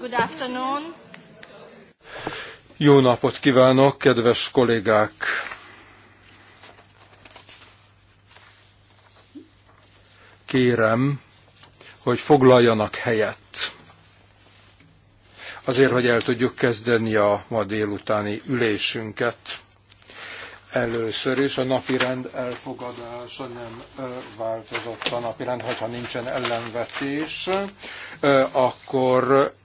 Good afternoon. Jó napot kívánok, kedves kollégák! Kérem, hogy foglaljanak helyet. Azért, hogy el tudjuk kezdeni a ma délutáni ülésünket. Először is a napirend elfogadása nem változott a napirend, hogyha nincsen ellenvetés, akkor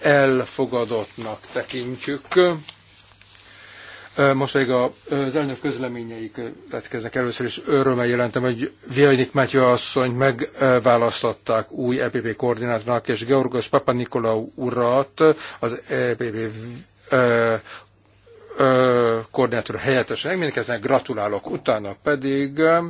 elfogadottnak tekintjük. Most még az elnök közleményei következnek. Először is örömmel jelentem, hogy Vianik Mátyó asszony megválasztották új EPP koordinátornak, és Georgos Papanikolaou urat az EPP ö, koordinátor helyettes mindenkinek gratulálok. Utána pedig ö,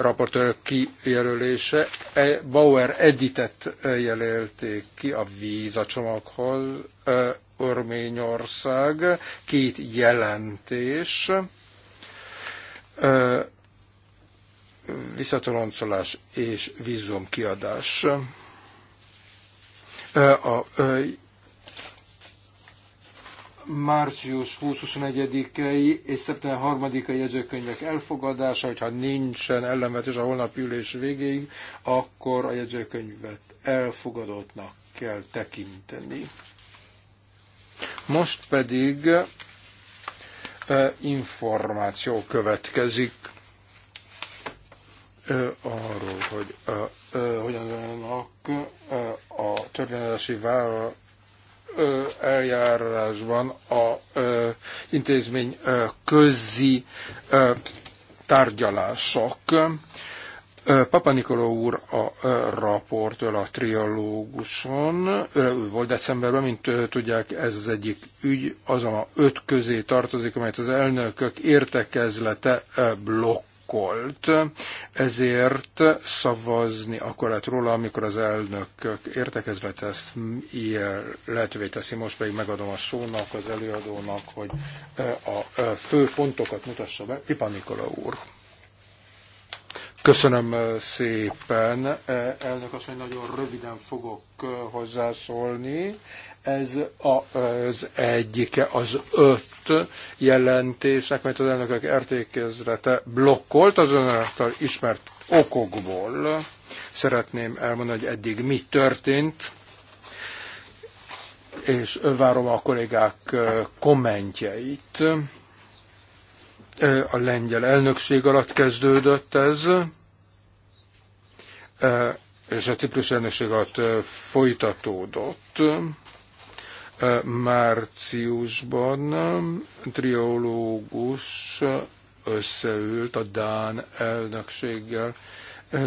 raportőr kijelölése, e, Bauer Editet jelölték ki a vízacsomaghoz, ö, Örményország, két jelentés, ö, visszatoloncolás és vízumkiadás. A március 20-21-i és szeptember 3-ai jegyzőkönyvek elfogadása, hogyha nincsen ellenvetés a holnapi ülés végéig, akkor a jegyzőkönyvet elfogadottnak kell tekinteni. Most pedig információ következik arról, hogy hogyan állnak a törvényezési vállalatok eljárásban a intézmény közi tárgyalások. Papa Nikoló úr a raportőr a triológuson, ő volt decemberben, mint tudják, ez az egyik ügy, azon a öt közé tartozik, amelyet az elnökök értekezlete blokk blokkolt, ezért szavazni akarat róla, amikor az elnökök értekezlet ezt lehetővé teszi. Most pedig megadom a szónak az előadónak, hogy eh, a eh, fő pontokat mutassa be. Pipa Nikola úr. Köszönöm eh, szépen, elnök asszony, nagyon röviden fogok hozzászólni. Ez a, az egyike az öt jelentésnek, mert az elnökök értékezrete blokkolt, az önáltal ismert okokból. Szeretném elmondani, hogy eddig mi történt, és várom a kollégák kommentjeit. A lengyel elnökség alatt kezdődött ez, és a ciprus elnökség alatt folytatódott. Márciusban triológus összeült a Dán elnökséggel.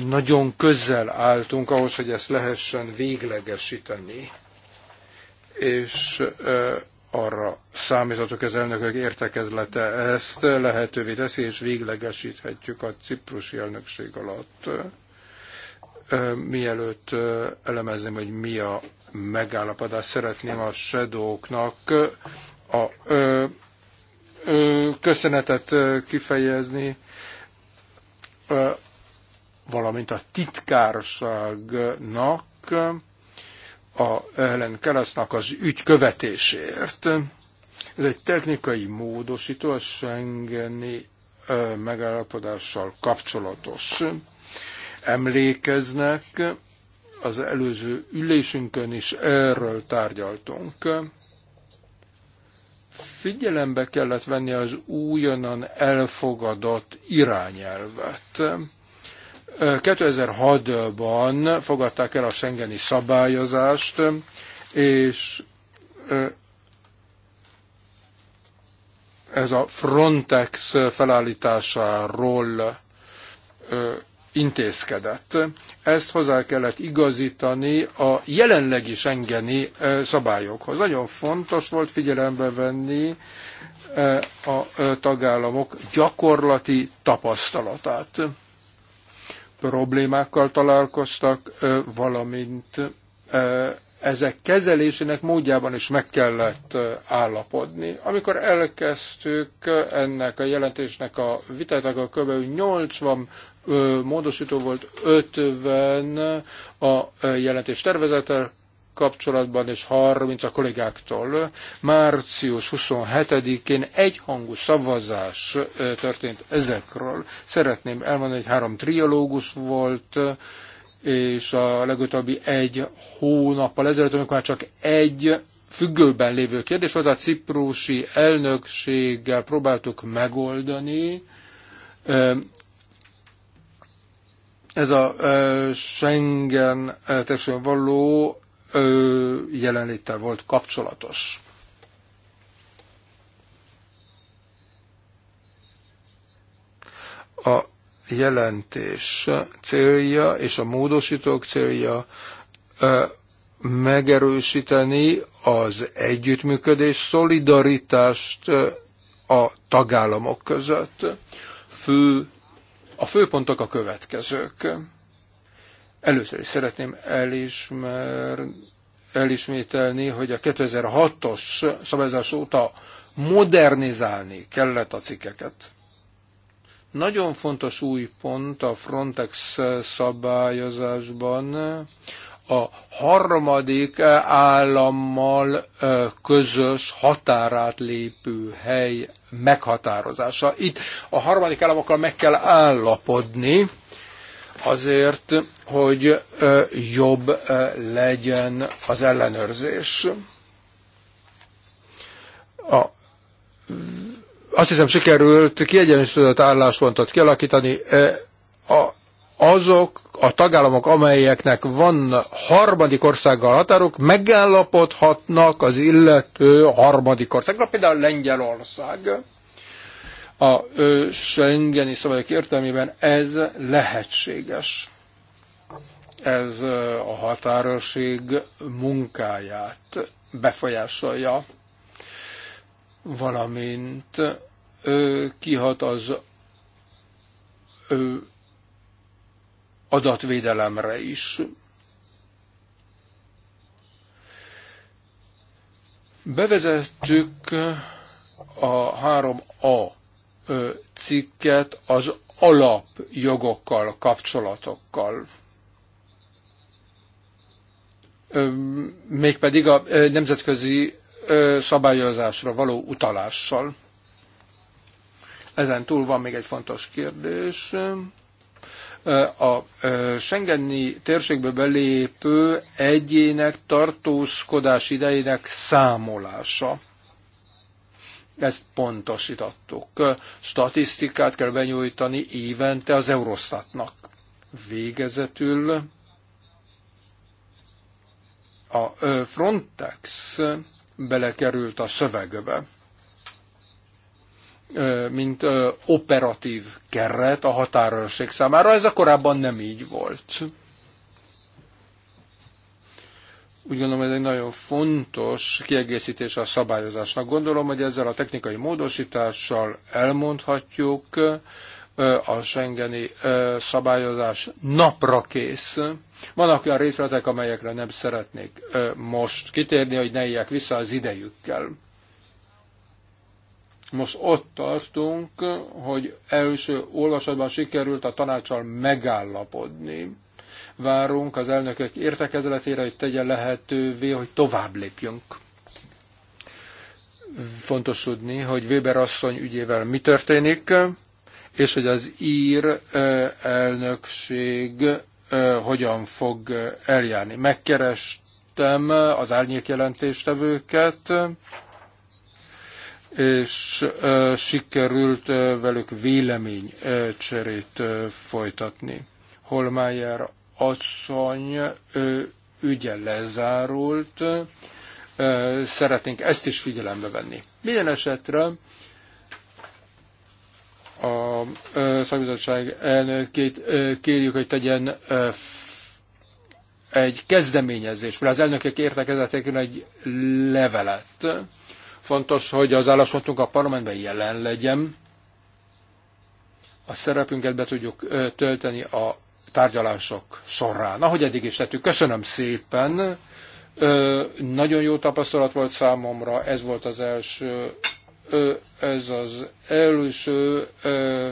Nagyon közel álltunk ahhoz, hogy ezt lehessen véglegesíteni. És arra számíthatok az elnökök értekezlete ezt lehetővé teszi, és véglegesíthetjük a ciprusi elnökség alatt. Mielőtt elemezném, hogy mi a megállapodást szeretném a sedóknak a ö, ö, köszönetet kifejezni, ö, valamint a titkárságnak, a Ellen Kerasznak az ügy követésért. Ez egy technikai módosító, a Schengeni megállapodással kapcsolatos. Emlékeznek, az előző ülésünkön is erről tárgyaltunk. Figyelembe kellett venni az újonnan elfogadott irányelvet. 2006-ban fogadták el a Schengeni szabályozást, és ez a Frontex felállításáról intézkedett. Ezt hozzá kellett igazítani a jelenlegi Schengeni szabályokhoz. Nagyon fontos volt figyelembe venni a tagállamok gyakorlati tapasztalatát. Problémákkal találkoztak, valamint ezek kezelésének módjában is meg kellett állapodni. Amikor elkezdtük ennek a jelentésnek a vitát, akkor kb. 80 módosító volt 50 a jelentés tervezettel kapcsolatban, és 30 a kollégáktól. Március 27-én egyhangú szavazás történt ezekről. Szeretném elmondani, hogy három triológus volt, és a legutóbbi egy hónappal ezelőtt, amikor már csak egy függőben lévő kérdés volt, a ciprusi elnökséggel próbáltuk megoldani ez a Schengen testről való jelenléttel volt kapcsolatos. A jelentés célja és a módosítók célja megerősíteni az együttműködés, szolidaritást a tagállamok között, fő a főpontok a következők. Először is szeretném elismer, elismételni, hogy a 2006-os szabályozás óta modernizálni kellett a cikkeket. Nagyon fontos új pont a Frontex szabályozásban a harmadik állammal közös lépő hely meghatározása. Itt a harmadik államokkal meg kell állapodni, azért, hogy jobb legyen az ellenőrzés. A, azt hiszem, sikerült kiegyensúlyozott álláspontot kialakítani. A azok a tagállamok, amelyeknek van harmadik országgal határok, megállapodhatnak az illető harmadik országra, például Lengyelország. A Schengeni szabályok értelmében ez lehetséges. Ez a határőrség munkáját befolyásolja, valamint kihat az adatvédelemre is. Bevezettük a 3A cikket az alapjogokkal, kapcsolatokkal. Mégpedig a nemzetközi szabályozásra való utalással. Ezen túl van még egy fontos kérdés a Schengeni térségbe belépő egyének tartózkodás idejének számolása. Ezt pontosítottuk. Statisztikát kell benyújtani évente az Eurostatnak. Végezetül a Frontex belekerült a szövegbe mint operatív keret a határőrség számára. Ez a korábban nem így volt. Úgy gondolom, ez egy nagyon fontos kiegészítés a szabályozásnak. Gondolom, hogy ezzel a technikai módosítással elmondhatjuk, a Schengeni szabályozás napra kész. Vannak olyan részletek, amelyekre nem szeretnék most kitérni, hogy ne vissza az idejükkel. Most ott tartunk, hogy első olvasatban sikerült a tanácsal megállapodni. Várunk az elnökök értekezletére, hogy tegye lehetővé, hogy tovább lépjünk. Fontos tudni, hogy Weber asszony ügyével mi történik, és hogy az ír elnökség hogyan fog eljárni. Megkerestem az árnyék jelentéstevőket, és sikerült velük véleménycserét folytatni. Holmájer asszony ügye lezárult, szeretnénk ezt is figyelembe venni. Minden esetre a szakbizottság elnökét kérjük, hogy tegyen egy kezdeményezést, mert az elnökök értekezetekén egy levelet Fontos, hogy az álláspontunk a parlamentben jelen legyen, a szerepünket be tudjuk tölteni a tárgyalások során, ahogy eddig is tettük. Köszönöm szépen! Ö, nagyon jó tapasztalat volt számomra, ez volt az első, ö, ez az első ö,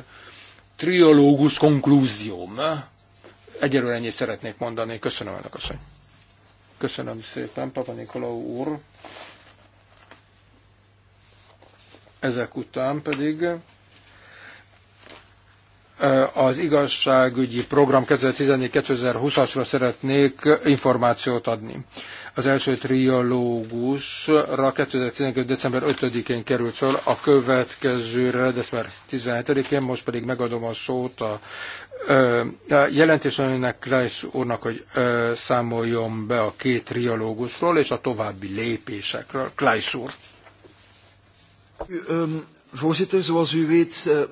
triológus konklúzióm. Egyelőre ennyit szeretnék mondani. Köszönöm, a asszony. Köszönöm szépen, Papa Nikolau úr. Ezek után pedig az igazságügyi program 2014-2020-asra szeretnék információt adni. Az első triológusra 2015. december 5-én került szól, a következőre december 17-én, most pedig megadom a szót a, a jelentésenőnek Kleisz úrnak, hogy számoljon be a két triológusról és a további lépésekről. Kleisz úr! Ehm, eh,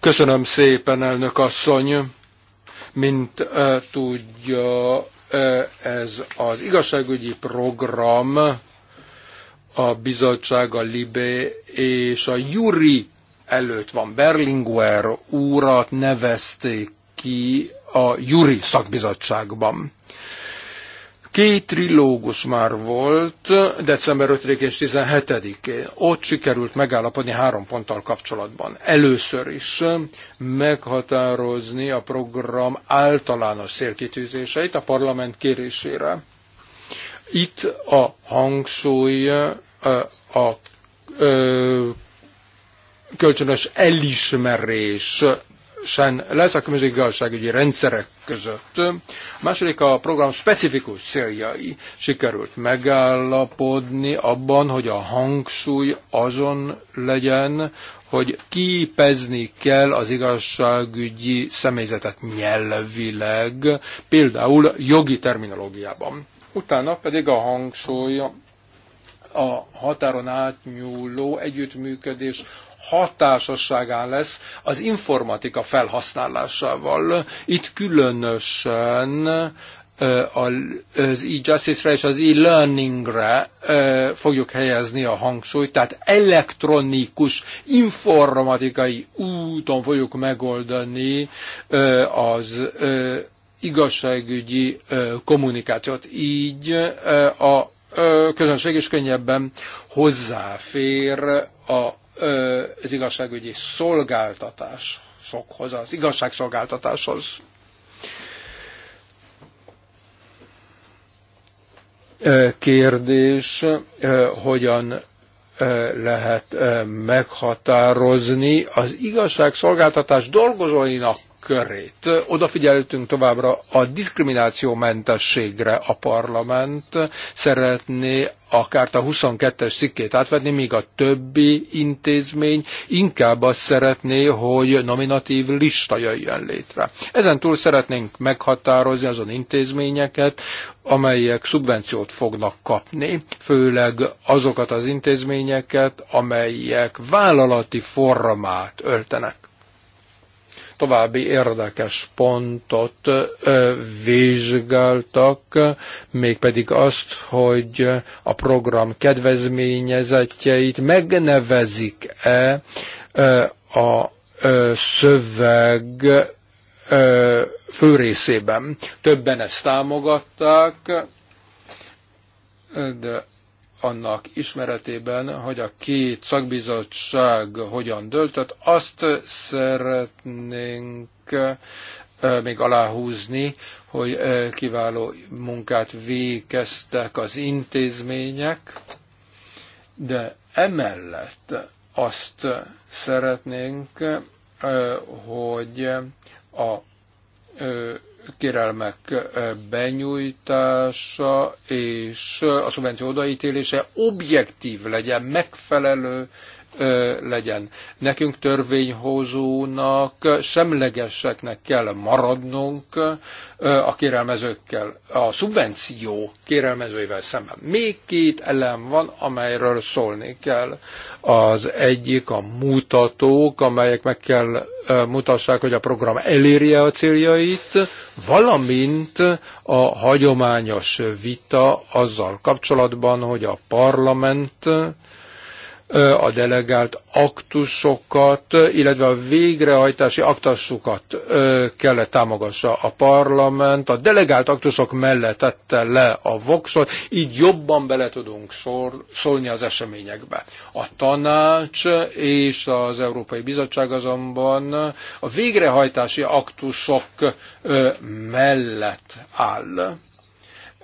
Köszönöm szépen, elnök asszony. Mint eh, tudja, eh, ez az igazságügyi program a bizottság, a Libé és a Juri előtt van. Berlinguer úrat nevezték ki a Juri szakbizottságban. Két trilógus már volt, december 5 és 17-én. Ott sikerült megállapodni három ponttal kapcsolatban. Először is meghatározni a program általános célkitűzéseit a parlament kérésére. Itt a hangsúly a, a, a kölcsönös elismerés közösen lesz a különböző igazságügyi rendszerek között. A második a program specifikus céljai. Sikerült megállapodni abban, hogy a hangsúly azon legyen, hogy képezni kell az igazságügyi személyzetet nyelvileg, például jogi terminológiában. Utána pedig a hangsúly a határon átnyúló együttműködés hatásosságán lesz az informatika felhasználásával. Itt különösen az e-justice-re és az e-learningre fogjuk helyezni a hangsúlyt, tehát elektronikus, informatikai úton fogjuk megoldani az igazságügyi kommunikációt. Így a közönség is könnyebben hozzáfér a az igazságügyi szolgáltatásokhoz, az igazságszolgáltatáshoz. Kérdés, hogyan lehet meghatározni az igazságszolgáltatás dolgozóinak körét. Odafigyeltünk továbbra a diszkriminációmentességre a parlament szeretné akár a 22-es cikkét átvenni, míg a többi intézmény inkább azt szeretné, hogy nominatív lista jöjjön létre. Ezen túl szeretnénk meghatározni azon intézményeket, amelyek szubvenciót fognak kapni, főleg azokat az intézményeket, amelyek vállalati formát öltenek további érdekes pontot vizsgáltak, mégpedig azt, hogy a program kedvezményezetjeit megnevezik-e a szöveg fő részében. Többen ezt támogatták, de annak ismeretében, hogy a két szakbizottság hogyan döltött, azt szeretnénk még aláhúzni, hogy kiváló munkát végeztek az intézmények, de emellett azt szeretnénk, hogy a kérelmek benyújtása és a szubvenció odaítélése objektív legyen, megfelelő legyen. Nekünk törvényhozónak semlegeseknek kell maradnunk a kérelmezőkkel, a szubvenció kérelmezőivel szemben. Még két elem van, amelyről szólni kell. Az egyik a mutatók, amelyek meg kell mutassák, hogy a program elérje a céljait, valamint a hagyományos vita azzal kapcsolatban, hogy a parlament a delegált aktusokat, illetve a végrehajtási aktusokat kellett támogassa a parlament. A delegált aktusok mellett tette le a voksot, így jobban bele tudunk sor, szólni az eseményekbe. A tanács és az Európai Bizottság azonban a végrehajtási aktusok mellett áll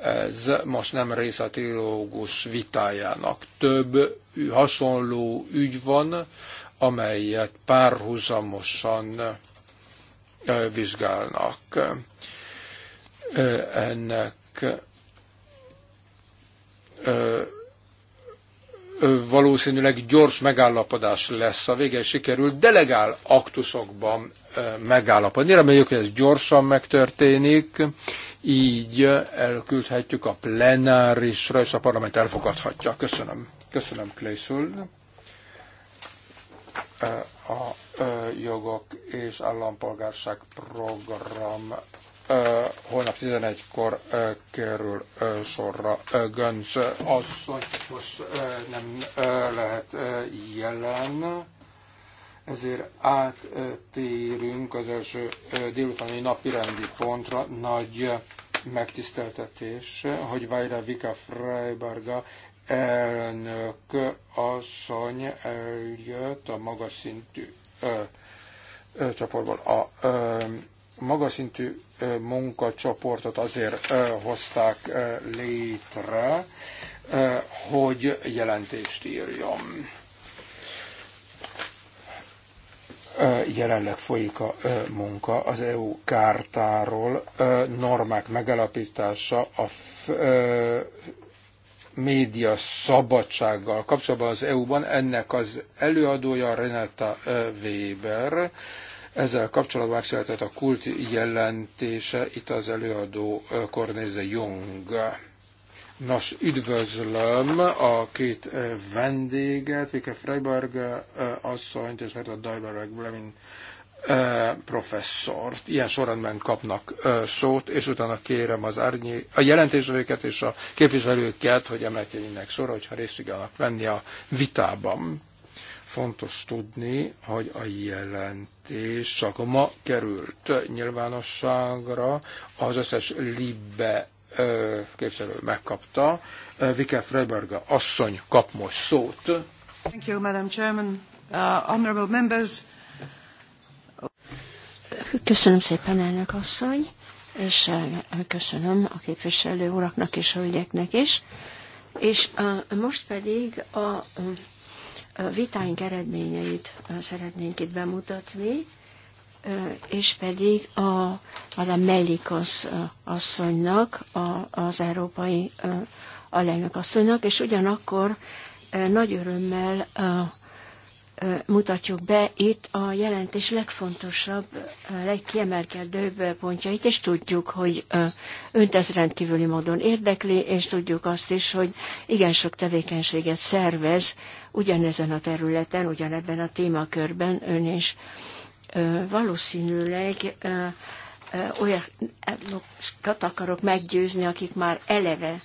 ez most nem rész a trilógus vitájának. Több hasonló ügy van, amelyet párhuzamosan vizsgálnak. Ennek valószínűleg gyors megállapodás lesz a vége, és sikerül delegál aktusokban megállapodni. Reméljük, hogy ez gyorsan megtörténik, így elküldhetjük a plenárisra, és a parlament elfogadhatja. Köszönöm. Köszönöm, Clayszul. A jogok és állampolgárság program holnap 11-kor kerül sorra. Gönc asszony most nem lehet jelen. Ezért áttérünk az első délutáni napi rendi pontra. Nagy megtiszteltetés, hogy Vajra Vika Freiberga elnök asszony eljött a magas szintű csoportból. A magas szintű munkacsoportot azért hozták létre, hogy jelentést írjon jelenleg folyik a munka az EU kártáról, normák megalapítása a média szabadsággal kapcsolatban az EU-ban. Ennek az előadója Renata Weber. Ezzel kapcsolatban megszületett a kult jelentése, itt az előadó Cornéze Jung Nos, üdvözlöm a két vendéget, Vike Freiberg asszonyt és Neta Dajberg Blemin professzort. Ilyen sorrendben kapnak szót, és utána kérem az árnyi, a jelentésvőket és a képviselőket, hogy emelkedjenek sorra, hogyha részt kívánnak venni a vitában. Fontos tudni, hogy a jelentés csak ma került nyilvánosságra, az összes libe képviselő megkapta. Vike Freiberga asszony kap most szót. Thank you, Madam Chairman. Uh, honorable members. Köszönöm szépen, elnök asszony, és köszönöm a képviselő uraknak és hölgyeknek is. És uh, most pedig a, a vitáink eredményeit szeretnénk itt bemutatni és pedig a Madame Mellikos asszonynak, a, az európai alelnök asszonynak, és ugyanakkor nagy örömmel mutatjuk be itt a jelentés legfontosabb, legkiemelkedőbb pontjait, és tudjuk, hogy önt ez rendkívüli módon érdekli, és tudjuk azt is, hogy igen sok tevékenységet szervez ugyanezen a területen, ugyanebben a témakörben ön is valószínűleg olyanokat akarok meggyőzni, akik már eleve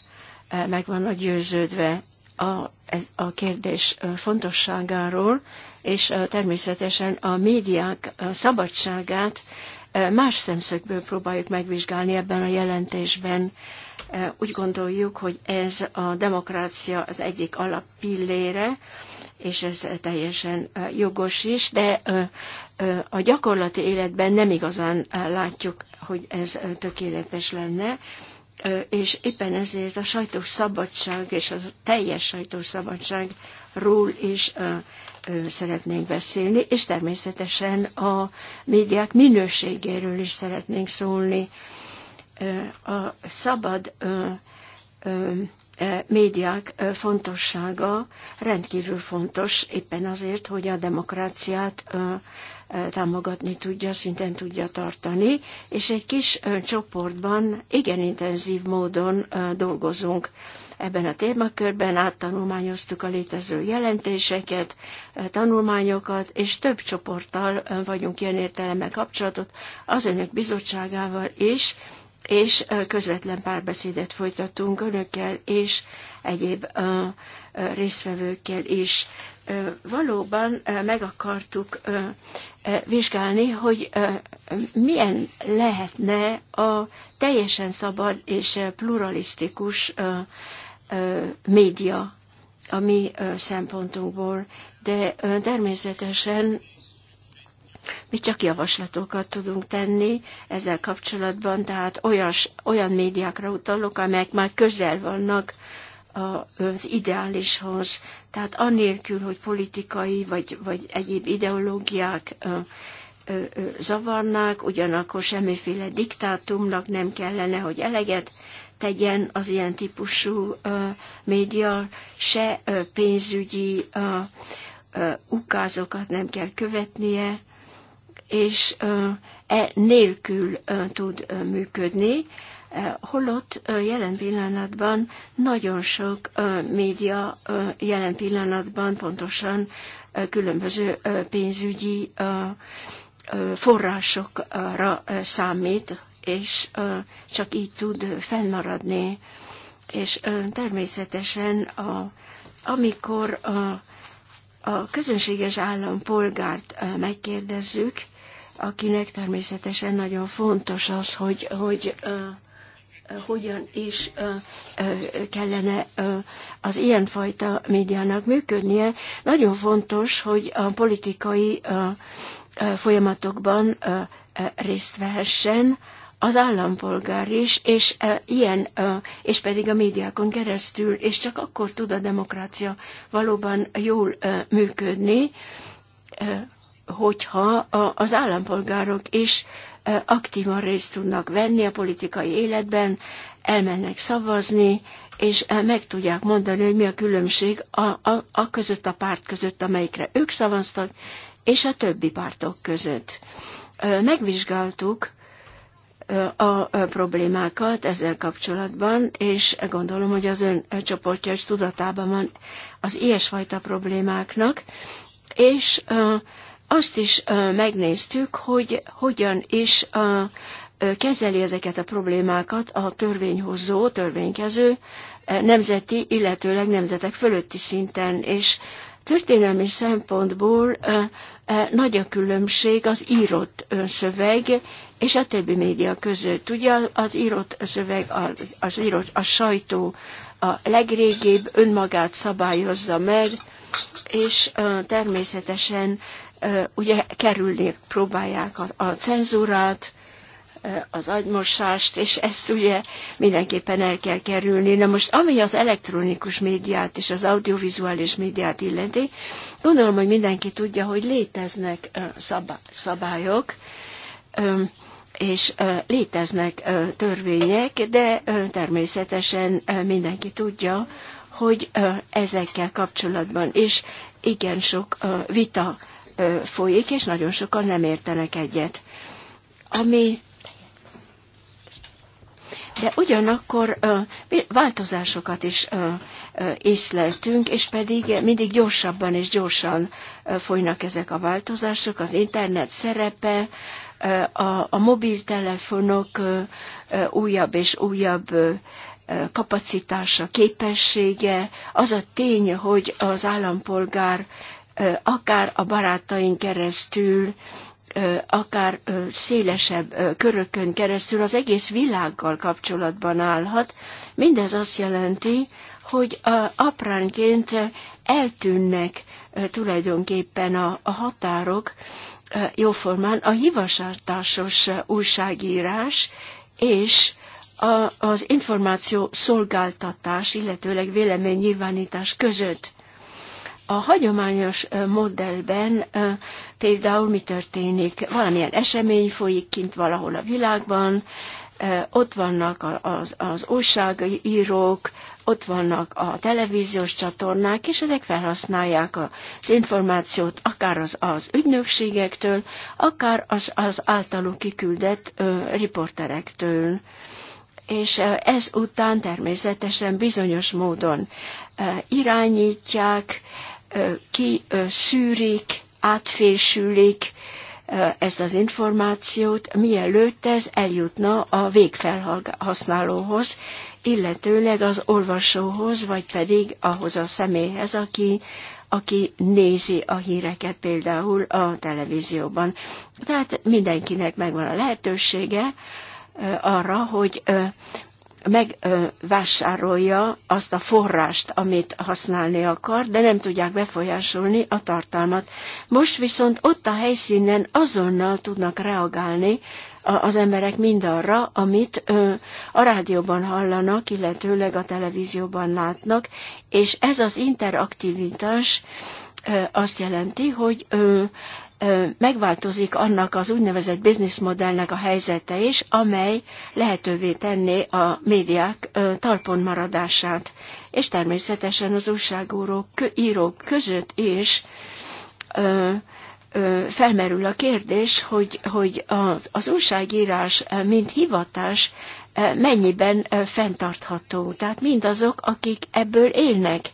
meg vannak győződve a, ez a kérdés fontosságáról, és természetesen a médiák szabadságát más szemszögből próbáljuk megvizsgálni ebben a jelentésben. Úgy gondoljuk, hogy ez a demokrácia az egyik alappillére, és ez teljesen jogos is, de a gyakorlati életben nem igazán látjuk, hogy ez tökéletes lenne, és éppen ezért a sajtós szabadság és a teljes sajtós szabadságról is szeretnénk beszélni, és természetesen a médiák minőségéről is szeretnénk szólni. A szabad médiák fontossága rendkívül fontos, éppen azért, hogy a demokráciát támogatni tudja, szinten tudja tartani, és egy kis csoportban igen intenzív módon dolgozunk ebben a témakörben, áttanulmányoztuk a létező jelentéseket, tanulmányokat, és több csoporttal vagyunk ilyen értelemmel kapcsolatot az önök bizottságával is, és közvetlen párbeszédet folytatunk önökkel és egyéb résztvevőkkel is valóban meg akartuk vizsgálni, hogy milyen lehetne a teljesen szabad és pluralisztikus média a mi szempontunkból, de természetesen mi csak javaslatokat tudunk tenni ezzel kapcsolatban, tehát olyas, olyan médiákra utalok, amelyek már közel vannak az ideálishoz. Tehát anélkül, hogy politikai vagy, vagy egyéb ideológiák zavarnák, ugyanakkor semmiféle diktátumnak nem kellene, hogy eleget tegyen az ilyen típusú média, se pénzügyi ukázokat nem kell követnie, és e nélkül tud működni Eh, holott jelen pillanatban nagyon sok média jelen pillanatban pontosan különböző pénzügyi forrásokra számít, és csak így tud fennmaradni. És természetesen a, amikor a, a közönséges állampolgárt megkérdezzük, akinek természetesen nagyon fontos az, hogy, hogy hogyan is kellene az ilyenfajta médiának működnie. Nagyon fontos, hogy a politikai folyamatokban részt vehessen az állampolgár is, és ilyen, és pedig a médiákon keresztül, és csak akkor tud a demokrácia valóban jól működni, hogyha az állampolgárok is aktívan részt tudnak venni a politikai életben, elmennek szavazni, és meg tudják mondani, hogy mi a különbség a, a, a között a párt között, amelyikre ők szavaztak, és a többi pártok között. Megvizsgáltuk a problémákat ezzel kapcsolatban, és gondolom, hogy az ön csoportja is tudatában van az ilyesfajta problémáknak, és azt is megnéztük, hogy hogyan is kezeli ezeket a problémákat a törvényhozó, törvénykező nemzeti, illetőleg nemzetek fölötti szinten, és történelmi szempontból nagy a különbség az írott szöveg és a többi média között. Ugye az írott szöveg, az írott, a sajtó a legrégibb önmagát szabályozza meg, és természetesen ugye kerülni próbálják a, a cenzúrát, az agymosást, és ezt ugye mindenképpen el kell kerülni. Na most, ami az elektronikus médiát és az audiovizuális médiát illeti, gondolom, hogy mindenki tudja, hogy léteznek szabályok, és léteznek törvények, de természetesen mindenki tudja, hogy ezekkel kapcsolatban is igen sok vita folyik, és nagyon sokan nem értenek egyet. Ami de ugyanakkor változásokat is észleltünk, és pedig mindig gyorsabban és gyorsan folynak ezek a változások, az internet szerepe, a, a mobiltelefonok újabb és újabb kapacitása, képessége, az a tény, hogy az állampolgár akár a barátaink keresztül, akár szélesebb körökön keresztül az egész világgal kapcsolatban állhat. Mindez azt jelenti, hogy apránként eltűnnek tulajdonképpen a, határok, jóformán a hivasartásos újságírás és az információ szolgáltatás, illetőleg véleménynyilvánítás között. A hagyományos modellben például mi történik? Valamilyen esemény folyik kint valahol a világban, ott vannak az, az újságírók, ott vannak a televíziós csatornák, és ezek felhasználják az információt akár az, az ügynökségektől, akár az, az általuk kiküldett ö, riporterektől. És ez után természetesen bizonyos módon irányítják, kiszűrik, átfésülik ezt az információt, mielőtt ez eljutna a végfelhasználóhoz, illetőleg az olvasóhoz, vagy pedig ahhoz a személyhez, aki, aki nézi a híreket például a televízióban. Tehát mindenkinek megvan a lehetősége arra, hogy megvásárolja azt a forrást, amit használni akar, de nem tudják befolyásolni a tartalmat. Most viszont ott a helyszínen azonnal tudnak reagálni az emberek mindarra, amit a rádióban hallanak, illetőleg a televízióban látnak, és ez az interaktivitás azt jelenti, hogy megváltozik annak az úgynevezett bizniszmodellnek a helyzete is, amely lehetővé tenné a médiák talpon maradását. És természetesen az újságírók írók között is felmerül a kérdés, hogy, hogy az újságírás, mint hivatás, mennyiben fenntartható. Tehát mindazok, akik ebből élnek.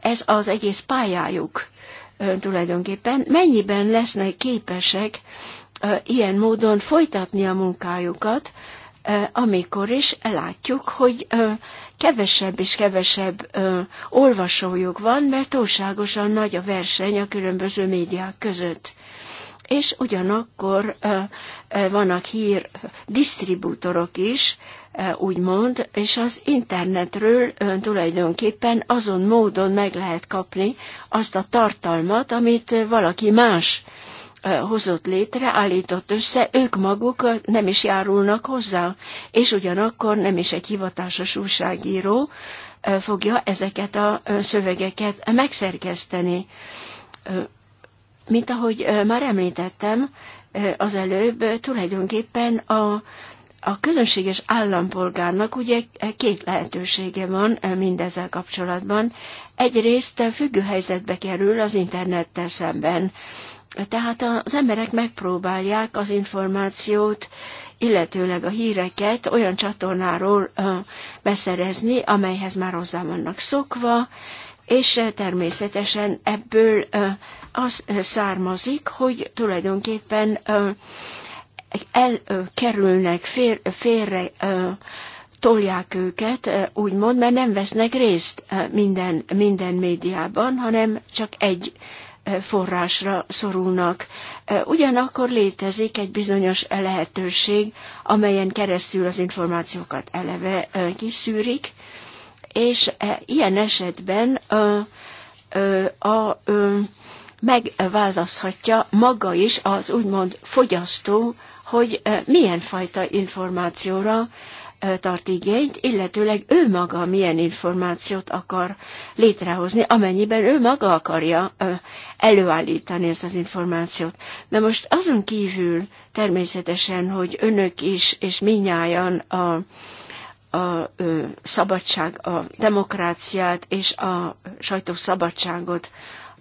Ez az egész pályájuk tulajdonképpen, mennyiben lesznek képesek ilyen módon folytatni a munkájukat, amikor is látjuk, hogy kevesebb és kevesebb olvasójuk van, mert túlságosan nagy a verseny a különböző médiák között. És ugyanakkor vannak hír disztribútorok is, E, úgymond, és az internetről tulajdonképpen azon módon meg lehet kapni azt a tartalmat, amit valaki más hozott létre, állított össze, ők maguk nem is járulnak hozzá, és ugyanakkor nem is egy hivatásos újságíró fogja ezeket a szövegeket megszerkeszteni. Mint ahogy már említettem, az előbb tulajdonképpen a a közönséges állampolgárnak ugye két lehetősége van eh, mindezzel kapcsolatban. Egyrészt eh, függő helyzetbe kerül az internettel szemben. Tehát az emberek megpróbálják az információt, illetőleg a híreket olyan csatornáról eh, beszerezni, amelyhez már hozzá vannak szokva, és természetesen ebből az származik, hogy tulajdonképpen elkerülnek, fél, félre tolják őket, úgymond, mert nem vesznek részt minden, minden médiában, hanem csak egy forrásra szorulnak. Ugyanakkor létezik egy bizonyos lehetőség, amelyen keresztül az információkat eleve kiszűrik, és ilyen esetben a, a, a, megválaszthatja maga is az úgymond fogyasztó hogy milyen fajta információra tart igényt, illetőleg ő maga milyen információt akar létrehozni, amennyiben ő maga akarja előállítani ezt az információt. Na most azon kívül természetesen, hogy önök is és minnyáján a, a szabadság, a demokráciát és a sajtószabadságot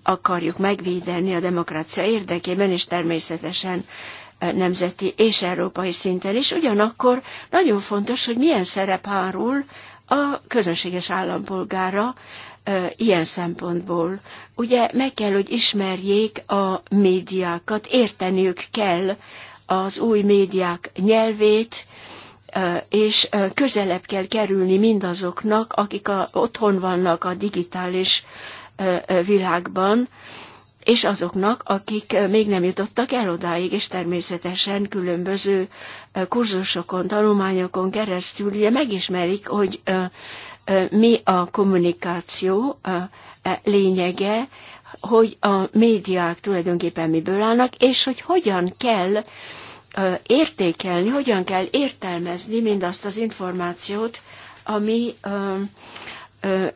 akarjuk megvédeni a demokrácia érdekében, és természetesen nemzeti és európai szinten is. Ugyanakkor nagyon fontos, hogy milyen szerep árul a közönséges állampolgára ilyen szempontból. Ugye meg kell, hogy ismerjék a médiákat, érteniük kell az új médiák nyelvét, és közelebb kell kerülni mindazoknak, akik a, otthon vannak a digitális világban, és azoknak, akik még nem jutottak el odáig, és természetesen különböző kurzusokon, tanulmányokon keresztül ugye megismerik, hogy mi a kommunikáció lényege, hogy a médiák tulajdonképpen miből állnak, és hogy hogyan kell értékelni, hogyan kell értelmezni mindazt az információt, ami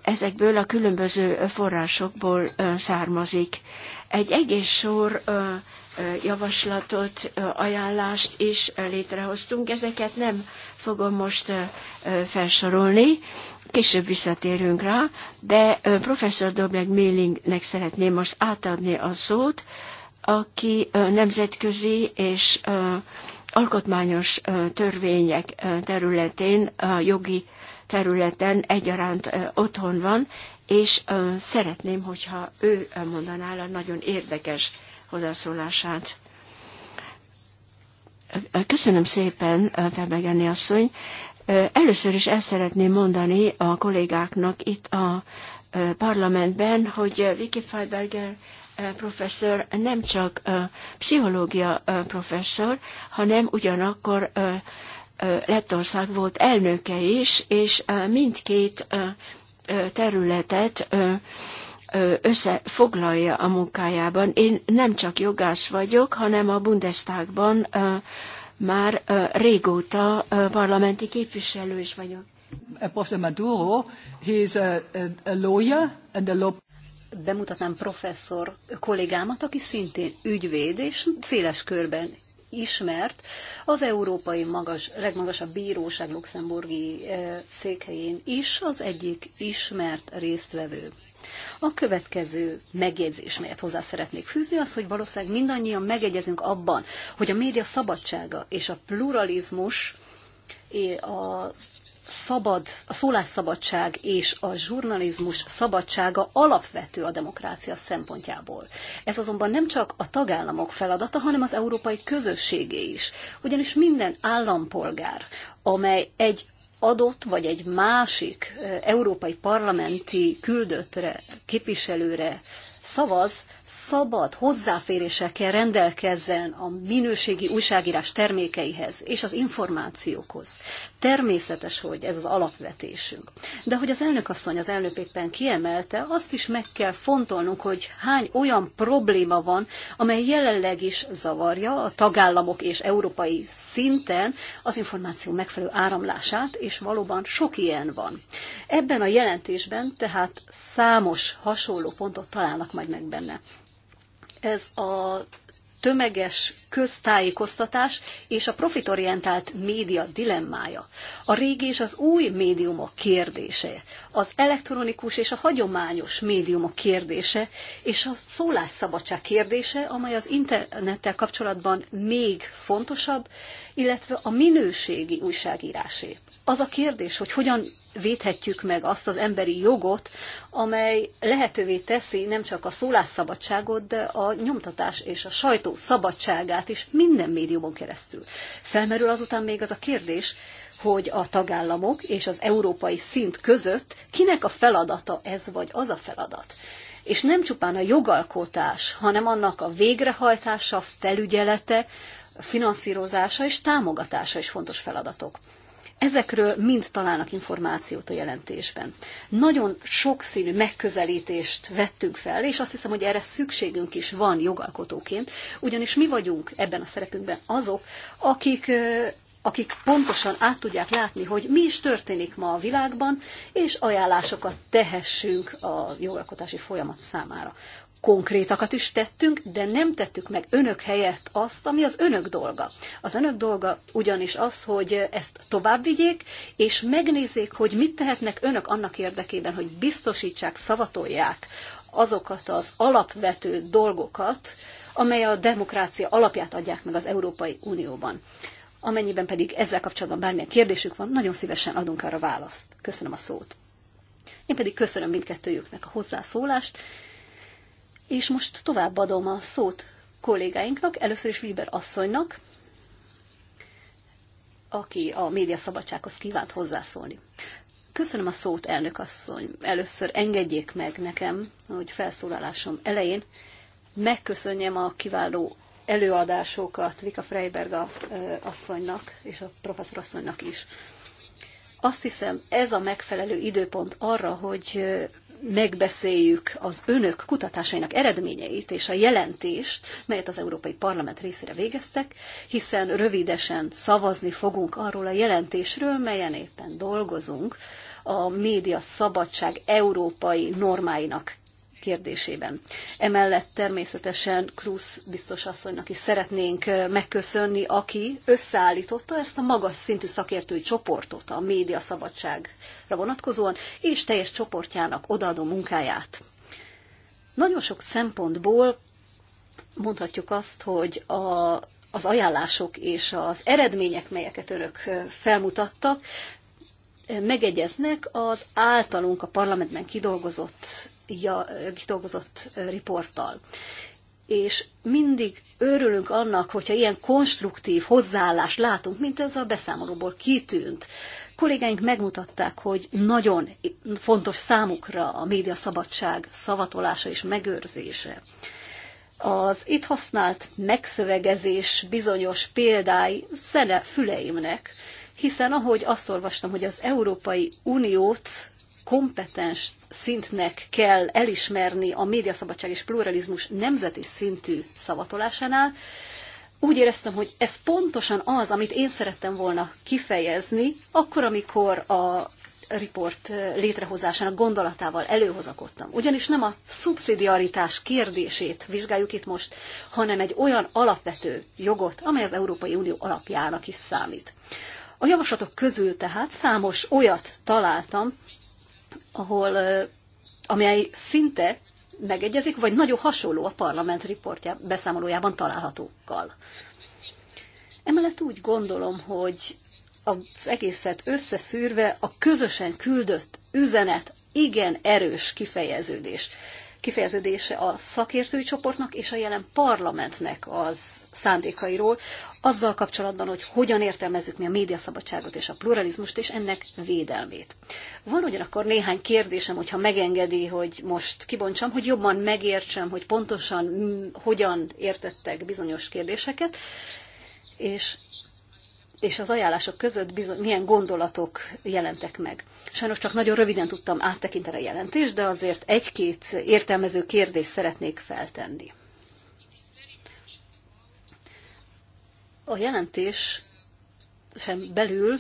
ezekből a különböző forrásokból származik. Egy egész sor javaslatot, ajánlást is létrehoztunk. Ezeket nem fogom most felsorolni, később visszatérünk rá, de professzor Dobleg Mélingnek szeretném most átadni a szót, aki nemzetközi és alkotmányos törvények területén, a jogi területen egyaránt otthon van, és szeretném, hogyha ő mondaná a nagyon érdekes hozzászólását. Köszönöm szépen, Febegeni asszony. Először is ezt szeretném mondani a kollégáknak itt a parlamentben, hogy Vicky Feiberger professzor nem csak pszichológia professzor, hanem ugyanakkor Lettország volt elnöke is, és mindkét területet összefoglalja a munkájában. Én nem csak jogász vagyok, hanem a Bundestagban már régóta parlamenti képviselő is vagyok. Eh, Professor Maduro, he's a, a lawyer and a law bemutatnám professzor kollégámat, aki szintén ügyvéd, és széles körben ismert, az európai magas, legmagasabb bíróság luxemburgi székhelyén is az egyik ismert résztvevő. A következő megjegyzés, melyet hozzá szeretnék fűzni, az, hogy valószínűleg mindannyian megegyezünk abban, hogy a média szabadsága és a pluralizmus az szabad, a szólásszabadság és a zsurnalizmus szabadsága alapvető a demokrácia szempontjából. Ez azonban nem csak a tagállamok feladata, hanem az európai közösségé is. Ugyanis minden állampolgár, amely egy adott vagy egy másik európai parlamenti küldöttre, képviselőre szavaz, szabad hozzáféréssel kell rendelkezzen a minőségi újságírás termékeihez és az információkhoz. Természetes, hogy ez az alapvetésünk. De hogy az elnök asszony az elnök éppen kiemelte, azt is meg kell fontolnunk, hogy hány olyan probléma van, amely jelenleg is zavarja a tagállamok és európai szinten az információ megfelelő áramlását, és valóban sok ilyen van. Ebben a jelentésben tehát számos hasonló pontot találnak majd meg benne. Ez a tömeges köztájékoztatás és a profitorientált média dilemmája, a régi és az új médiumok kérdése, az elektronikus és a hagyományos médiumok kérdése, és a szólásszabadság kérdése, amely az internettel kapcsolatban még fontosabb, illetve a minőségi újságírásé. Az a kérdés, hogy hogyan védhetjük meg azt az emberi jogot, amely lehetővé teszi nem csak a szólásszabadságot, de a nyomtatás és a sajtó szabadságát is minden médiumon keresztül. Felmerül azután még az a kérdés, hogy a tagállamok és az európai szint között kinek a feladata ez vagy az a feladat és nem csupán a jogalkotás, hanem annak a végrehajtása, felügyelete, finanszírozása és támogatása is fontos feladatok. Ezekről mind találnak információt a jelentésben. Nagyon sokszínű megközelítést vettünk fel, és azt hiszem, hogy erre szükségünk is van jogalkotóként, ugyanis mi vagyunk ebben a szerepünkben azok, akik akik pontosan át tudják látni, hogy mi is történik ma a világban, és ajánlásokat tehessünk a jogalkotási folyamat számára konkrétakat is tettünk, de nem tettük meg önök helyett azt, ami az önök dolga. Az önök dolga ugyanis az, hogy ezt tovább vigyék, és megnézzék, hogy mit tehetnek önök annak érdekében, hogy biztosítsák, szavatolják azokat az alapvető dolgokat, amely a demokrácia alapját adják meg az Európai Unióban. Amennyiben pedig ezzel kapcsolatban bármilyen kérdésük van, nagyon szívesen adunk arra választ. Köszönöm a szót. Én pedig köszönöm mindkettőjüknek a hozzászólást, és most továbbadom a szót kollégáinknak, először is Weber asszonynak, aki a médiaszabadsághoz kívánt hozzászólni. Köszönöm a szót, elnök asszony. Először engedjék meg nekem, hogy felszólalásom elején megköszönjem a kiváló előadásokat Vika Freiberga asszonynak és a professzor asszonynak is. Azt hiszem, ez a megfelelő időpont arra, hogy megbeszéljük az önök kutatásainak eredményeit és a jelentést, melyet az Európai Parlament részére végeztek, hiszen rövidesen szavazni fogunk arról a jelentésről, melyen éppen dolgozunk, a média szabadság európai normáinak kérdésében. Emellett természetesen Krusz biztos asszonynak is szeretnénk megköszönni, aki összeállította ezt a magas szintű szakértői csoportot a média szabadságra vonatkozóan, és teljes csoportjának odaadó munkáját. Nagyon sok szempontból mondhatjuk azt, hogy a az ajánlások és az eredmények, melyeket önök felmutattak, megegyeznek az általunk a parlamentben kidolgozott kidolgozott riporttal. És mindig örülünk annak, hogyha ilyen konstruktív hozzáállást látunk, mint ez a beszámolóból kitűnt. Kollégáink megmutatták, hogy nagyon fontos számukra a média szabadság szavatolása és megőrzése. Az itt használt megszövegezés bizonyos példái szene füleimnek, hiszen ahogy azt olvastam, hogy az Európai Uniót kompetens szintnek kell elismerni a médiaszabadság és pluralizmus nemzeti szintű szavatolásánál. Úgy éreztem, hogy ez pontosan az, amit én szerettem volna kifejezni, akkor, amikor a riport létrehozásának gondolatával előhozakodtam. Ugyanis nem a szubszidiaritás kérdését vizsgáljuk itt most, hanem egy olyan alapvető jogot, amely az Európai Unió alapjának is számít. A javaslatok közül tehát számos olyat találtam, ahol, amely szinte megegyezik, vagy nagyon hasonló a parlament riportja, beszámolójában találhatókkal. Emellett úgy gondolom, hogy az egészet összeszűrve a közösen küldött üzenet igen erős kifejeződés kifejeződése a szakértői csoportnak és a jelen parlamentnek az szándékairól, azzal kapcsolatban, hogy hogyan értelmezzük mi a médiaszabadságot és a pluralizmust, és ennek védelmét. Van ugyanakkor néhány kérdésem, hogyha megengedi, hogy most kibontsam, hogy jobban megértsem, hogy pontosan hogyan értettek bizonyos kérdéseket, és és az ajánlások között bizony, milyen gondolatok jelentek meg. Sajnos csak nagyon röviden tudtam áttekinteni a jelentést, de azért egy-két értelmező kérdést szeretnék feltenni. A jelentés sem belül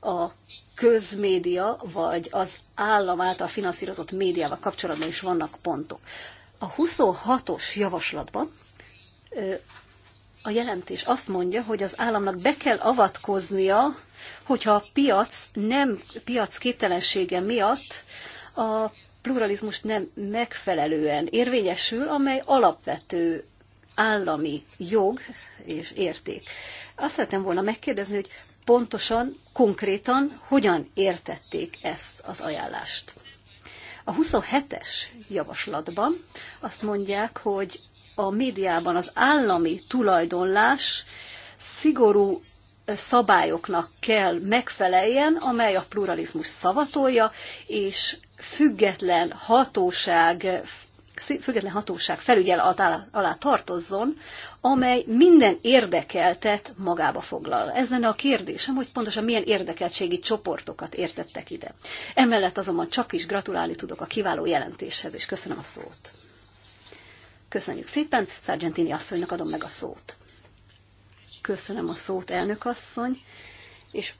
a közmédia vagy az állam által finanszírozott médiával kapcsolatban is vannak pontok. A 26-os javaslatban a jelentés azt mondja, hogy az államnak be kell avatkoznia, hogyha a piac nem piac képtelensége miatt a pluralizmus nem megfelelően érvényesül, amely alapvető állami jog és érték. Azt szeretném volna megkérdezni, hogy pontosan, konkrétan hogyan értették ezt az ajánlást. A 27-es javaslatban azt mondják, hogy a médiában az állami tulajdonlás szigorú szabályoknak kell megfeleljen, amely a pluralizmus szavatolja, és független hatóság független hatóság felügyel alá, alá tartozzon, amely minden érdekeltet magába foglal. Ez lenne a kérdésem, hogy pontosan milyen érdekeltségi csoportokat értettek ide. Emellett azonban csak is gratulálni tudok a kiváló jelentéshez, és köszönöm a szót. Köszönjük szépen, Sargentini asszonynak adom meg a szót. Köszönöm a szót, elnök asszony, és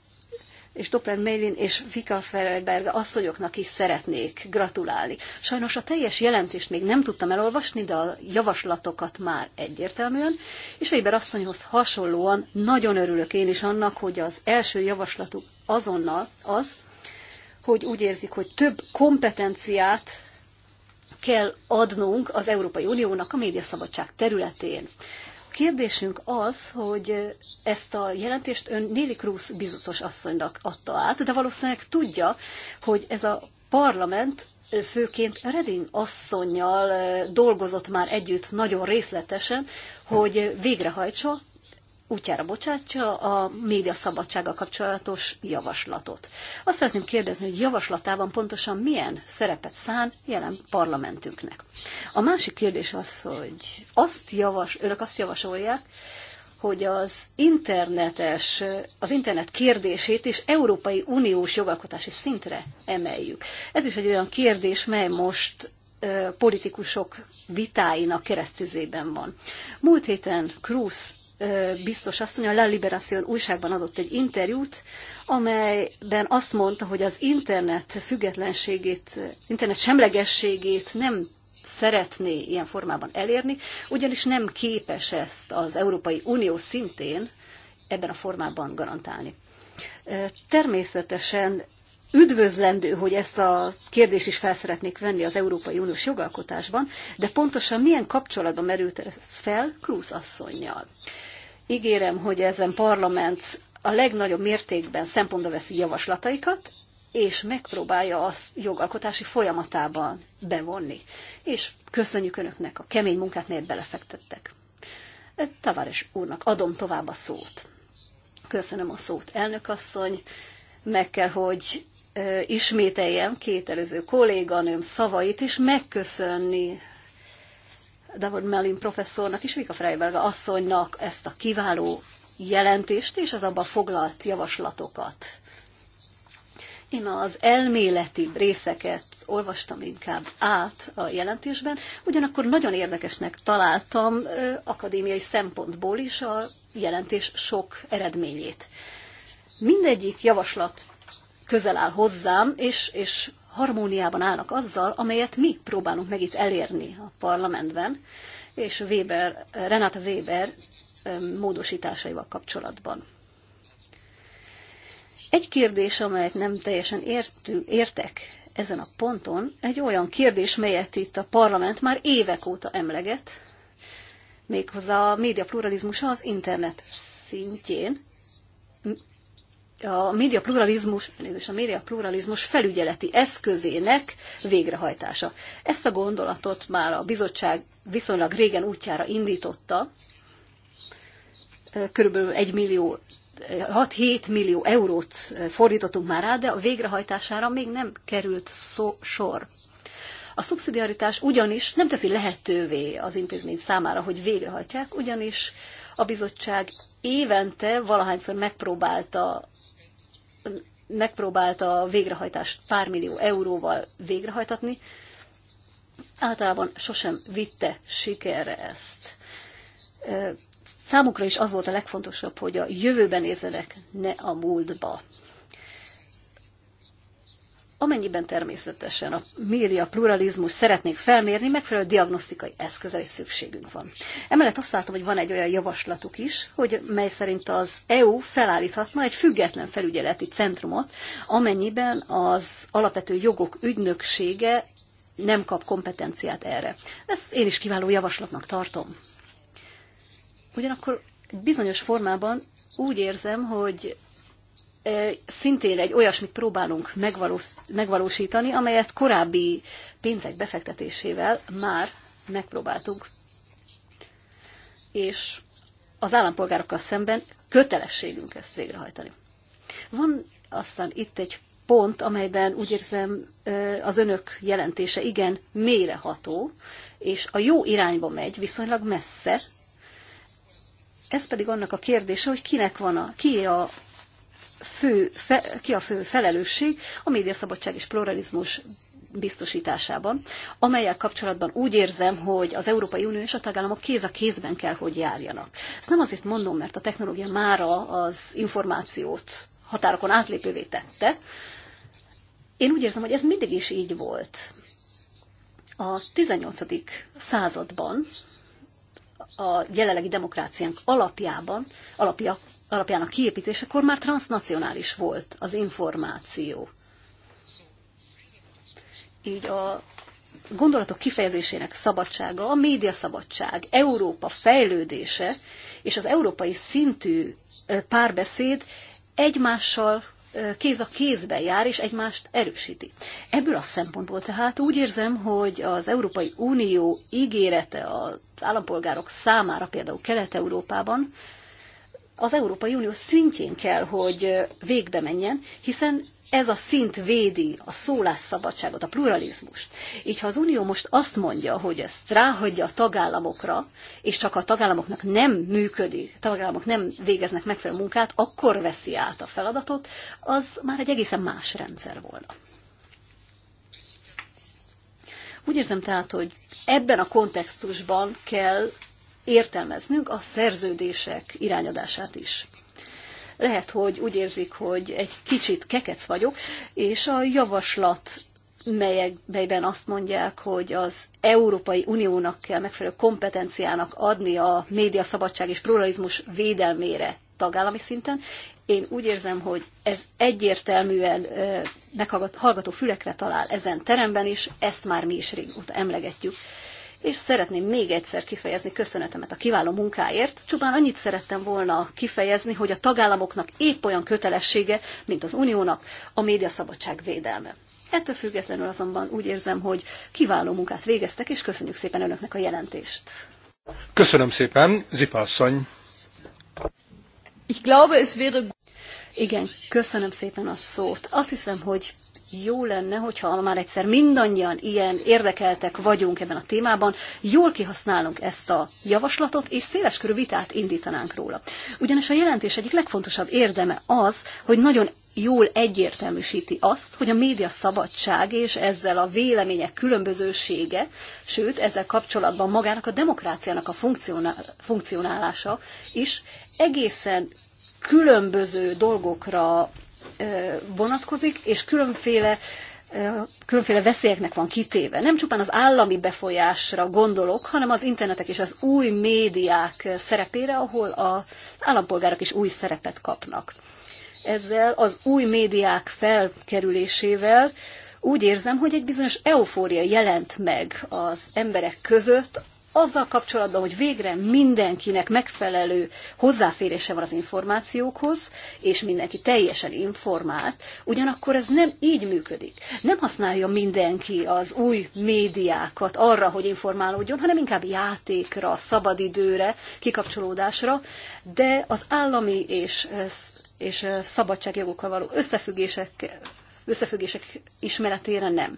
és Doppler Mélin és Vika Ferelberg asszonyoknak is szeretnék gratulálni. Sajnos a teljes jelentést még nem tudtam elolvasni, de a javaslatokat már egyértelműen, és Weber asszonyhoz hasonlóan nagyon örülök én is annak, hogy az első javaslatuk azonnal az, hogy úgy érzik, hogy több kompetenciát kell adnunk az Európai Uniónak a médiaszabadság területén. A kérdésünk az, hogy ezt a jelentést ön Néli Cruz bizotos asszonynak adta át, de valószínűleg tudja, hogy ez a parlament főként Reding asszonynal dolgozott már együtt nagyon részletesen, hogy végrehajtsa útjára bocsátja a média szabadsága kapcsolatos javaslatot. Azt szeretném kérdezni, hogy javaslatában pontosan milyen szerepet szán jelen parlamentünknek. A másik kérdés az, hogy azt javas, önök azt javasolják, hogy az internetes, az internet kérdését is Európai Uniós jogalkotási szintre emeljük. Ez is egy olyan kérdés, mely most politikusok vitáinak keresztüzében van. Múlt héten Cruz biztos mondja, a La Liberación újságban adott egy interjút, amelyben azt mondta, hogy az internet függetlenségét, internet semlegességét nem szeretné ilyen formában elérni, ugyanis nem képes ezt az Európai Unió szintén ebben a formában garantálni. Természetesen üdvözlendő, hogy ezt a kérdést is felszeretnék venni az Európai Uniós jogalkotásban, de pontosan milyen kapcsolatban merült ez fel Krúz asszonynal. Ígérem, hogy ezen parlament a legnagyobb mértékben szempontba veszi javaslataikat, és megpróbálja azt jogalkotási folyamatában bevonni. És köszönjük Önöknek a kemény munkát, melyet belefektettek. Tavares úrnak adom tovább a szót. Köszönöm a szót, elnökasszony. Meg kell, hogy ismételjem két előző kolléganőm szavait, és megköszönni Davon Mellin professzornak és Vika Freiberg asszonynak ezt a kiváló jelentést és az abban foglalt javaslatokat. Én az elméleti részeket olvastam inkább át a jelentésben, ugyanakkor nagyon érdekesnek találtam ö, akadémiai szempontból is a jelentés sok eredményét. Mindegyik javaslat közel áll hozzám, és, és harmóniában állnak azzal, amelyet mi próbálunk meg itt elérni a parlamentben, és Weber, Renata Weber módosításaival kapcsolatban. Egy kérdés, amelyet nem teljesen értő, értek ezen a ponton, egy olyan kérdés, melyet itt a parlament már évek óta emleget, méghozzá a média pluralizmusa az internet szintjén a média pluralizmus, a média pluralizmus felügyeleti eszközének végrehajtása. Ezt a gondolatot már a bizottság viszonylag régen útjára indította, körülbelül 1 millió 6-7 millió eurót fordítottunk már rá, de a végrehajtására még nem került szó, sor. A szubszidiaritás ugyanis nem teszi lehetővé az intézmény számára, hogy végrehajtják, ugyanis a bizottság évente valahányszor megpróbálta megpróbálta a végrehajtást pár millió euróval végrehajtatni, általában sosem vitte sikerre ezt. Számukra is az volt a legfontosabb, hogy a jövőben nézzenek, ne a múltba. Amennyiben természetesen a média pluralizmus szeretnék felmérni, megfelelő diagnosztikai eszközre is szükségünk van. Emellett azt látom, hogy van egy olyan javaslatuk is, hogy mely szerint az EU felállíthatna egy független felügyeleti centrumot, amennyiben az alapvető jogok ügynöksége nem kap kompetenciát erre. Ezt én is kiváló javaslatnak tartom. Ugyanakkor bizonyos formában úgy érzem, hogy szintén egy olyasmit próbálunk megvalósítani, amelyet korábbi pénzek befektetésével már megpróbáltunk. És az állampolgárokkal szemben kötelességünk ezt végrehajtani. Van aztán itt egy pont, amelyben úgy érzem az önök jelentése igen méreható, és a jó irányba megy viszonylag messze. Ez pedig annak a kérdése, hogy kinek van a, ki a fő, fe, ki a fő felelősség a médiaszabadság és pluralizmus biztosításában, amelyek kapcsolatban úgy érzem, hogy az Európai Unió és a tagállamok kéz a kézben kell, hogy járjanak. Ezt nem azért mondom, mert a technológia mára az információt határokon átlépővé tette. Én úgy érzem, hogy ez mindig is így volt. A 18. században a jelenlegi demokráciánk alapjában, alapja alapjának kiépítésekor már transnacionális volt az információ. Így a gondolatok kifejezésének szabadsága, a médiaszabadság, Európa fejlődése és az európai szintű párbeszéd egymással kéz a kézben jár, és egymást erősíti. Ebből a szempontból tehát úgy érzem, hogy az Európai Unió ígérete az állampolgárok számára, például Kelet-Európában, az Európai Unió szintjén kell, hogy végbe menjen, hiszen ez a szint védi a szólásszabadságot, a pluralizmust. Így ha az Unió most azt mondja, hogy ezt ráhagyja a tagállamokra, és csak a tagállamoknak nem működik, a tagállamok nem végeznek megfelelő munkát, akkor veszi át a feladatot, az már egy egészen más rendszer volna. Úgy érzem tehát, hogy ebben a kontextusban kell értelmeznünk a szerződések irányadását is. Lehet, hogy úgy érzik, hogy egy kicsit kekec vagyok, és a javaslat melyek, melyben azt mondják, hogy az Európai Uniónak kell megfelelő kompetenciának adni a média szabadság és pluralizmus védelmére tagállami szinten. Én úgy érzem, hogy ez egyértelműen meghallgató fülekre talál ezen teremben, is. ezt már mi is régóta emlegetjük és szeretném még egyszer kifejezni köszönetemet a kiváló munkáért. Csupán annyit szerettem volna kifejezni, hogy a tagállamoknak épp olyan kötelessége, mint az uniónak a médiaszabadság védelme. Ettől függetlenül azonban úgy érzem, hogy kiváló munkát végeztek, és köszönjük szépen önöknek a jelentést. Köszönöm szépen, Zipa asszony. Ich glaube, es wäre... Igen, köszönöm szépen a szót. Azt hiszem, hogy jó lenne, hogyha már egyszer mindannyian ilyen érdekeltek vagyunk ebben a témában, jól kihasználunk ezt a javaslatot, és széleskörű vitát indítanánk róla. Ugyanis a jelentés egyik legfontosabb érdeme az, hogy nagyon jól egyértelműsíti azt, hogy a média szabadság és ezzel a vélemények különbözősége, sőt ezzel kapcsolatban magának a demokráciának a funkcionálása is egészen különböző dolgokra vonatkozik, és különféle különféle veszélyeknek van kitéve. Nem csupán az állami befolyásra gondolok, hanem az internetek és az új médiák szerepére, ahol az állampolgárok is új szerepet kapnak. Ezzel az új médiák felkerülésével úgy érzem, hogy egy bizonyos eufória jelent meg az emberek között azzal kapcsolatban, hogy végre mindenkinek megfelelő hozzáférése van az információkhoz, és mindenki teljesen informált, ugyanakkor ez nem így működik. Nem használja mindenki az új médiákat arra, hogy informálódjon, hanem inkább játékra, szabadidőre, kikapcsolódásra, de az állami és, és szabadságjogokkal való összefüggések, összefüggések ismeretére nem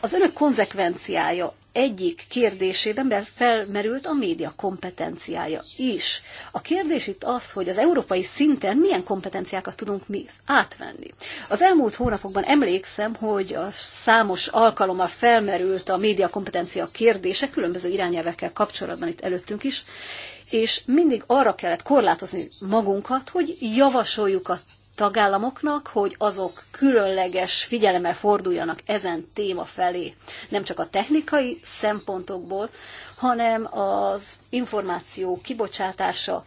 az önök konzekvenciája egyik kérdésében felmerült a média kompetenciája is. A kérdés itt az, hogy az európai szinten milyen kompetenciákat tudunk mi átvenni. Az elmúlt hónapokban emlékszem, hogy a számos alkalommal felmerült a média kompetencia kérdése különböző irányelvekkel kapcsolatban itt előttünk is, és mindig arra kellett korlátozni magunkat, hogy javasoljuk a tagállamoknak, hogy azok különleges figyelemmel forduljanak ezen téma felé, nem csak a technikai szempontokból, hanem az információ kibocsátása,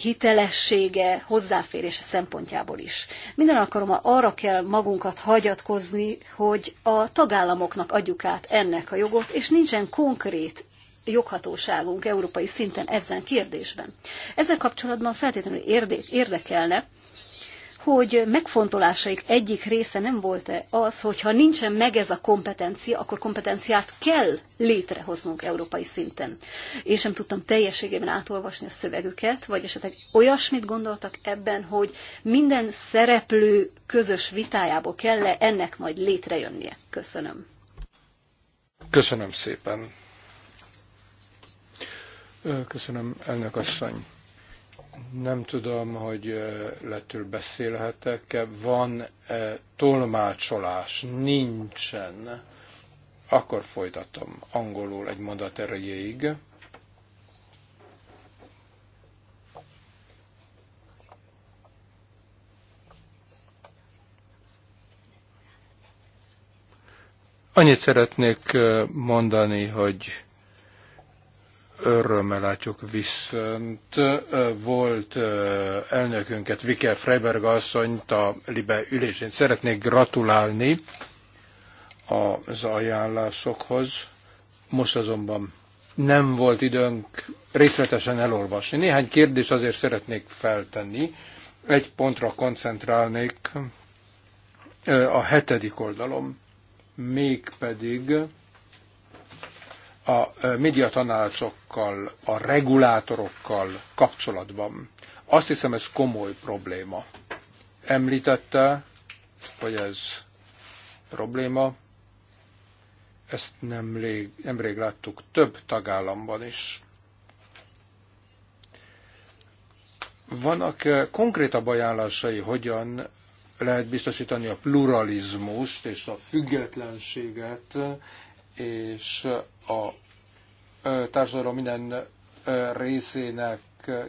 hitelessége, hozzáférése szempontjából is. Minden alkalommal arra kell magunkat hagyatkozni, hogy a tagállamoknak adjuk át ennek a jogot, és nincsen konkrét joghatóságunk európai szinten ezen kérdésben. Ezzel kapcsolatban feltétlenül érdekelne, hogy megfontolásaik egyik része nem volt-e az, hogy ha nincsen meg ez a kompetencia, akkor kompetenciát kell létrehoznunk európai szinten. Én sem tudtam teljességében átolvasni a szövegüket, vagy esetleg olyasmit gondoltak ebben, hogy minden szereplő közös vitájából kell -e ennek majd létrejönnie. Köszönöm. Köszönöm szépen. Köszönöm, elnök asszony. Nem tudom, hogy eh, lettől beszélhetek-e. Van-e tolmácsolás? Nincsen. Akkor folytatom angolul egy mondat erejéig. Annyit szeretnék eh, mondani, hogy örömmel látjuk, viszont volt elnökünket, Vike Freiberg asszonyt a Libe ülésén. Szeretnék gratulálni az ajánlásokhoz. Most azonban nem volt időnk részletesen elolvasni. Néhány kérdést azért szeretnék feltenni. Egy pontra koncentrálnék a hetedik oldalom, mégpedig pedig a médiatanácsokkal, a regulátorokkal kapcsolatban. Azt hiszem, ez komoly probléma. Említette, hogy ez probléma, ezt nemrég, nemrég láttuk több tagállamban is. Vannak konkrétabb ajánlásai, hogyan lehet biztosítani a pluralizmust és a függetlenséget és a társadalom minden részének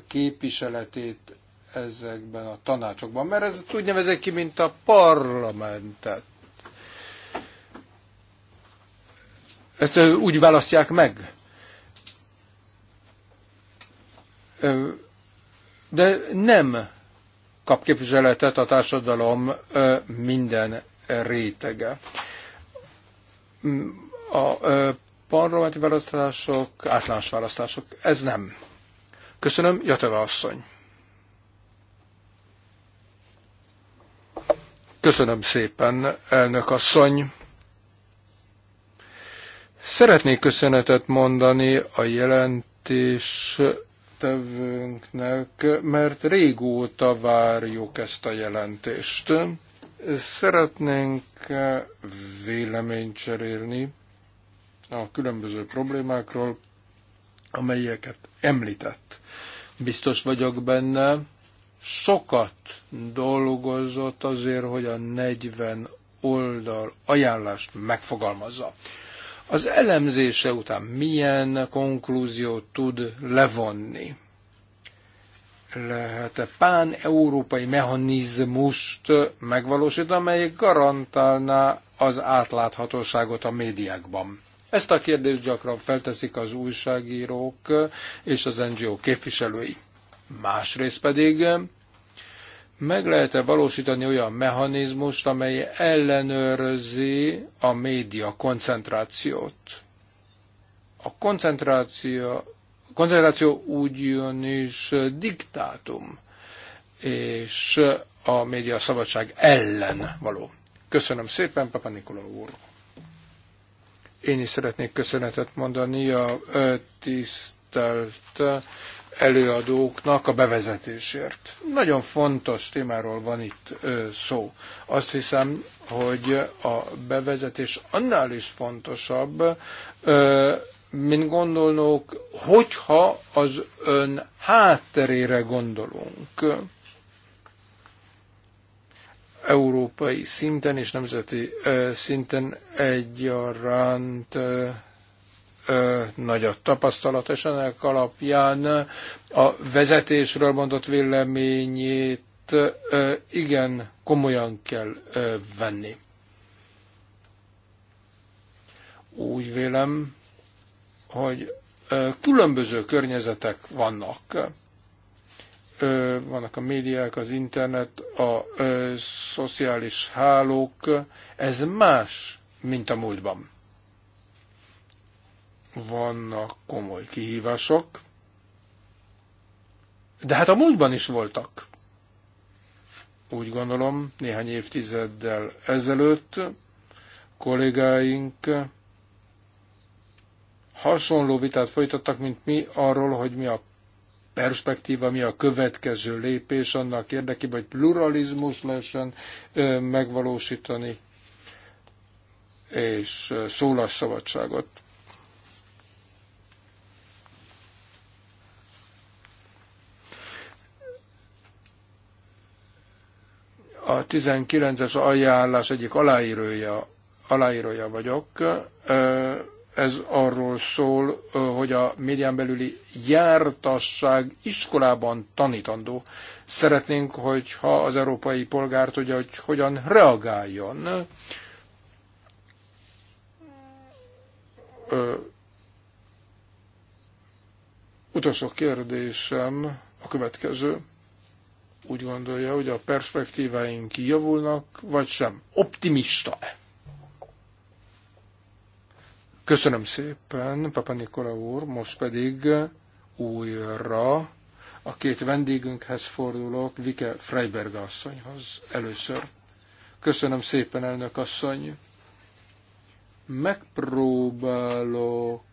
képviseletét ezekben a tanácsokban, mert ez úgy nevezik ki, mint a parlamentet. Ezt úgy választják meg. De nem kap képviseletet a társadalom minden rétege a parlamenti választások, általános választások, ez nem. Köszönöm, Jateva asszony. Köszönöm szépen, elnök asszony. Szeretnék köszönetet mondani a jelentés tevőnknek, mert régóta várjuk ezt a jelentést. Szeretnénk véleményt cserélni a különböző problémákról, amelyeket említett. Biztos vagyok benne, sokat dolgozott azért, hogy a 40 oldal ajánlást megfogalmazza. Az elemzése után milyen konklúziót tud levonni? lehet-e pán-európai mechanizmust megvalósítani, amely garantálná az átláthatóságot a médiákban. Ezt a kérdést gyakran felteszik az újságírók és az NGO képviselői. Másrészt pedig meg lehet-e valósítani olyan mechanizmust, amely ellenőrzi a média koncentrációt? A koncentráció, koncentráció ugyanis diktátum, és a média szabadság ellen való. Köszönöm szépen, Papa Nikola úr! Én is szeretnék köszönetet mondani a tisztelt előadóknak a bevezetésért. Nagyon fontos témáról van itt szó. Azt hiszem, hogy a bevezetés annál is fontosabb, mint gondolnók, hogyha az ön hátterére gondolunk európai szinten és nemzeti szinten egyaránt nagy a tapasztalat, és ennek alapján a vezetésről mondott véleményét igen komolyan kell venni. Úgy vélem, hogy különböző környezetek vannak vannak a médiák, az internet, a szociális hálók, ez más, mint a múltban. Vannak komoly kihívások, de hát a múltban is voltak. Úgy gondolom, néhány évtizeddel ezelőtt kollégáink hasonló vitát folytattak, mint mi arról, hogy mi a perspektíva, mi a következő lépés annak érdekében, hogy pluralizmus lehessen megvalósítani, és szólásszabadságot. A 19-es ajánlás egyik aláírója, aláírója vagyok ez arról szól, hogy a médián belüli jártasság iskolában tanítandó. Szeretnénk, hogyha az európai polgár tudja, hogy hogyan reagáljon. Ö, utolsó kérdésem a következő. Úgy gondolja, hogy a perspektíváink javulnak, vagy sem? Optimista-e? Köszönöm szépen, Papa Nikola úr, most pedig újra a két vendégünkhez fordulok, Vike Freiberg asszonyhoz először. Köszönöm szépen, elnök asszony. Megpróbálok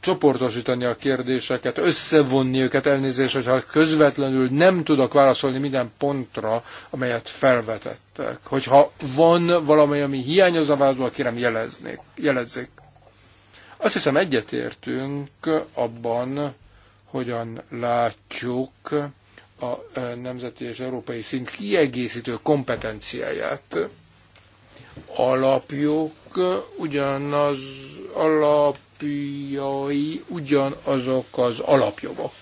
csoportosítani a kérdéseket, összevonni őket, elnézést, hogyha közvetlenül nem tudok válaszolni minden pontra, amelyet felvetettek. Hogyha van valami, ami hiányozna válaszból, kérem jeleznék, jelezzék. Azt hiszem egyetértünk abban, hogyan látjuk a e, nemzeti és európai szint kiegészítő kompetenciáját. Alapjuk ugyanaz alapjai, ugyanazok az alapjogok.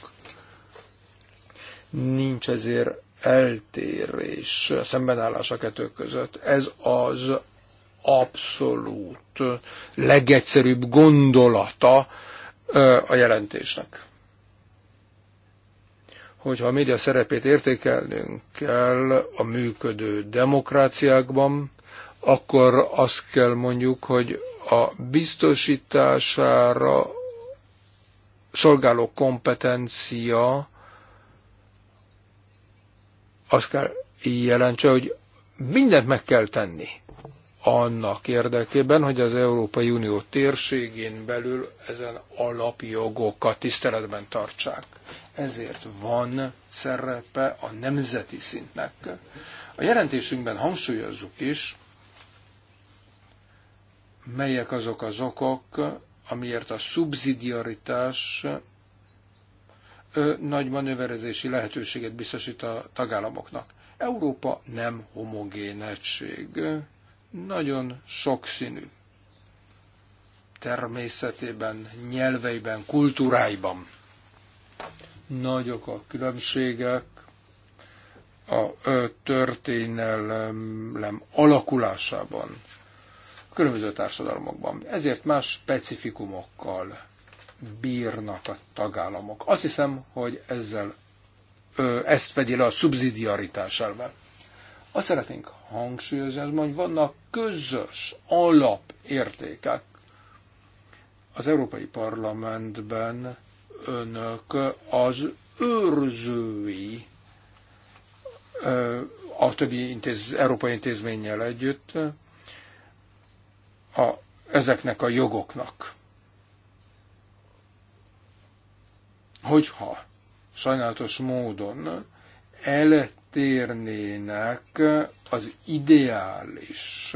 Nincs ezért eltérés, szembenállás a kettő között. Ez az abszolút legegyszerűbb gondolata a jelentésnek. Hogyha a média szerepét értékelnünk kell a működő demokráciákban, akkor azt kell mondjuk, hogy a biztosítására szolgáló kompetencia azt kell jelentse, hogy mindent meg kell tenni annak érdekében, hogy az Európai Unió térségén belül ezen alapjogokat tiszteletben tartsák. Ezért van szerepe a nemzeti szintnek. A jelentésünkben hangsúlyozzuk is, melyek azok az okok, amiért a szubszidiaritás nagy manőverezési lehetőséget biztosít a tagállamoknak. Európa nem homogén egység, nagyon sokszínű. Természetében, nyelveiben, kultúráiban. Nagyok a különbségek, a történelem alakulásában különböző társadalmakban. Ezért más specifikumokkal bírnak a tagállamok. Azt hiszem, hogy ezzel ö, ezt fedi le a szubszidiaritás elve. Azt szeretnénk hangsúlyozni, hogy vannak közös alapértékek. Az Európai Parlamentben önök az őrzői a többi intéz, európai intézménnyel együtt a, ezeknek a jogoknak. Hogyha sajnálatos módon eltérnének az ideális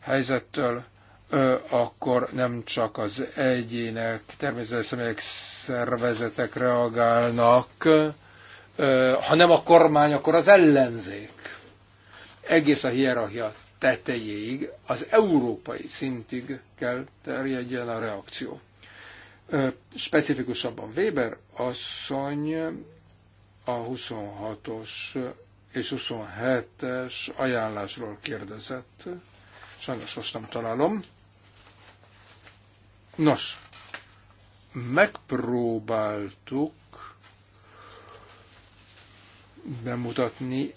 helyzettől, akkor nem csak az egyének, természetesen személyek, szervezetek reagálnak, ha nem a kormány, akkor az ellenzék. Egész a hierarchia tetejéig, az európai szintig kell terjedjen a reakció. Specifikusabban Weber asszony a 26-os és 27-es ajánlásról kérdezett. Sajnos most nem találom. Nos, megpróbáltuk bemutatni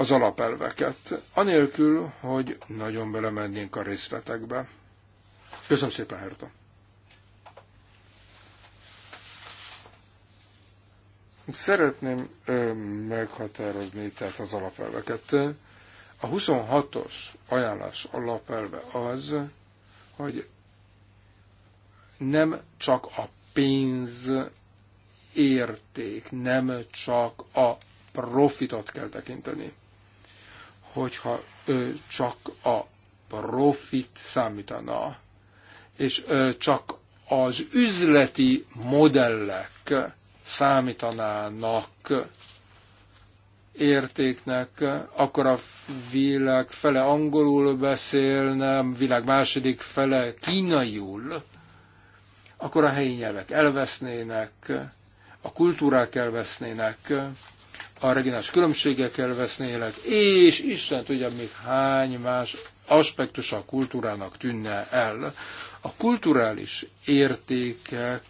az alapelveket, anélkül, hogy nagyon belemennénk a részletekbe. Köszönöm szépen, Herta! Szeretném ö, meghatározni tehát az alapelveket. A 26-os ajánlás alapelve az, hogy nem csak a pénz érték, nem csak a profitot kell tekinteni hogyha ő csak a profit számítana, és csak az üzleti modellek számítanának értéknek, akkor a világ fele angolul beszélne, a világ második fele kínaiul, akkor a helyi nyelvek elvesznének, a kultúrák elvesznének, a regionális különbségek elvesznének, és Isten tudja, még hány más aspektusa a kultúrának tűnne el. A kulturális értékek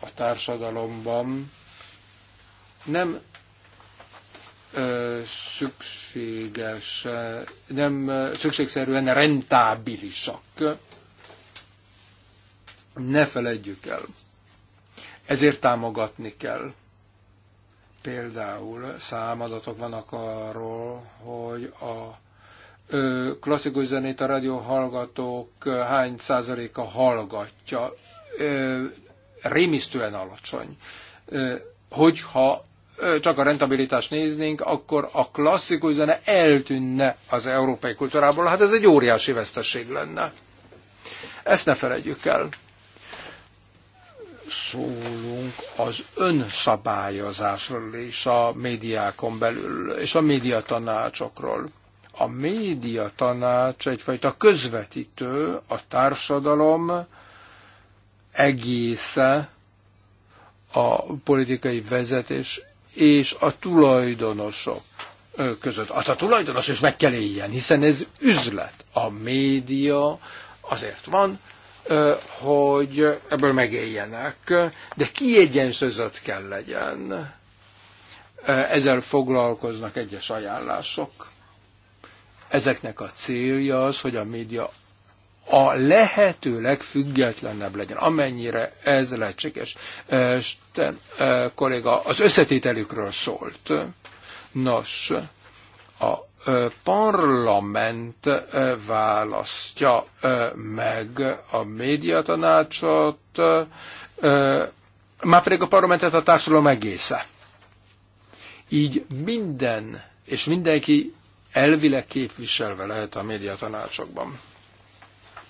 a társadalomban nem ö, szükséges, nem szükségszerűen rentábilisak. Ne feledjük el. Ezért támogatni kell Például számadatok vannak arról, hogy a klasszikus zenét a rádió hallgatók hány százaléka hallgatja, rémisztően alacsony. Hogyha csak a rentabilitást néznénk, akkor a klasszikus zene eltűnne az európai kultúrából. Hát ez egy óriási veszteség lenne. Ezt ne felejtjük el szólunk az önszabályozásról és a médiákon belül, és a médiatanácsokról. A médiatanács egyfajta közvetítő a társadalom egésze a politikai vezetés és a tulajdonosok között. Azt hát a tulajdonos is meg kell éljen, hiszen ez üzlet. A média azért van, hogy ebből megéljenek, de kiegyensúlyozott kell legyen. Ezzel foglalkoznak egyes ajánlások. Ezeknek a célja az, hogy a média a lehető legfüggetlenebb legyen, amennyire ez lehetséges. Este kolléga az összetételükről szólt. Nos, a parlament választja meg a médiatanácsot, már pedig a parlamentet a társadalom egésze. Így minden és mindenki elvileg képviselve lehet a médiatanácsokban.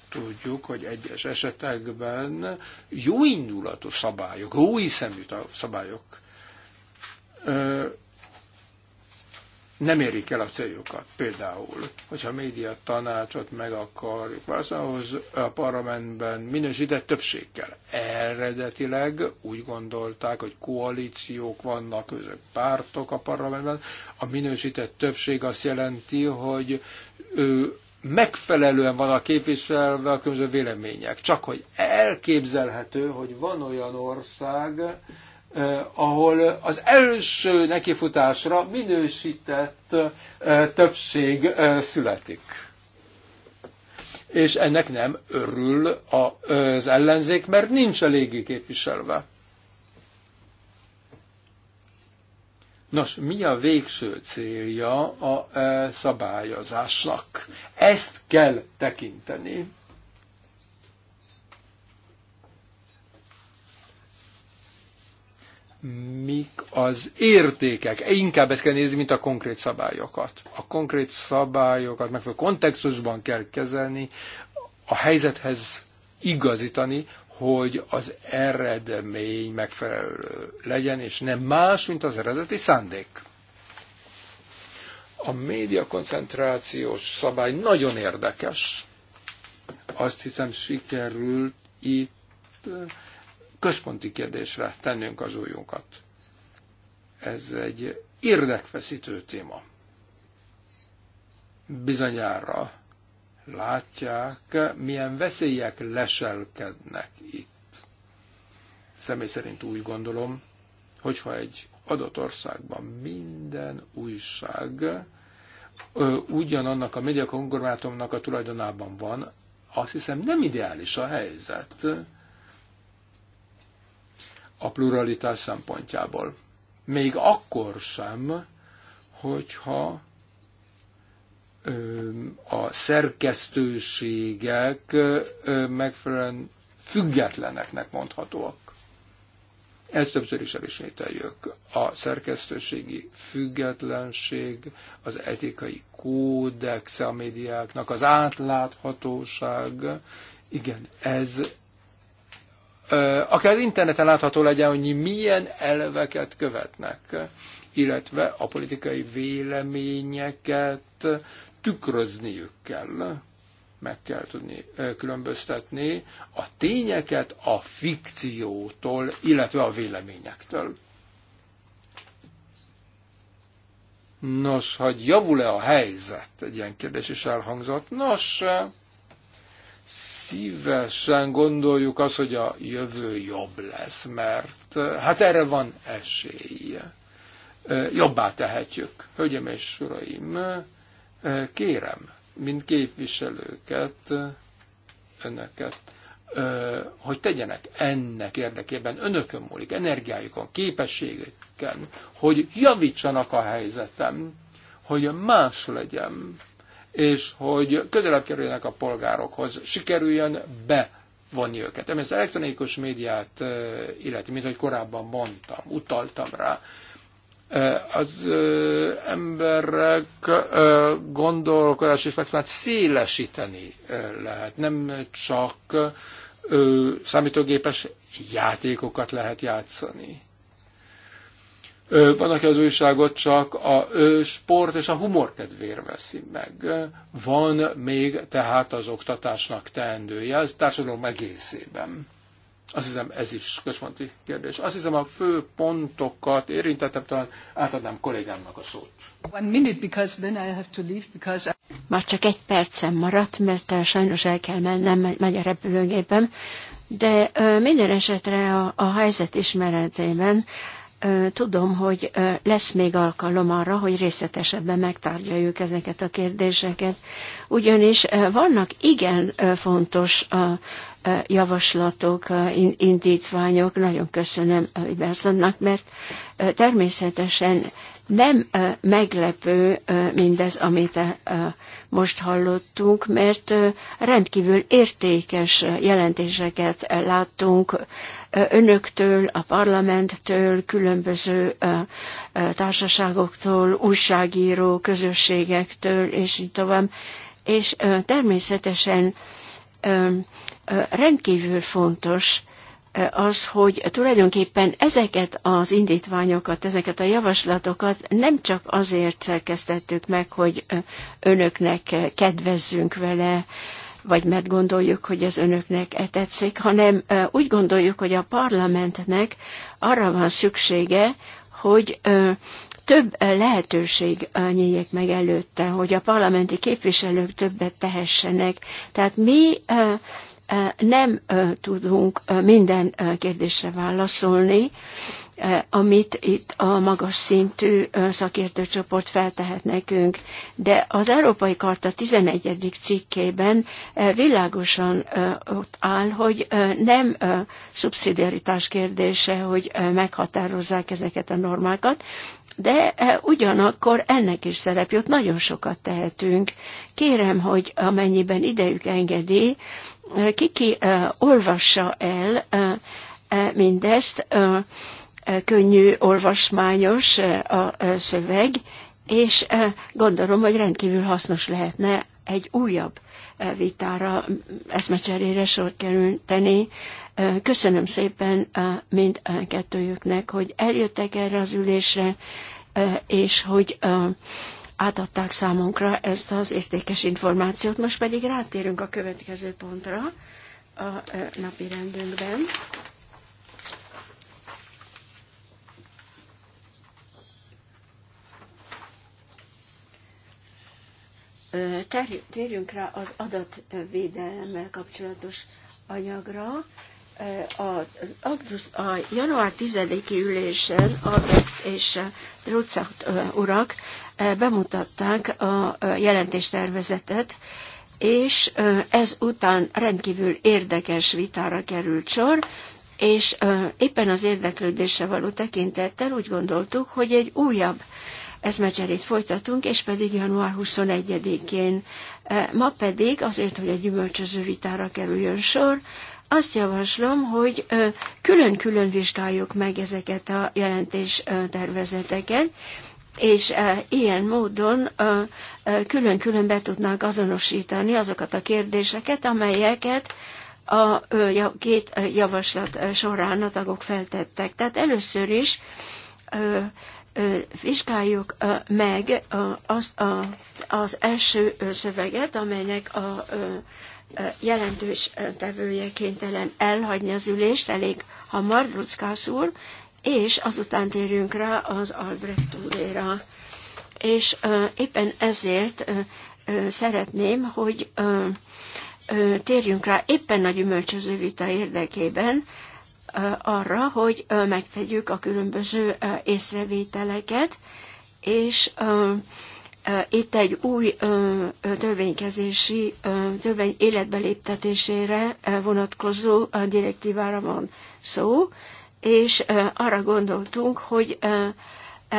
Tudjuk, hogy egyes esetekben jó indulatú szabályok, új szemű szabályok nem érik el a céljukat. Például, hogyha a média tanácsot meg akarjuk az ahhoz a parlamentben minősített többség kell. Eredetileg úgy gondolták, hogy koalíciók vannak, között pártok a parlamentben. A minősített többség azt jelenti, hogy ő megfelelően van a képviselve a különböző vélemények. Csak hogy elképzelhető, hogy van olyan ország, Eh, ahol az első nekifutásra minősített eh, többség eh, születik. És ennek nem örül az ellenzék, mert nincs eléggé képviselve. Nos, mi a végső célja a szabályozásnak? Ezt kell tekinteni. mik az értékek. Inkább ezt kell nézni, mint a konkrét szabályokat. A konkrét szabályokat megfelelő kontextusban kell kezelni, a helyzethez igazítani, hogy az eredmény megfelelő legyen, és nem más, mint az eredeti szándék. A média koncentrációs szabály nagyon érdekes. Azt hiszem sikerült itt központi kérdésre tennünk az újunkat. Ez egy érdekfeszítő téma. Bizonyára látják, milyen veszélyek leselkednek itt. Személy szerint úgy gondolom, hogyha egy adott országban minden újság ö, ugyanannak a médiakonkormátumnak a tulajdonában van, azt hiszem nem ideális a helyzet a pluralitás szempontjából. Még akkor sem, hogyha a szerkesztőségek megfelelően függetleneknek mondhatóak. Ezt többször is elismételjük. A szerkesztőségi függetlenség, az etikai kódex a médiáknak, az átláthatóság, igen, ez akár interneten látható legyen, hogy milyen elveket követnek, illetve a politikai véleményeket tükrözniük kell, meg kell tudni különböztetni a tényeket a fikciótól, illetve a véleményektől. Nos, hogy javul-e a helyzet? Egy ilyen kérdés is elhangzott. Nos, szívesen gondoljuk azt, hogy a jövő jobb lesz, mert eh, hát erre van esély. Eh, jobbá tehetjük. Hölgyeim és uraim, eh, kérem, mint képviselőket, önöket, hogy tegyenek ennek érdekében, önökön múlik, energiájukon, képességükön, hogy javítsanak a helyzetem, hogy más legyen, és hogy közelebb kerüljenek a polgárokhoz, sikerüljön bevonni őket. Ami az elektronikus médiát illeti, mint hogy korábban mondtam, utaltam rá, az emberek gondolkodási spektrumát szélesíteni lehet. Nem csak számítógépes játékokat lehet játszani. Van, aki az újságot csak a sport és a humor kedvéért veszi meg. Van még tehát az oktatásnak teendője, ez társadalom egészében. Azt hiszem, ez is központi kérdés. Azt hiszem, a fő pontokat érintettem, talán átadnám kollégámnak a szót. One minute, because then I have to leave, because I... Már csak egy percem maradt, mert sajnos el kell mennem, megy a repülőgépem. De ö, minden esetre a, a helyzet ismeretében Tudom, hogy lesz még alkalom arra, hogy részletesebben megtárgyaljuk ezeket a kérdéseket, ugyanis vannak igen fontos javaslatok, indítványok. Nagyon köszönöm Iberszonnak, mert természetesen nem meglepő mindez, amit most hallottunk, mert rendkívül értékes jelentéseket láttunk önöktől, a parlamenttől, különböző társaságoktól, újságíró közösségektől, és így tovább. És természetesen rendkívül fontos, az, hogy tulajdonképpen ezeket az indítványokat, ezeket a javaslatokat nem csak azért szerkesztettük meg, hogy önöknek kedvezzünk vele, vagy mert gondoljuk, hogy ez önöknek e tetszik, hanem úgy gondoljuk, hogy a parlamentnek arra van szüksége, hogy több lehetőség nyíljék meg előtte, hogy a parlamenti képviselők többet tehessenek. Tehát mi nem tudunk minden kérdésre válaszolni, Eh, amit itt a magas szintű szakértőcsoport feltehet nekünk. De az Európai Karta 11. cikkében eh, világosan ott áll, hogy nem szubszidiaritás kérdése, hogy meghatározzák ezeket a normákat, de eh, ugyanakkor ennek is szerep jut, nagyon sokat tehetünk. Kérem, hogy amennyiben idejük engedi, kiki olvassa el mindezt, könnyű, olvasmányos a szöveg, és gondolom, hogy rendkívül hasznos lehetne egy újabb vitára, eszmecserére sor kerülteni. Köszönöm szépen mind kettőjüknek, hogy eljöttek erre az ülésre, és hogy átadták számunkra ezt az értékes információt. Most pedig rátérünk a következő pontra a napi rendünkben. Térjünk rá az adatvédelemmel kapcsolatos anyagra. A, a január 10-i ülésen Albert és Ruca urak bemutatták a jelentéstervezetet, és ez után rendkívül érdekes vitára került sor, és éppen az érdeklődésre való tekintettel úgy gondoltuk, hogy egy újabb ezmecserét folytatunk, és pedig január 21-én. E, ma pedig, azért, hogy egy gyümölcsöző vitára kerüljön sor, azt javaslom, hogy e, külön-külön vizsgáljuk meg ezeket a jelentés e, tervezeteket, és ilyen módon külön-külön be tudnánk azonosítani azokat a kérdéseket, amelyeket a két javaslat során a tagok feltettek. Tehát először is vizsgáljuk meg azt az első szöveget, amelynek a jelentős tevője kénytelen elhagyni az ülést, elég hamar, Luckász úr, és azután térjünk rá az Albrecht úréra. És éppen ezért szeretném, hogy térjünk rá éppen a gyümölcsöző vita érdekében arra, hogy megtegyük a különböző észrevételeket, és itt egy új törvénykezési, törvény életbe vonatkozó direktívára van szó, és arra gondoltunk, hogy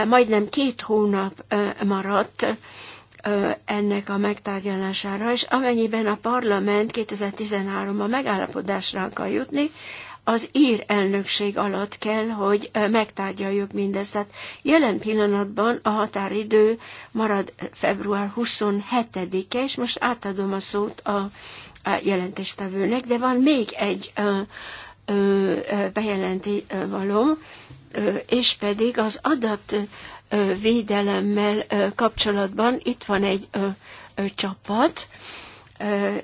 majdnem két hónap maradt ennek a megtárgyalására, és amennyiben a parlament 2013-ban megállapodásra akar jutni, az ír elnökség alatt kell, hogy megtárgyaljuk mindezt. Tehát jelen pillanatban a határidő marad február 27-e, és most átadom a szót a, a jelentéstevőnek, de van még egy ö, bejelenti való, és pedig az adatvédelemmel kapcsolatban itt van egy csapat,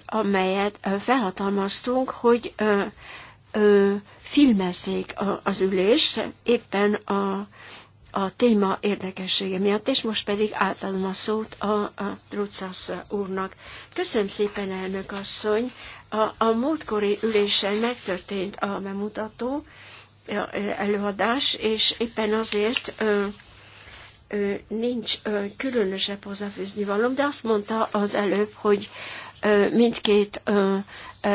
amelyet felhatalmaztunk, hogy ö, filmezzék a, az ülést, éppen a, a téma érdekessége miatt, és most pedig átadom a szót a, a Trucasz úrnak. Köszönöm szépen, elnök asszony! A, a múltkori ülésen megtörtént a bemutató, előadás, és éppen azért ö, ö, nincs ö, különösebb hozzáfűzni valóm, de azt mondta az előbb, hogy ö, mindkét ö,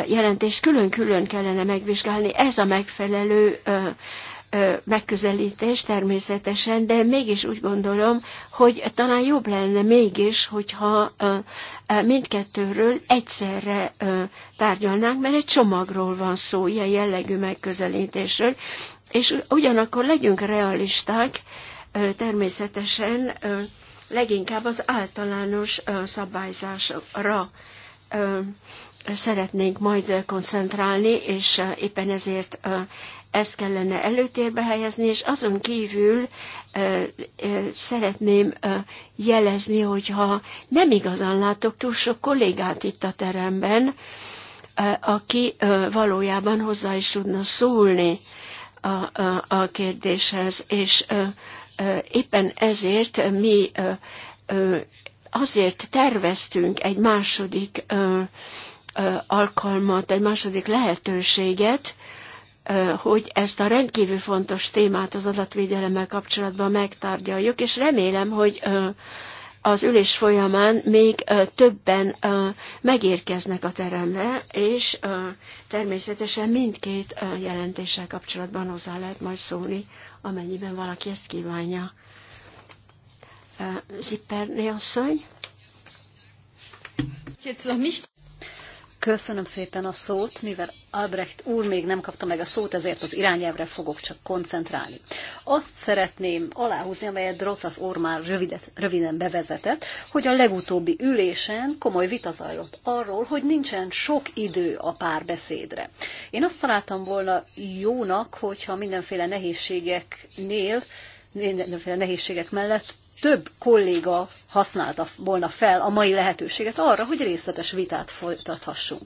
jelentést külön-külön kellene megvizsgálni. Ez a megfelelő megközelítés természetesen, de mégis úgy gondolom, hogy talán jobb lenne mégis, hogyha mindkettőről egyszerre tárgyalnánk, mert egy csomagról van szó, ilyen jellegű megközelítésről, és ugyanakkor legyünk realisták, természetesen leginkább az általános szabályzásra szeretnénk majd koncentrálni, és éppen ezért ezt kellene előtérbe helyezni, és azon kívül szeretném jelezni, hogyha nem igazán látok túl sok kollégát itt a teremben, aki valójában hozzá is tudna szólni a, a, a kérdéshez, és éppen ezért mi azért terveztünk egy második alkalmat, egy második lehetőséget, hogy ezt a rendkívül fontos témát az adatvédelemmel kapcsolatban megtárgyaljuk, és remélem, hogy az ülés folyamán még többen megérkeznek a teremre, és természetesen mindkét jelentéssel kapcsolatban hozzá lehet majd szólni, amennyiben valaki ezt kívánja. Zipperné asszony? Köszönöm szépen a szót, mivel Albrecht úr még nem kapta meg a szót, ezért az irányelvre fogok csak koncentrálni. Azt szeretném aláhúzni, amelyet Drocas úr már rövidet, röviden bevezetett, hogy a legutóbbi ülésen komoly vita zajlott arról, hogy nincsen sok idő a párbeszédre. Én azt találtam volna jónak, hogyha mindenféle nehézségeknél mindenféle nehézségek mellett több kolléga használta volna fel a mai lehetőséget arra, hogy részletes vitát folytathassunk.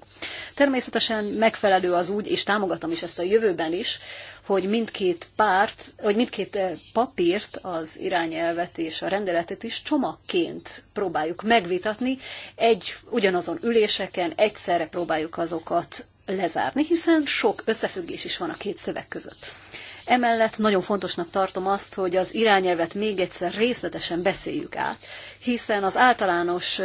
Természetesen megfelelő az úgy, és támogatom is ezt a jövőben is, hogy mindkét párt, vagy mindkét eh, papírt, az irányelvet és a rendeletet is csomagként próbáljuk megvitatni, egy ugyanazon üléseken egyszerre próbáljuk azokat lezárni, hiszen sok összefüggés is van a két szöveg között. Emellett nagyon fontosnak tartom azt, hogy az irányelvet még egyszer részletesen beszéljük át, hiszen az általános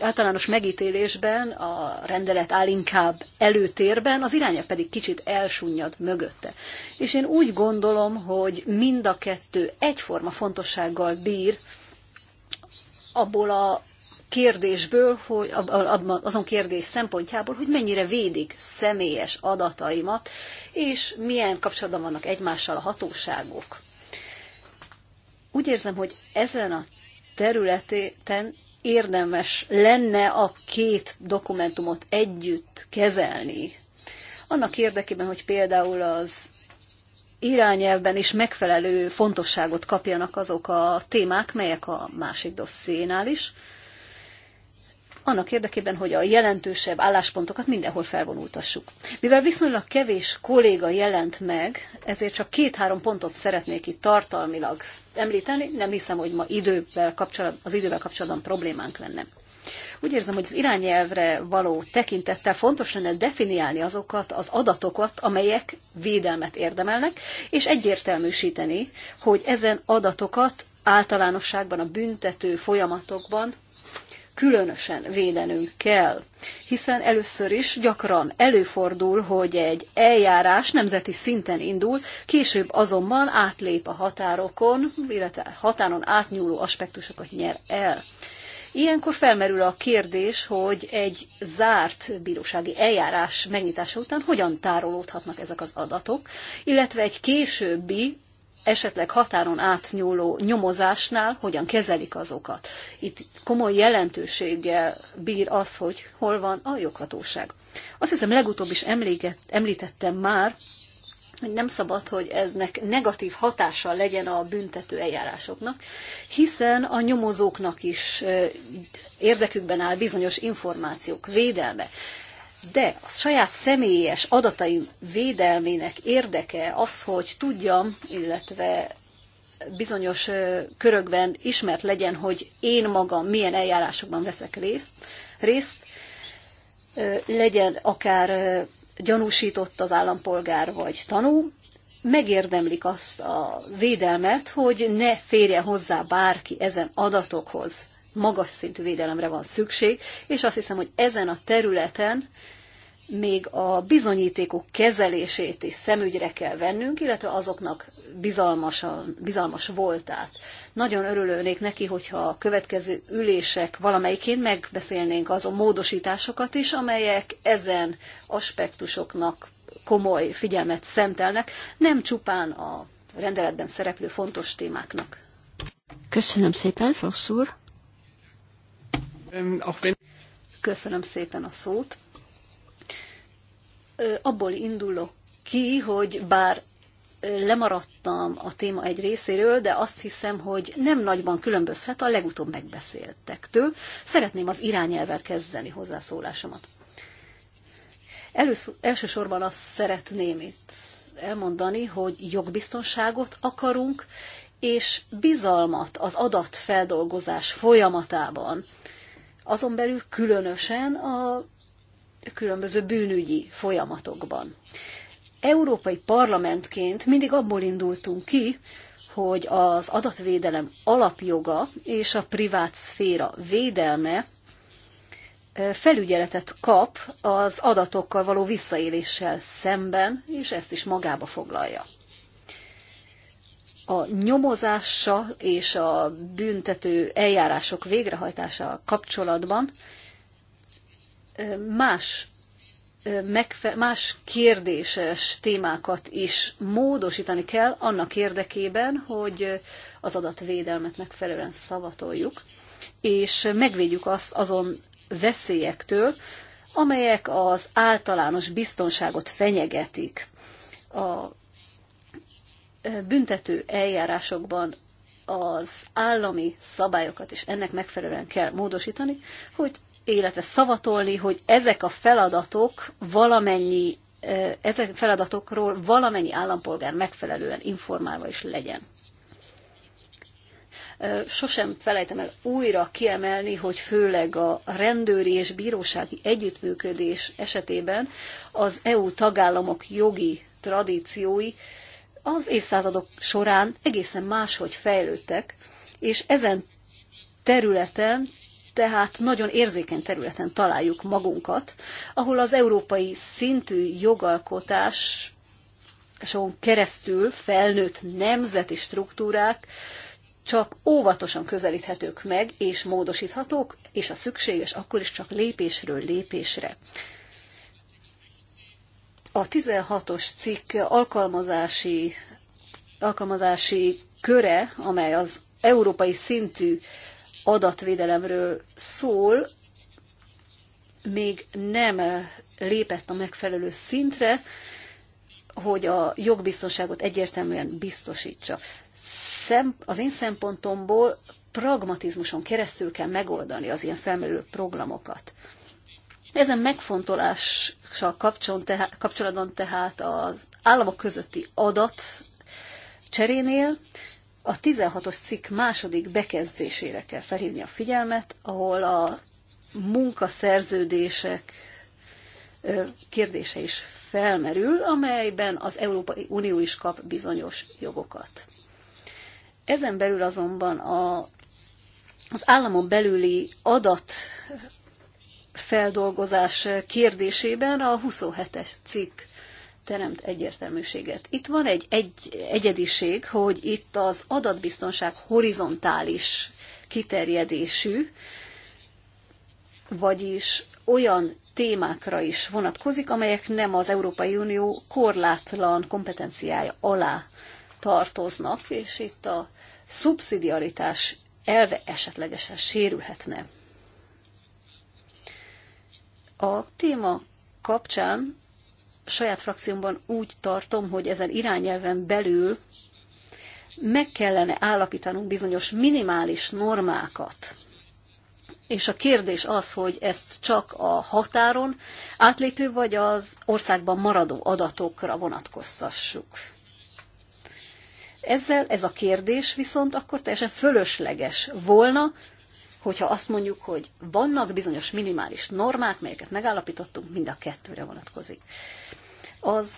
általános megítélésben a rendelet áll inkább előtérben, az irányelv pedig kicsit elsúnyad mögötte. És én úgy gondolom, hogy mind a kettő egyforma fontossággal bír abból a kérdésből, hogy azon kérdés szempontjából, hogy mennyire védik személyes adataimat, és milyen kapcsolatban vannak egymással a hatóságok. Úgy érzem, hogy ezen a területen érdemes lenne a két dokumentumot együtt kezelni. Annak érdekében, hogy például az irányelvben is megfelelő fontosságot kapjanak azok a témák, melyek a másik dossziénál is, annak érdekében, hogy a jelentősebb álláspontokat mindenhol felvonultassuk. Mivel viszonylag kevés kolléga jelent meg, ezért csak két-három pontot szeretnék itt tartalmilag említeni, nem hiszem, hogy ma idővel kapcsolat, az idővel kapcsolatban problémánk lenne. Úgy érzem, hogy az irányelvre való tekintettel fontos lenne definiálni azokat az adatokat, amelyek védelmet érdemelnek, és egyértelműsíteni, hogy ezen adatokat általánosságban a büntető folyamatokban különösen védenünk kell, hiszen először is gyakran előfordul, hogy egy eljárás nemzeti szinten indul, később azonban átlép a határokon, illetve határon átnyúló aspektusokat nyer el. Ilyenkor felmerül a kérdés, hogy egy zárt bírósági eljárás megnyitása után hogyan tárolódhatnak ezek az adatok, illetve egy későbbi esetleg határon átnyúló nyomozásnál hogyan kezelik azokat. Itt komoly jelentőséggel bír az, hogy hol van a joghatóság. Azt hiszem legutóbb is emléget, említettem már, hogy nem szabad, hogy eznek negatív hatása legyen a büntető eljárásoknak, hiszen a nyomozóknak is érdekükben áll bizonyos információk védelme de a saját személyes adataim védelmének érdeke az, hogy tudjam, illetve bizonyos körökben ismert legyen, hogy én magam milyen eljárásokban veszek részt, részt legyen akár gyanúsított az állampolgár vagy tanú, megérdemlik azt a védelmet, hogy ne férje hozzá bárki ezen adatokhoz magas szintű védelemre van szükség, és azt hiszem, hogy ezen a területen még a bizonyítékok kezelését is szemügyre kell vennünk, illetve azoknak bizalmas, bizalmas voltát. Nagyon örülnék neki, hogyha a következő ülések valamelyikén megbeszélnénk azon módosításokat is, amelyek ezen aspektusoknak komoly figyelmet szentelnek, nem csupán a rendeletben szereplő fontos témáknak. Köszönöm szépen, Fox úr! Ähm, Köszönöm szépen a szót. Abból indulok ki, hogy bár lemaradtam a téma egy részéről, de azt hiszem, hogy nem nagyban különbözhet a legutóbb megbeszéltektől. Szeretném az irányelvel kezdeni hozzászólásomat. Először elsősorban azt szeretném itt elmondani, hogy jogbiztonságot akarunk, és bizalmat az adatfeldolgozás folyamatában azon belül különösen a különböző bűnügyi folyamatokban. Európai Parlamentként mindig abból indultunk ki, hogy az adatvédelem alapjoga és a privát szféra védelme felügyeletet kap az adatokkal való visszaéléssel szemben, és ezt is magába foglalja a nyomozással és a büntető eljárások végrehajtása kapcsolatban más, megfe- más kérdéses témákat is módosítani kell annak érdekében, hogy az adatvédelmet megfelelően szavatoljuk, és megvédjük azt azon veszélyektől, amelyek az általános biztonságot fenyegetik. A büntető eljárásokban az állami szabályokat is ennek megfelelően kell módosítani, hogy illetve szavatolni, hogy ezek a feladatok valamennyi ezek feladatokról valamennyi állampolgár megfelelően informálva is legyen. Sosem felejtem el újra kiemelni, hogy főleg a rendőri és bírósági együttműködés esetében az EU tagállamok jogi tradíciói az évszázadok során egészen máshogy fejlődtek, és ezen területen, tehát nagyon érzékeny területen találjuk magunkat, ahol az európai szintű jogalkotás son keresztül felnőtt nemzeti struktúrák csak óvatosan közelíthetők meg és módosíthatók, és a szükséges akkor is csak lépésről lépésre. A 16-os cikk alkalmazási, alkalmazási köre, amely az európai szintű adatvédelemről szól, még nem lépett a megfelelő szintre, hogy a jogbiztonságot egyértelműen biztosítsa. Szem, az én szempontomból pragmatizmuson keresztül kell megoldani az ilyen felmerülő programokat. Ezen megfontolással kapcsolatban tehát az államok közötti adat cserénél a 16-os cikk második bekezdésére kell felhívni a figyelmet, ahol a munkaszerződések kérdése is felmerül, amelyben az Európai Unió is kap bizonyos jogokat. Ezen belül azonban a, az államon belüli adat feldolgozás kérdésében a 27-es cikk teremt egyértelműséget. Itt van egy, egy egyediség, hogy itt az adatbiztonság horizontális kiterjedésű, vagyis olyan témákra is vonatkozik, amelyek nem az Európai Unió korlátlan kompetenciája alá tartoznak, és itt a szubszidiaritás elve esetlegesen sérülhetne. A téma kapcsán saját frakciómban úgy tartom, hogy ezen irányelven belül meg kellene állapítanunk bizonyos minimális normákat. És a kérdés az, hogy ezt csak a határon átlépő vagy az országban maradó adatokra vonatkoztassuk. Ezzel ez a kérdés viszont akkor teljesen fölösleges volna, hogyha azt mondjuk, hogy vannak bizonyos minimális normák, melyeket megállapítottunk, mind a kettőre vonatkozik. Az,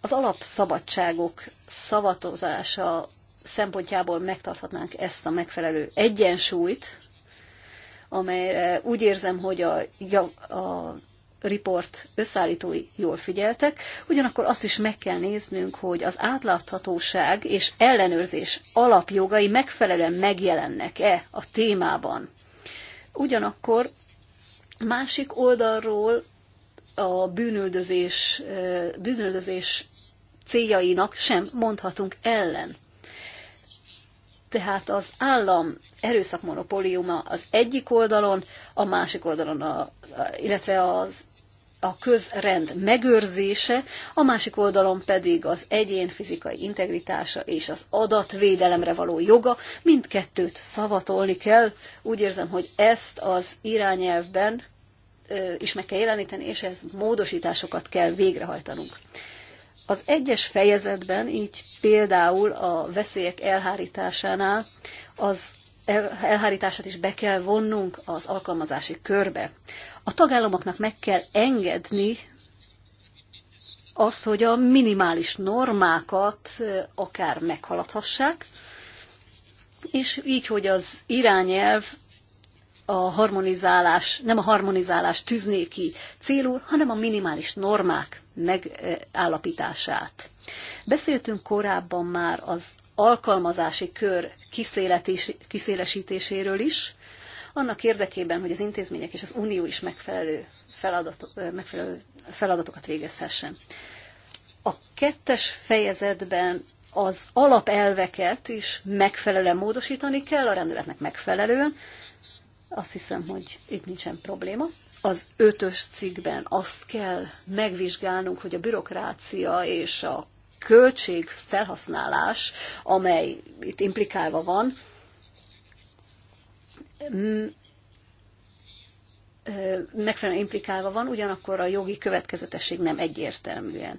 az alapszabadságok szavatozása szempontjából megtarthatnánk ezt a megfelelő egyensúlyt, amelyre úgy érzem, hogy a, a report összeállítói jól figyeltek, ugyanakkor azt is meg kell néznünk, hogy az átláthatóság és ellenőrzés alapjogai megfelelően megjelennek-e a témában. Ugyanakkor másik oldalról a bűnöldözés, bűnöldözés céljainak sem mondhatunk ellen. Tehát az állam erőszakmonopóliuma az egyik oldalon, a másik oldalon, a, illetve az a közrend megőrzése, a másik oldalon pedig az egyén fizikai integritása és az adatvédelemre való joga, mindkettőt szavatolni kell. Úgy érzem, hogy ezt az irányelvben is meg kell jeleníteni, és ez módosításokat kell végrehajtanunk. Az egyes fejezetben, így például a veszélyek elhárításánál az elhárítását is be kell vonnunk az alkalmazási körbe. A tagállamoknak meg kell engedni az, hogy a minimális normákat akár meghaladhassák, és így, hogy az irányelv a harmonizálás, nem a harmonizálás tűzné ki célul, hanem a minimális normák megállapítását. Beszéltünk korábban már az alkalmazási kör kiszélesítéséről is, annak érdekében, hogy az intézmények és az Unió is megfelelő, megfelelő feladatokat végezhessen. A kettes fejezetben az alapelveket is megfelelően módosítani kell, a rendeletnek megfelelően. Azt hiszem, hogy itt nincsen probléma. Az ötös cikkben azt kell megvizsgálnunk, hogy a bürokrácia és a költségfelhasználás, amely itt implikálva van, megfelelően implikálva van, ugyanakkor a jogi következetesség nem egyértelműen.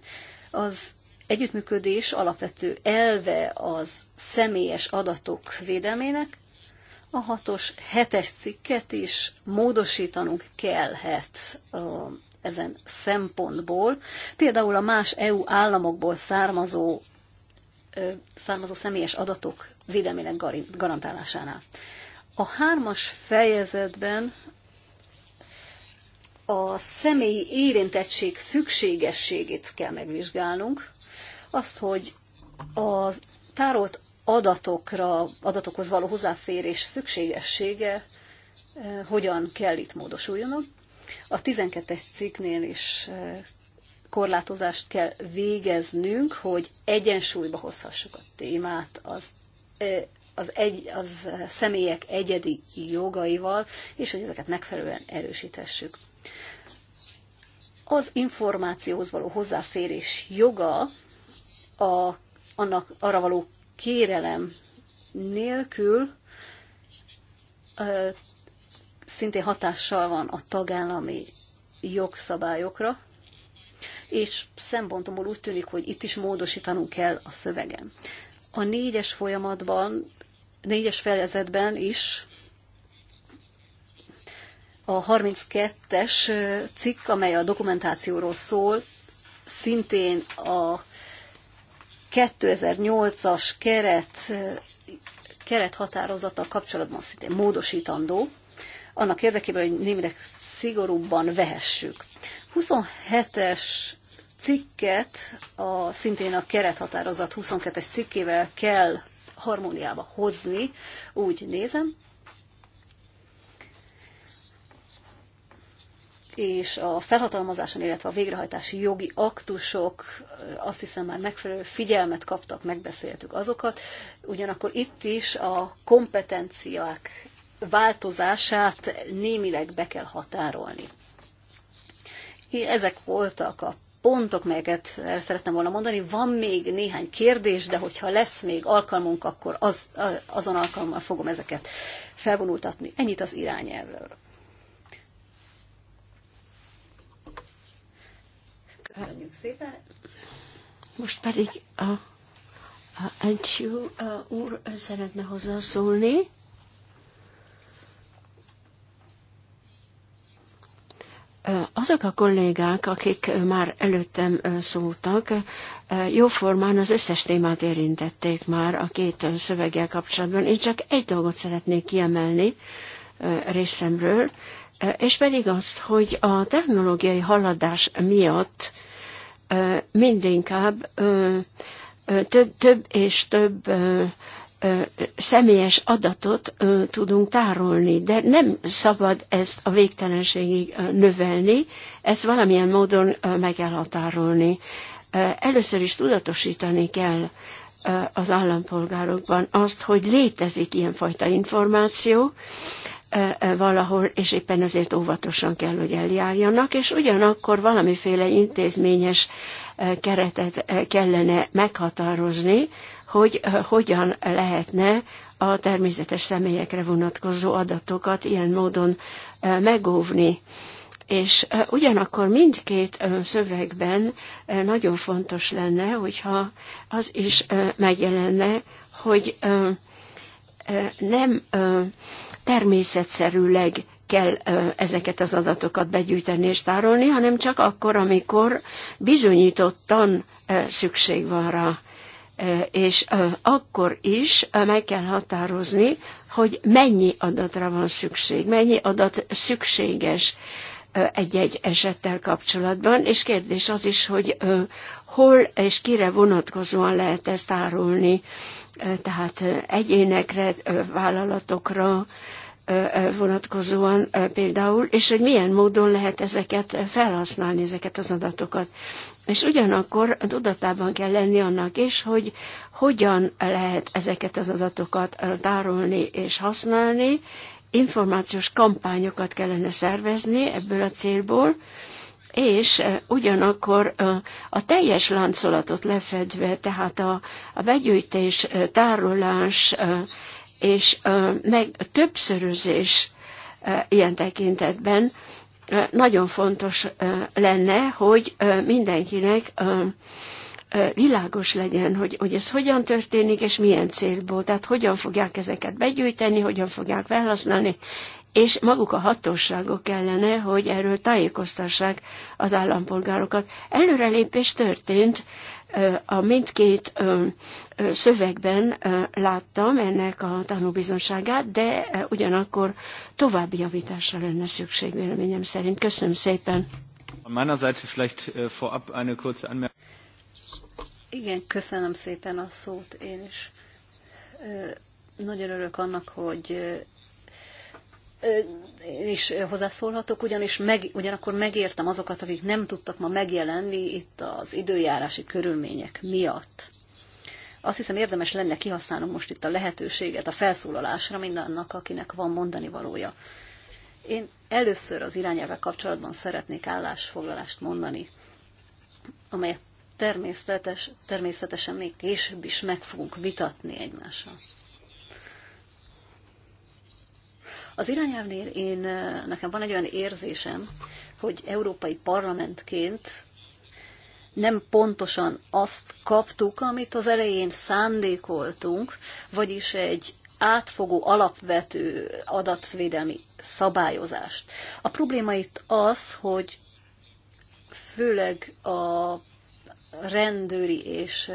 Az együttműködés alapvető elve az személyes adatok védelmének, a hatos, hetes cikket is módosítanunk kellhet ezen szempontból. Például a más EU államokból származó, származó személyes adatok védelmének garantálásánál. A hármas fejezetben a személyi érintettség szükségességét kell megvizsgálnunk, azt, hogy az tárolt adatokra, adatokhoz való hozzáférés szükségessége hogyan kell itt módosuljon. A 12-es cikknél is korlátozást kell végeznünk, hogy egyensúlyba hozhassuk a témát az, az, egy, az személyek egyedi jogaival, és hogy ezeket megfelelően erősíthessük. Az információhoz való hozzáférés joga a, annak arra való kérelem nélkül szintén hatással van a tagállami jogszabályokra, és szempontomból úgy tűnik, hogy itt is módosítanunk kell a szövegen. A négyes folyamatban, négyes fejezetben is a 32-es cikk, amely a dokumentációról szól, szintén a 2008-as keret, keret határozata kapcsolatban szintén módosítandó, annak érdekében, hogy némileg szigorúbban vehessük. 27-es cikket, a, szintén a kerethatározat 22-es cikkével kell harmóniába hozni, úgy nézem, és a felhatalmazáson, illetve a végrehajtási jogi aktusok azt hiszem már megfelelő figyelmet kaptak, megbeszéltük azokat. Ugyanakkor itt is a kompetenciák változását némileg be kell határolni. Ezek voltak a pontok, melyeket el szerettem volna mondani. Van még néhány kérdés, de hogyha lesz még alkalmunk, akkor az, azon alkalommal fogom ezeket felvonultatni. Ennyit az irányelvről. Köszönjük szépen. Most pedig a, a Encsú úr szeretne hozzászólni. Azok a kollégák, akik már előttem szóltak, jóformán az összes témát érintették már a két szöveggel kapcsolatban. Én csak egy dolgot szeretnék kiemelni részemről, és pedig azt, hogy a technológiai haladás miatt mindinkább több, több és több személyes adatot tudunk tárolni, de nem szabad ezt a végtelenségig növelni, ezt valamilyen módon meg kell határolni. Először is tudatosítani kell az állampolgárokban azt, hogy létezik ilyenfajta információ, valahol, és éppen ezért óvatosan kell, hogy eljárjanak, és ugyanakkor valamiféle intézményes keretet kellene meghatározni, hogy eh, hogyan lehetne a természetes személyekre vonatkozó adatokat ilyen módon eh, megóvni. És eh, ugyanakkor mindkét szövegben nagyon fontos lenne, hogyha az is megjelenne, hogy nem természetszerűleg kell ezeket az adatokat begyűjteni és tárolni, hanem csak akkor, amikor bizonyítottan szükség van rá és akkor is meg kell határozni, hogy mennyi adatra van szükség, mennyi adat szükséges egy-egy esettel kapcsolatban, és kérdés az is, hogy hol és kire vonatkozóan lehet ezt árulni, tehát egyénekre, vállalatokra, vonatkozóan például, és hogy milyen módon lehet ezeket felhasználni, ezeket az adatokat. És ugyanakkor tudatában kell lenni annak is, hogy hogyan lehet ezeket az adatokat tárolni és használni, információs kampányokat kellene szervezni ebből a célból, és ugyanakkor a teljes láncolatot lefedve, tehát a, a begyűjtés, tárolás, és meg többszörözés ilyen tekintetben nagyon fontos lenne, hogy mindenkinek világos legyen, hogy, hogy ez hogyan történik, és milyen célból. Tehát hogyan fogják ezeket begyűjteni, hogyan fogják felhasználni, és maguk a hatóságok kellene, hogy erről tájékoztassák az állampolgárokat. Előrelépés történt, a mindkét szövegben láttam ennek a tanúbizonságát, de ugyanakkor további javításra lenne szükség véleményem szerint. Köszönöm szépen. Von äh, Igen, köszönöm szépen a szót én is. Nagyon örülök annak, hogy is hozzászólhatok, ugyanis meg, ugyanakkor megértem azokat, akik nem tudtak ma megjelenni itt az időjárási körülmények miatt. Azt hiszem érdemes lenne kihasználnom most itt a lehetőséget a felszólalásra mindannak, akinek van mondani valója. Én először az irányelvek kapcsolatban szeretnék állásfoglalást mondani, amelyet természetes, természetesen még később is meg fogunk vitatni egymással. Az irányelvnél én, nekem van egy olyan érzésem, hogy európai parlamentként nem pontosan azt kaptuk, amit az elején szándékoltunk, vagyis egy átfogó, alapvető adatvédelmi szabályozást. A probléma itt az, hogy főleg a rendőri és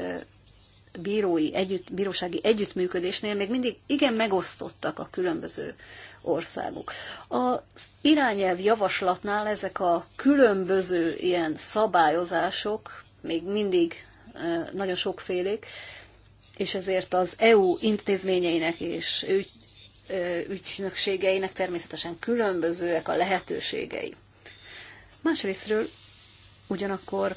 bírói együtt, bírósági együttműködésnél még mindig igen megosztottak a különböző országuk. Az irányelv javaslatnál ezek a különböző ilyen szabályozások még mindig e, nagyon sokfélék, és ezért az EU intézményeinek és ügy, e, ügynökségeinek természetesen különbözőek a lehetőségei. Másrésztről ugyanakkor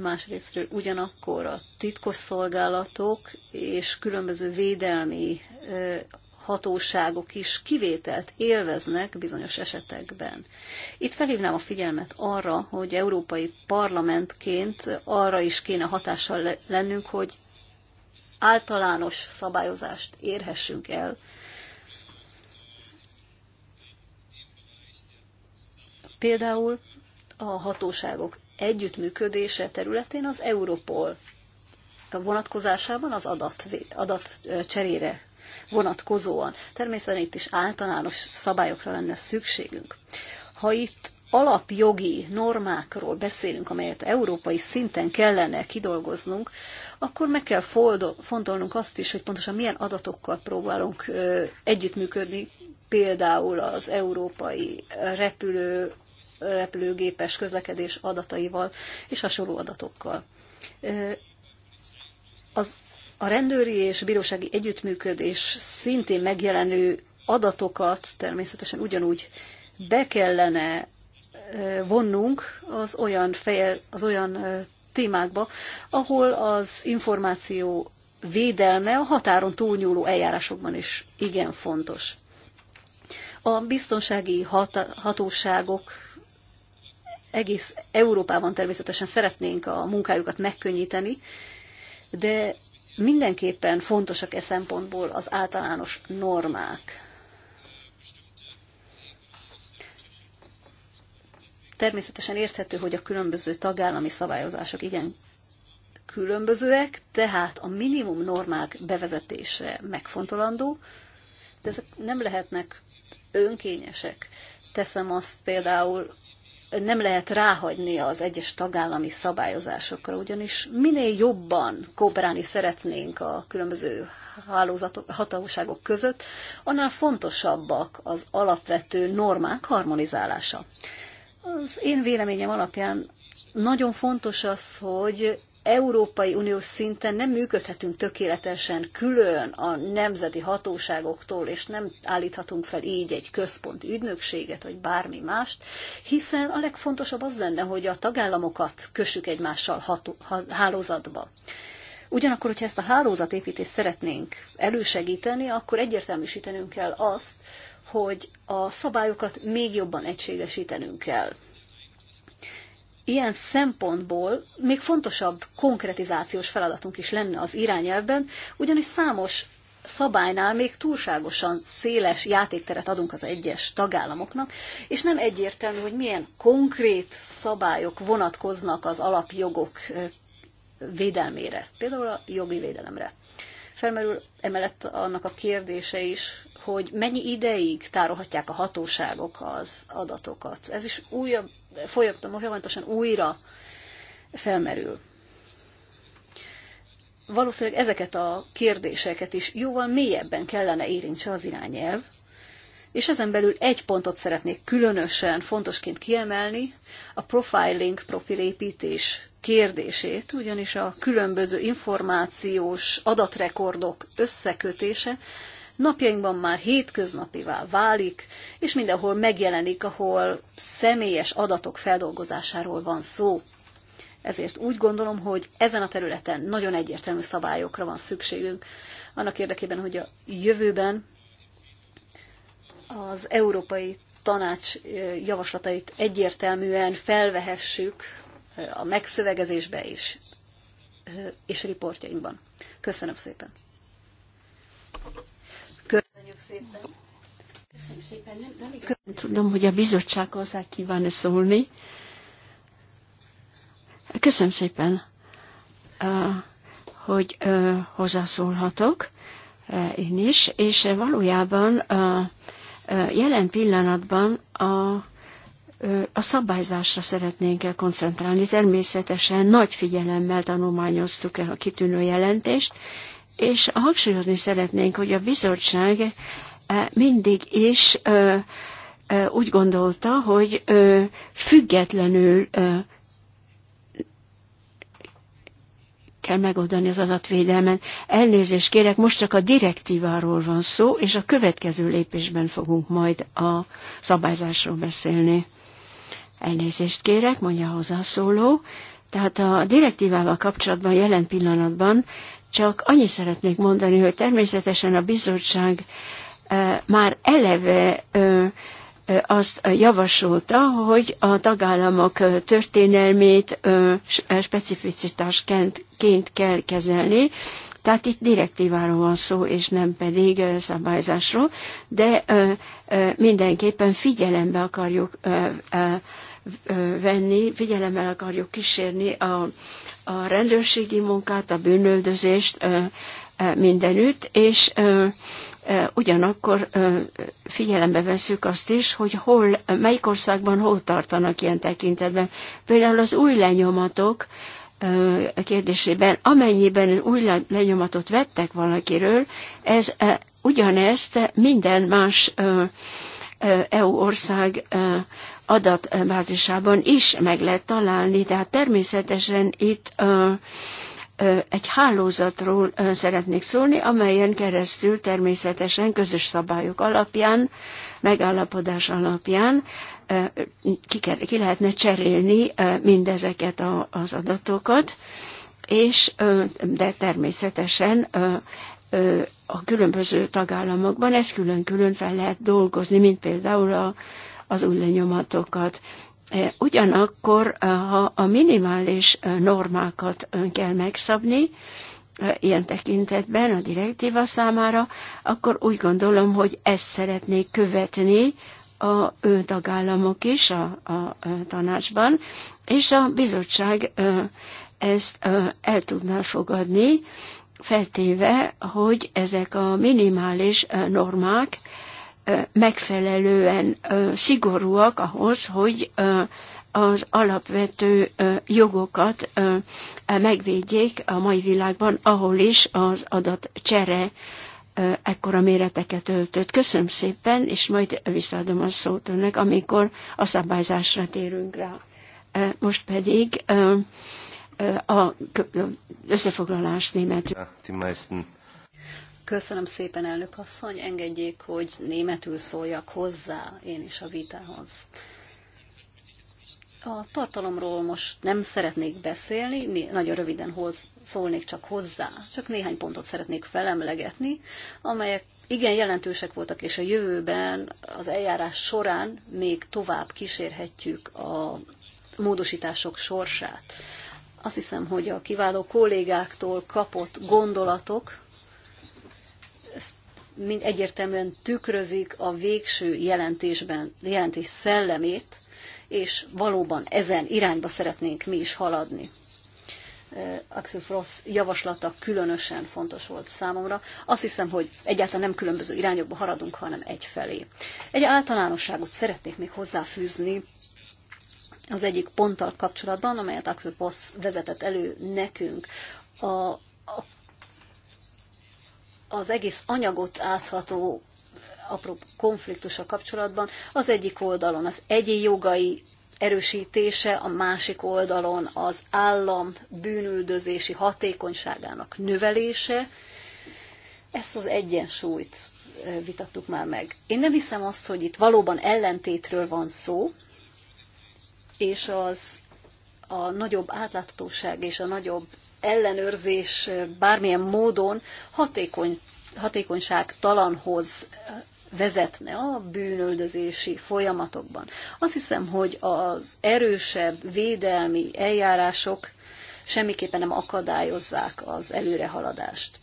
másrésztről ugyanakkor a titkos szolgálatok és különböző védelmi e, hatóságok is kivételt élveznek bizonyos esetekben. Itt felhívnám a figyelmet arra, hogy európai parlamentként arra is kéne hatással lennünk, hogy általános szabályozást érhessünk el. Például a hatóságok együttműködése területén az Europol vonatkozásában az adat, adat vonatkozóan. Természetesen itt is általános szabályokra lenne szükségünk. Ha itt alapjogi normákról beszélünk, amelyet európai szinten kellene kidolgoznunk, akkor meg kell fontolnunk azt is, hogy pontosan milyen adatokkal próbálunk együttműködni, például az európai repülő, repülőgépes közlekedés adataival és hasonló adatokkal. Az a rendőri és bírósági együttműködés szintén megjelenő adatokat természetesen ugyanúgy be kellene vonnunk az olyan, feje, az olyan témákba, ahol az információ védelme a határon túlnyúló eljárásokban is igen fontos. A biztonsági hat hatóságok egész Európában természetesen szeretnénk a munkájukat megkönnyíteni, de mindenképpen fontosak e szempontból az általános normák. Természetesen érthető, hogy a különböző tagállami szabályozások igen különbözőek, tehát a minimum normák bevezetése megfontolandó, de ezek nem lehetnek önkényesek. Teszem azt például, nem lehet ráhagyni az egyes tagállami szabályozásokra, ugyanis minél jobban kooperálni szeretnénk a különböző hálózatok, hatóságok között, annál fontosabbak az alapvető normák harmonizálása. Az én véleményem alapján nagyon fontos az, hogy Európai Unió szinten nem működhetünk tökéletesen külön a nemzeti hatóságoktól, és nem állíthatunk fel így egy központi ügynökséget, vagy bármi mást, hiszen a legfontosabb az lenne, hogy a tagállamokat kössük egymással ható, hálózatba. Ugyanakkor, hogyha ezt a hálózatépítést szeretnénk elősegíteni, akkor egyértelműsítenünk kell azt, hogy a szabályokat még jobban egységesítenünk kell ilyen szempontból még fontosabb konkretizációs feladatunk is lenne az irányelvben, ugyanis számos szabálynál még túlságosan széles játékteret adunk az egyes tagállamoknak, és nem egyértelmű, hogy milyen konkrét szabályok vonatkoznak az alapjogok védelmére, például a jogi védelemre. Felmerül emellett annak a kérdése is, hogy mennyi ideig tárolhatják a hatóságok az adatokat. Ez is újabb folyamatosan újra felmerül. Valószínűleg ezeket a kérdéseket is jóval mélyebben kellene érintse az irányelv, és ezen belül egy pontot szeretnék különösen fontosként kiemelni, a profiling, profilépítés kérdését, ugyanis a különböző információs adatrekordok összekötése napjainkban már hétköznapivá válik, és mindenhol megjelenik, ahol személyes adatok feldolgozásáról van szó. Ezért úgy gondolom, hogy ezen a területen nagyon egyértelmű szabályokra van szükségünk, annak érdekében, hogy a jövőben az európai tanács javaslatait egyértelműen felvehessük a megszövegezésbe is, és riportjainkban. Köszönöm szépen! szépen. szépen. Nem, nem, tudom, hogy a bizottság hozzá kíván-e szólni. Köszönöm szépen, hogy hozzászólhatok én is, és valójában jelen pillanatban a a szabályzásra szeretnénk el koncentrálni. Természetesen nagy figyelemmel tanulmányoztuk el a kitűnő jelentést, és hangsúlyozni szeretnénk, hogy a bizottság eh, mindig is úgy gondolta, hogy függetlenül kell megoldani az adatvédelmet. Elnézést kérek, most csak a direktíváról van szó, és a következő lépésben fogunk majd a szabályzásról beszélni. Elnézést kérek, mondja a hozzászóló. Tehát a direktívával kapcsolatban jelen pillanatban csak annyit szeretnék mondani, hogy természetesen a bizottság eh, már eleve eh, eh, azt javasolta, hogy a tagállamok történelmét specificitásként kell kezelni, tehát itt direktíváról van szó, és nem pedig szabályzásról, de mindenképpen figyelembe akarjuk venni, figyelemmel akarjuk kísérni a, a rendőrségi munkát, a bűnöldözést mindenütt, és ugyanakkor figyelembe veszük azt is, hogy hol, melyik országban hol tartanak ilyen tekintetben. Például az új lenyomatok kérdésében, amennyiben új lenyomatot vettek valakiről, ez ugyanezt minden más EU ország adatbázisában is meg lehet találni, tehát természetesen itt egy hálózatról szeretnék szólni, amelyen keresztül természetesen közös szabályok alapján, megállapodás alapján ki, ki lehetne cserélni mindezeket az adatokat, és de természetesen a különböző tagállamokban ezt külön-külön fel lehet dolgozni, mint például a az új lenyomatokat. E, ugyanakkor, e, ha a minimális e, normákat kell megszabni, ilyen tekintetben a direktíva számára, akkor úgy gondolom, hogy ezt szeretnék követni a tagállamok is a, a tanácsban, és a bizottság ezt el tudná fogadni, feltéve, hogy ezek a minimális normák megfelelően szigorúak ahhoz, hogy az alapvető jogokat megvédjék a mai világban, ahol is az adat csere ekkora méreteket öltött. Köszönöm szépen, és majd visszaadom a szót önnek, amikor a szabályzásra térünk rá. Most pedig a összefoglalás németül. Köszönöm szépen, elnök asszony, engedjék, hogy németül szóljak hozzá én is a vitához. A tartalomról most nem szeretnék beszélni, nagyon röviden hoz, szólnék csak hozzá. Csak néhány pontot szeretnék felemlegetni, amelyek igen jelentősek voltak, és a jövőben az eljárás során még tovább kísérhetjük a módosítások sorsát. Azt hiszem, hogy a kiváló kollégáktól kapott gondolatok mind egyértelműen tükrözik a végső jelentésben, jelentés szellemét, és valóban ezen irányba szeretnénk mi is haladni. Eh, Axel Frost javaslata különösen fontos volt számomra. Azt hiszem, hogy egyáltalán nem különböző irányokba haradunk, hanem egyfelé. Egy általánosságot szeretnék még hozzáfűzni az egyik ponttal kapcsolatban, amelyet Axel Foss vezetett elő nekünk. A, a az egész anyagot átható apró a kapcsolatban. Az egyik oldalon az egyi jogai erősítése, a másik oldalon az állam bűnüldözési hatékonyságának növelése. Ezt az egyensúlyt vitattuk már meg. Én nem hiszem azt, hogy itt valóban ellentétről van szó, és az a nagyobb átláthatóság és a nagyobb ellenőrzés bármilyen módon hatékony, hatékonyságtalanhoz vezetne a bűnöldözési folyamatokban. Azt hiszem, hogy az erősebb védelmi eljárások semmiképpen nem akadályozzák az előrehaladást.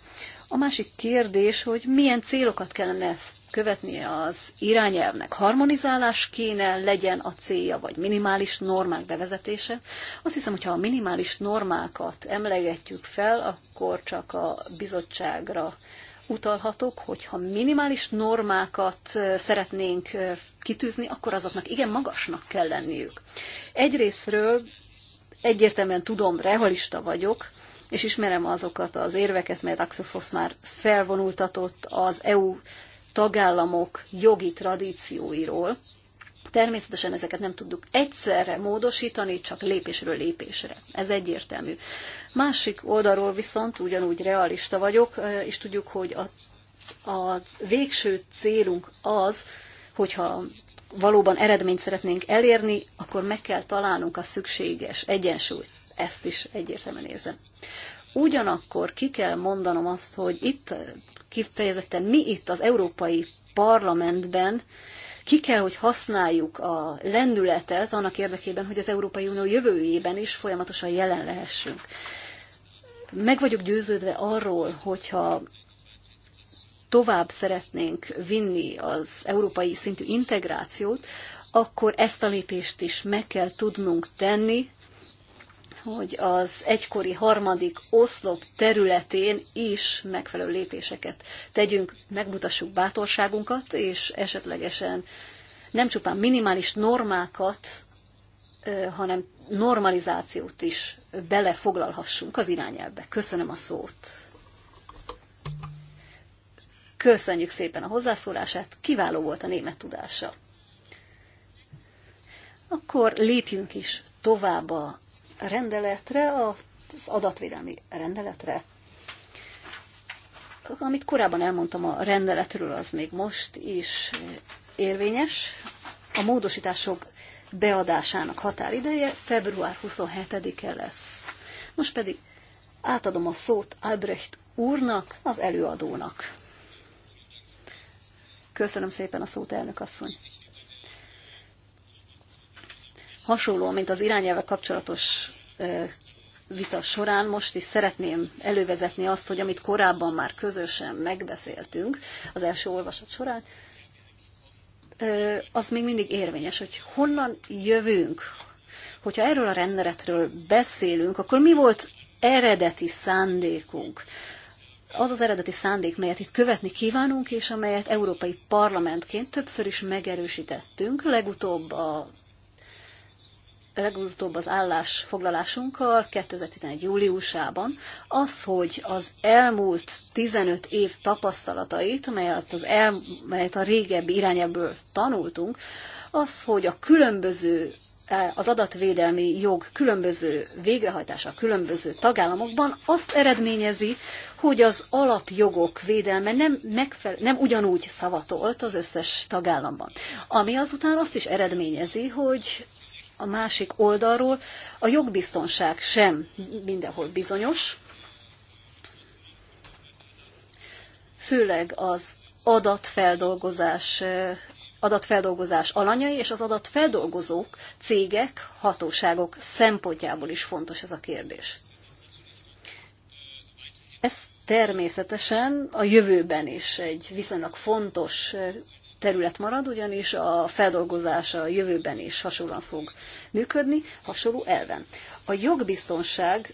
A másik kérdés, hogy milyen célokat kellene követni az irányelvnek harmonizálás kéne, legyen a célja, vagy minimális normák bevezetése. Azt hiszem, hogyha a minimális normákat emlegetjük fel, akkor csak a bizottságra utalhatok, hogyha minimális normákat szeretnénk kitűzni, akkor azoknak igen magasnak kell lenniük. Egyrésztről egyértelműen tudom, realista vagyok, és ismerem azokat az érveket, mert Axel Foss már felvonultatott az EU tagállamok jogi tradícióiról. Természetesen ezeket nem tudjuk egyszerre módosítani, csak lépésről lépésre. Ez egyértelmű. Másik oldalról viszont ugyanúgy realista vagyok, és tudjuk, hogy a, a végső célunk az, hogyha valóban eredményt szeretnénk elérni, akkor meg kell találnunk a szükséges egyensúlyt. Ezt is egyértelműen érzem. Ugyanakkor ki kell mondanom azt, hogy itt kifejezetten mi itt az Európai Parlamentben ki kell, hogy használjuk a lendületet annak érdekében, hogy az Európai Unió jövőjében is folyamatosan jelen lehessünk. Meg vagyok győződve arról, hogyha tovább szeretnénk vinni az európai szintű integrációt, akkor ezt a lépést is meg kell tudnunk tenni, hogy az egykori harmadik oszlop területén is megfelelő lépéseket tegyünk, megmutassuk bátorságunkat, és esetlegesen nem csupán minimális normákat, hanem normalizációt is belefoglalhassunk az irányelbe. Köszönöm a szót. Köszönjük szépen a hozzászólását, kiváló volt a német tudása. Akkor lépjünk is tovább a rendeletre, az adatvédelmi rendeletre. Amit korábban elmondtam a rendeletről, az még most is érvényes. A módosítások beadásának határideje február 27-e lesz. Most pedig átadom a szót Albrecht úrnak, az előadónak. Köszönöm szépen a szót, elnök asszony hasonló, mint az irányelve kapcsolatos vita során most is szeretném elővezetni azt, hogy amit korábban már közösen megbeszéltünk az első olvasat során, az még mindig érvényes, hogy honnan jövünk, hogyha erről a rendeletről beszélünk, akkor mi volt eredeti szándékunk? Az az eredeti szándék, melyet itt követni kívánunk, és amelyet Európai Parlamentként többször is megerősítettünk, legutóbb a legutóbb az állásfoglalásunkkal 2011. júliusában az, hogy az elmúlt 15 év tapasztalatait, amelyet, az el, amelyet a régebbi irányából tanultunk, az, hogy a különböző e, az adatvédelmi jog különböző végrehajtása különböző tagállamokban azt eredményezi, hogy az alapjogok védelme nem, megfele- nem ugyanúgy szavatolt az összes tagállamban. Ami azután azt is eredményezi, hogy a másik oldalról a jogbiztonság sem mindenhol bizonyos, főleg az adatfeldolgozás adatfeldolgozás alanyai és az adatfeldolgozók, cégek, hatóságok szempontjából is fontos ez a kérdés. Ez természetesen a jövőben is egy viszonylag fontos terület marad, ugyanis a feldolgozás a jövőben is hasonlóan fog működni, hasonló elven. A jogbiztonság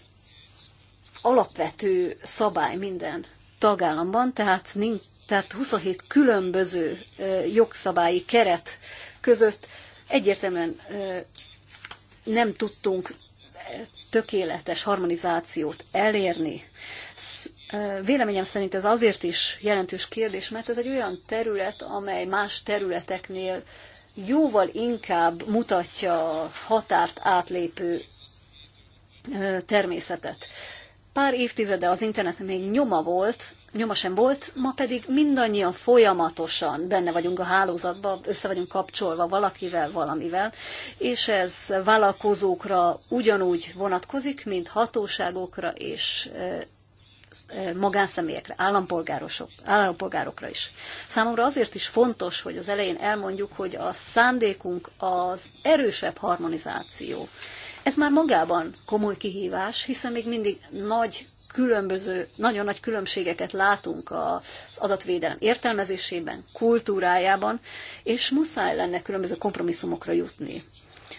alapvető szabály minden tagállamban, tehát, nincs, tehát 27 különböző jogszabályi keret között egyértelműen nem tudtunk tökéletes harmonizációt elérni. Véleményem szerint ez azért is jelentős kérdés, mert ez egy olyan terület, amely más területeknél jóval inkább mutatja a határt átlépő természetet. Pár évtizede az internet még nyoma volt, nyoma sem volt, ma pedig mindannyian folyamatosan benne vagyunk a hálózatban, össze vagyunk kapcsolva valakivel, valamivel, és ez vállalkozókra ugyanúgy vonatkozik, mint hatóságokra és magánszemélyekre, állampolgárosok, állampolgárokra is. Számomra azért is fontos, hogy az elején elmondjuk, hogy a szándékunk az erősebb harmonizáció. Ez már magában komoly kihívás, hiszen még mindig nagy különböző, nagyon nagy különbségeket látunk az adatvédelem értelmezésében, kultúrájában, és muszáj lenne különböző kompromisszumokra jutni.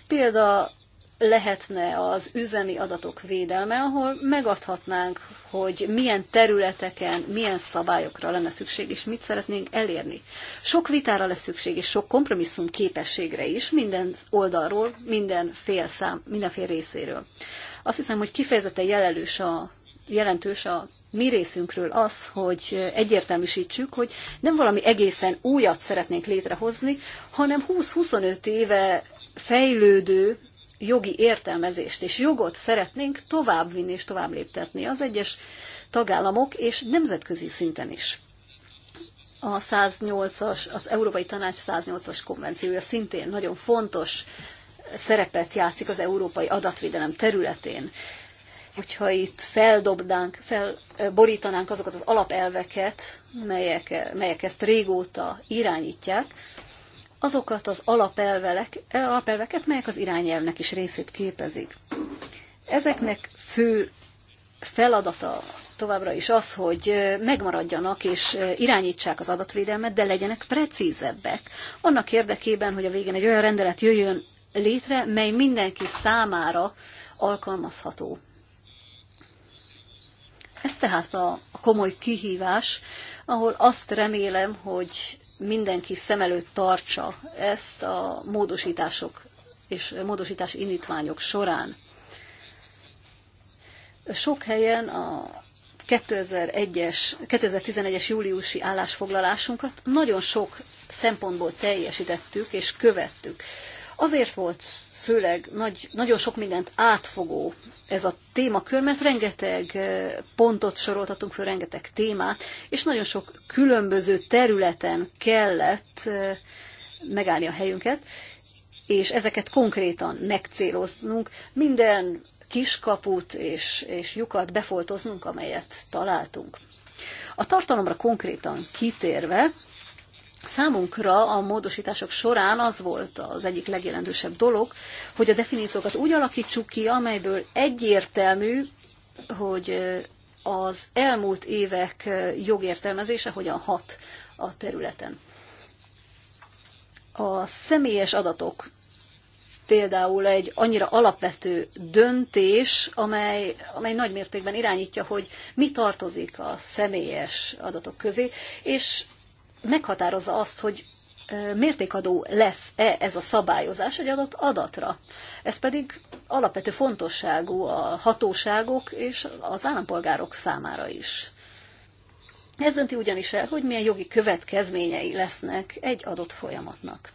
Példa lehetne az üzemi adatok védelme, ahol megadhatnánk, hogy milyen területeken, milyen szabályokra lenne szükség, és mit szeretnénk elérni. Sok vitára lesz szükség, és sok kompromisszum képességre is, minden oldalról, minden fél, szám, minden fél részéről. Azt hiszem, hogy kifejezetten jelelős a jelentős a mi részünkről az, hogy egyértelműsítsük, hogy nem valami egészen újat szeretnénk létrehozni, hanem 20-25 éve fejlődő jogi értelmezést és jogot szeretnénk továbbvinni és tovább léptetni az egyes tagállamok és nemzetközi szinten is. A 108-as, az Európai Tanács 108-as konvenciója szintén nagyon fontos szerepet játszik az európai adatvédelem területén. Hogyha itt feldobnánk, felborítanánk azokat az alapelveket, melyek, melyek ezt régóta irányítják, azokat az alapelvelek, alapelveket, melyek az irányelvnek is részét képezik. Ezeknek fő feladata továbbra is az, hogy megmaradjanak és irányítsák az adatvédelmet, de legyenek precízebbek. Annak érdekében, hogy a végén egy olyan rendelet jöjjön létre, mely mindenki számára alkalmazható. Ez tehát a, komoly kihívás, ahol azt remélem, hogy mindenki szem előtt tartsa ezt a módosítások és módosítás indítványok során. Sok helyen a 2001-es, 2011-es júliusi állásfoglalásunkat nagyon sok szempontból teljesítettük és követtük. Azért volt főleg nagy, nagyon sok mindent átfogó ez a témakör, mert rengeteg pontot soroltatunk föl, rengeteg témát, és nagyon sok különböző területen kellett megállni a helyünket, és ezeket konkrétan megcéloznunk, minden kiskaput és, és lyukat befoltoznunk, amelyet találtunk. A tartalomra konkrétan kitérve, Számunkra a módosítások során az volt az egyik legjelentősebb dolog, hogy a definíciókat úgy alakítsuk ki, amelyből egyértelmű, hogy az elmúlt évek jogértelmezése hogyan hat a területen. A személyes adatok például egy annyira alapvető döntés, amely, amely nagy mértékben irányítja, hogy mi tartozik a személyes adatok közé, és meghatározza azt, hogy mértékadó lesz-e ez a szabályozás egy adott adatra. Ez pedig alapvető fontosságú a hatóságok és az állampolgárok számára is. Ez dönti ugyanis el, hogy milyen jogi következményei lesznek egy adott folyamatnak.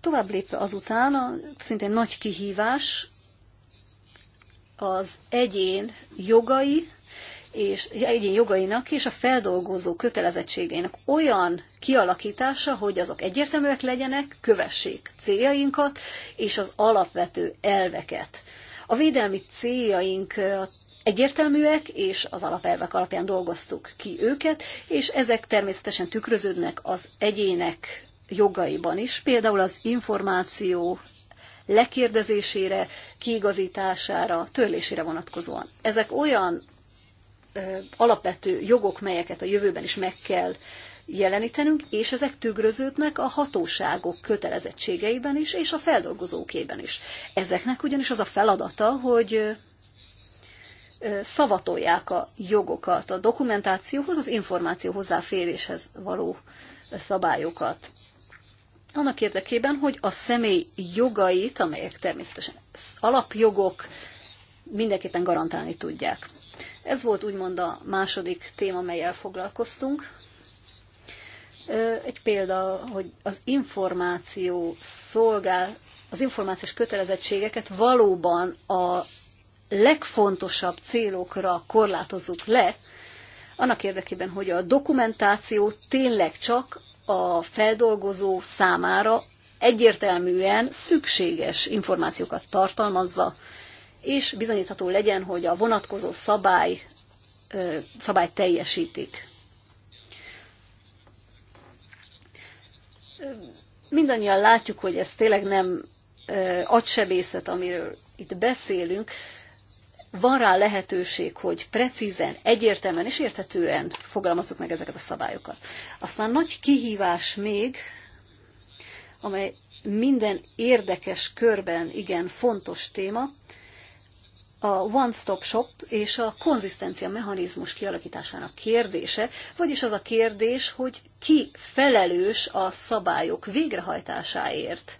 Tovább lépve azután, a szintén nagy kihívás az egyén jogai és egyén jogainak és a feldolgozó kötelezettségeinek olyan kialakítása, hogy azok egyértelműek legyenek, kövessék céljainkat és az alapvető elveket. A védelmi céljaink egyértelműek, és az alapelvek alapján dolgoztuk ki őket, és ezek természetesen tükröződnek az egyének jogaiban is, például az információ lekérdezésére, kiigazítására, törlésére vonatkozóan. Ezek olyan alapvető jogok, melyeket a jövőben is meg kell jelenítenünk, és ezek tükröződnek a hatóságok kötelezettségeiben is, és a feldolgozókében is. Ezeknek ugyanis az a feladata, hogy szavatolják a jogokat, a dokumentációhoz, az információ hozzáféréshez való szabályokat. Annak érdekében, hogy a személy jogait, amelyek természetesen alapjogok, mindenképpen garantálni tudják. Ez volt úgymond a második téma, melyel foglalkoztunk. Egy példa, hogy az információ szolgál, az információs kötelezettségeket valóban a legfontosabb célokra korlátozzuk le, annak érdekében, hogy a dokumentáció tényleg csak a feldolgozó számára egyértelműen szükséges információkat tartalmazza, és bizonyítható legyen, hogy a vonatkozó szabály, szabályt teljesítik. Mindannyian látjuk, hogy ez tényleg nem agysebészet, amiről itt beszélünk, van rá lehetőség, hogy precízen, egyértelműen és érthetően fogalmazzuk meg ezeket a szabályokat. Aztán nagy kihívás még, amely minden érdekes körben igen fontos téma, a one-stop shop és a konzisztencia mechanizmus kialakításának kérdése, vagyis az a kérdés, hogy ki felelős a szabályok végrehajtásáért,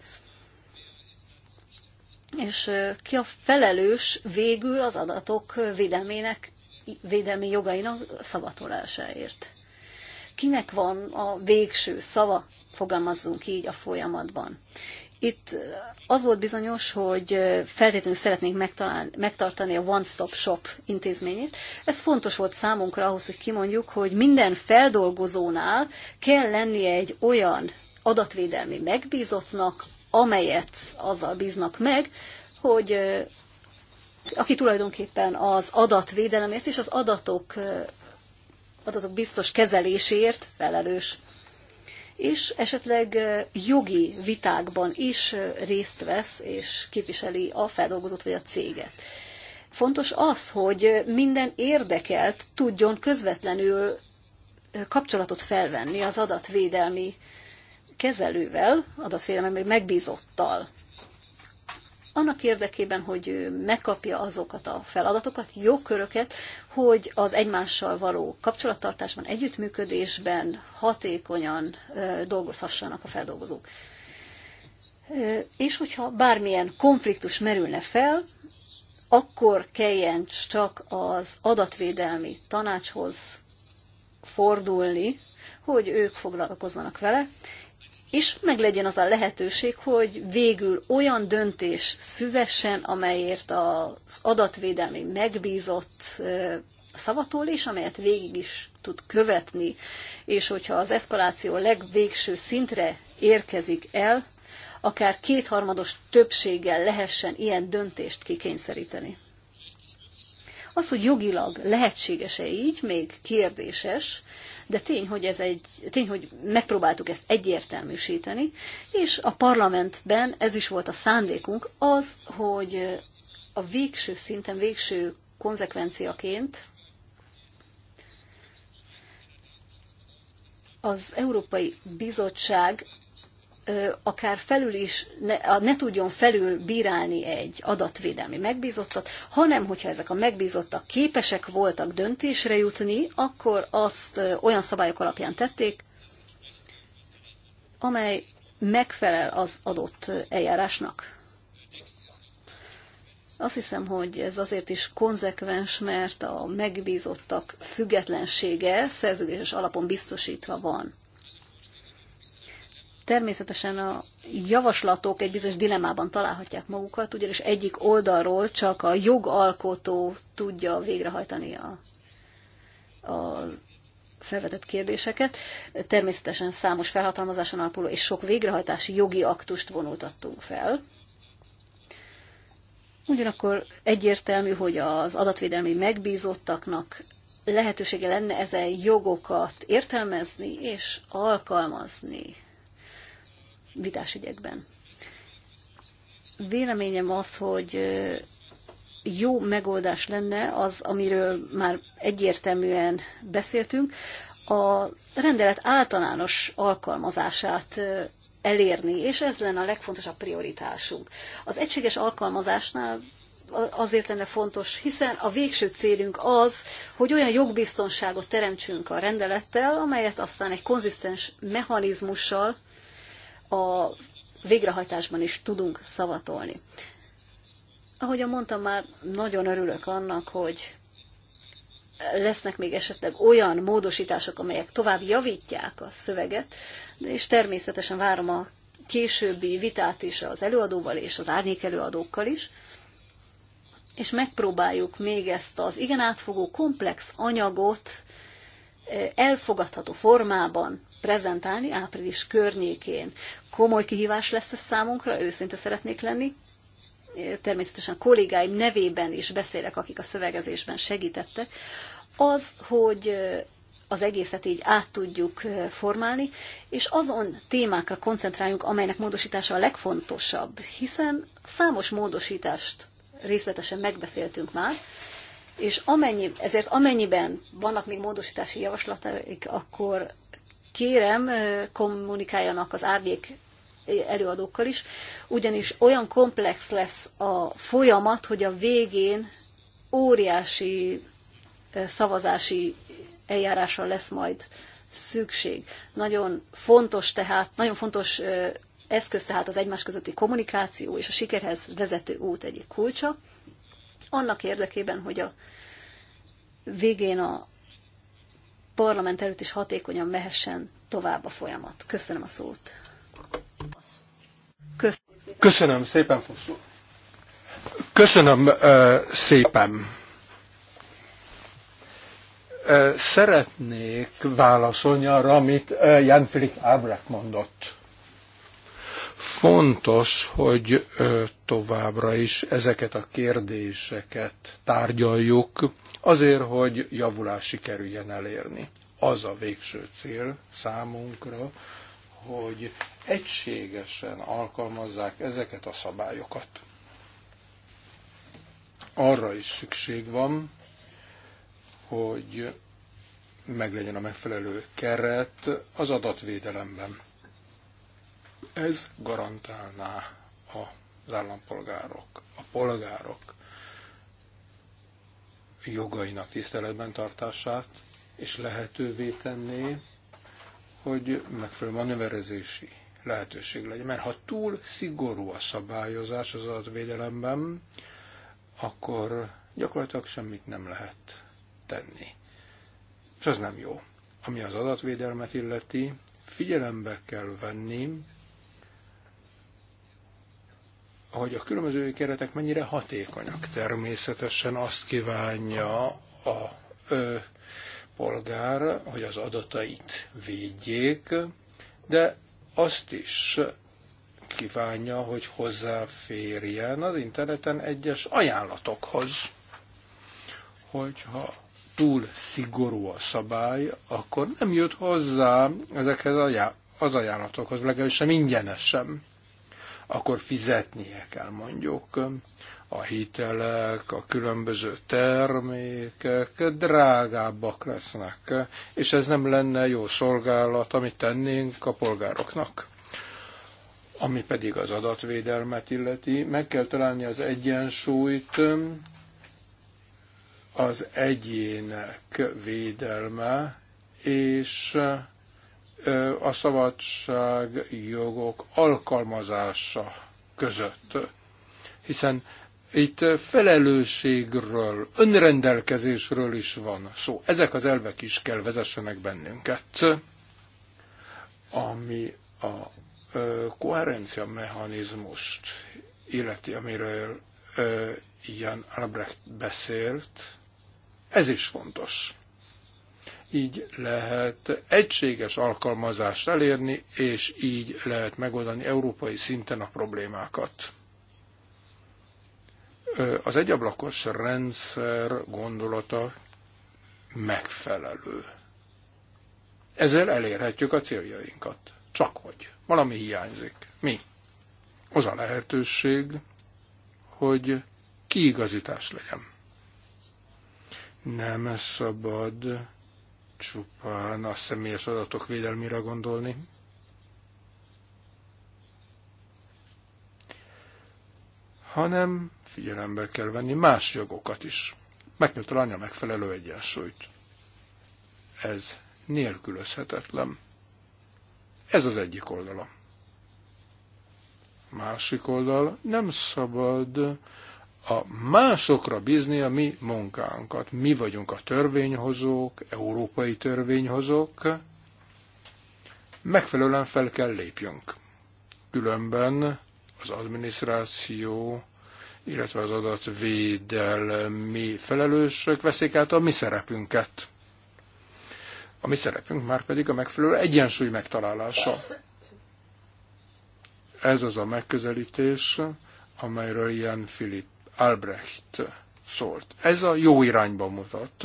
és ki a felelős végül az adatok védelmének, védelmi jogainak szavatolásáért. Kinek van a végső szava, fogalmazzunk így a folyamatban. Itt az volt bizonyos, hogy feltétlenül szeretnénk megtartani a One Stop Shop intézményét. Ez fontos volt számunkra ahhoz, hogy kimondjuk, hogy minden feldolgozónál kell lennie egy olyan adatvédelmi megbízottnak, amelyet azzal bíznak meg, hogy aki tulajdonképpen az adatvédelemért és az adatok, adatok biztos kezeléséért felelős és esetleg jogi vitákban is részt vesz, és képviseli a feldolgozót vagy a céget. Fontos az, hogy minden érdekelt tudjon közvetlenül kapcsolatot felvenni az adatvédelmi kezelővel, adatvédelmi megbízottal annak érdekében, hogy megkapja azokat a feladatokat, jogköröket, hogy az egymással való kapcsolattartásban, együttműködésben hatékonyan dolgozhassanak a feldolgozók. És hogyha bármilyen konfliktus merülne fel, akkor kelljen csak az adatvédelmi tanácshoz fordulni, hogy ők foglalkozzanak vele, és meglegyen az a lehetőség, hogy végül olyan döntés szülessen, amelyért az adatvédelmi megbízott szavatól és amelyet végig is tud követni, és hogyha az eszkaláció legvégső szintre érkezik el, akár kétharmados többséggel lehessen ilyen döntést kikényszeríteni. Az, hogy jogilag lehetséges-e így, még kérdéses, de tény, hogy ez egy, tény, hogy megpróbáltuk ezt egyértelműsíteni, és a parlamentben ez is volt a szándékunk, az, hogy a végső szinten, végső konzekvenciaként az Európai Bizottság akár felül is, ne, ne tudjon felül bírálni egy adatvédelmi megbízottat, hanem hogyha ezek a megbízottak képesek voltak döntésre jutni, akkor azt olyan szabályok alapján tették, amely megfelel az adott eljárásnak. Azt hiszem, hogy ez azért is konzekvens, mert a megbízottak függetlensége szerződéses alapon biztosítva van. Természetesen a javaslatok egy bizonyos dilemában találhatják magukat, ugyanis egyik oldalról csak a jogalkotó tudja végrehajtani a, a felvetett kérdéseket. Természetesen számos felhatalmazáson alapuló és sok végrehajtási jogi aktust vonultattunk fel. Ugyanakkor egyértelmű, hogy az adatvédelmi megbízottaknak lehetősége lenne ezen jogokat értelmezni és alkalmazni vitás ügyekben. Véleményem az, hogy jó megoldás lenne az, amiről már egyértelműen beszéltünk, a rendelet általános alkalmazását elérni, és ez lenne a legfontosabb prioritásunk. Az egységes alkalmazásnál azért lenne fontos, hiszen a végső célunk az, hogy olyan jogbiztonságot teremtsünk a rendelettel, amelyet aztán egy konzisztens mechanizmussal a végrehajtásban is tudunk szavatolni. Ahogy mondtam már, nagyon örülök annak, hogy lesznek még esetleg olyan módosítások, amelyek tovább javítják a szöveget, és természetesen várom a későbbi vitát is az előadóval és az árnyék előadókkal is, és megpróbáljuk még ezt az igen átfogó komplex anyagot eh, elfogadható formában prezentálni április környékén. Komoly kihívás lesz ez számunkra, őszinte szeretnék lenni. Természetesen kollégáim nevében is beszélek, akik a szövegezésben segítettek. Az, hogy az egészet így át tudjuk formálni, és azon témákra koncentráljunk, amelynek módosítása a legfontosabb, hiszen számos módosítást részletesen megbeszéltünk már, és amennyi, ezért amennyiben vannak még módosítási javaslataik, akkor kérem, kommunikáljanak az árnyék előadókkal is, ugyanis olyan komplex lesz a folyamat, hogy a végén óriási szavazási eljárásra lesz majd szükség. Nagyon fontos tehát, nagyon fontos eszköz tehát az egymás közötti kommunikáció és a sikerhez vezető út egyik kulcsa. Annak érdekében, hogy a végén a parlament előtt is hatékonyan mehessen tovább a folyamat. Köszönöm a szót. Köszönöm szépen, Köszönöm szépen Fosszú. Köszönöm uh, szépen. szeretnék válaszolni arra, amit Jan Filip Ábrek mondott fontos, hogy továbbra is ezeket a kérdéseket tárgyaljuk, azért, hogy javulás sikerüljen elérni. Az a végső cél számunkra, hogy egységesen alkalmazzák ezeket a szabályokat. Arra is szükség van, hogy meglegyen a megfelelő keret az adatvédelemben. Ez garantálná az állampolgárok, a polgárok jogainak tiszteletben tartását, és lehetővé tenné, hogy megfelelő manőverezési lehetőség legyen. Mert ha túl szigorú a szabályozás az adatvédelemben, akkor gyakorlatilag semmit nem lehet tenni. És az nem jó. Ami az adatvédelmet illeti, figyelembe kell venni hogy a különböző keretek mennyire hatékonyak. Természetesen azt kívánja a ö, polgár, hogy az adatait védjék, de azt is kívánja, hogy hozzáférjen az interneten egyes ajánlatokhoz. Hogyha túl szigorú a szabály, akkor nem jut hozzá ezekhez az ajánlatokhoz, legalábbis sem ingyenesen. sem akkor fizetnie kell mondjuk a hitelek, a különböző termékek drágábbak lesznek, és ez nem lenne jó szolgálat, amit tennénk a polgároknak. Ami pedig az adatvédelmet illeti, meg kell találni az egyensúlyt az egyének védelme és a szabadságjogok alkalmazása között. Hiszen itt felelősségről, önrendelkezésről is van szó. Ezek az elvek is kell vezessenek bennünket, ami a koherencia mechanizmust illeti, amiről Jan Albrecht beszélt, ez is fontos. Így lehet egységes alkalmazást elérni, és így lehet megoldani európai szinten a problémákat. Az egyablakos rendszer gondolata megfelelő. Ezzel elérhetjük a céljainkat. Csak hogy. Valami hiányzik. Mi? Az a lehetőség, hogy kiigazítás legyen. Nem szabad csupán a személyes adatok védelmére gondolni. hanem figyelembe kell venni más jogokat is. Meg kell találni a megfelelő egyensúlyt. Ez nélkülözhetetlen. Ez az egyik oldala. Másik oldal, nem szabad a másokra bízni a mi munkánkat. Mi vagyunk a törvényhozók, európai törvényhozók, megfelelően fel kell lépjünk. Különben az adminisztráció, illetve az adatvédelmi felelősök veszik át a mi szerepünket. A mi szerepünk már pedig a megfelelő egyensúly megtalálása. Ez az a megközelítés, amelyről Jan Filip Albrecht szólt. Ez a jó irányba mutat,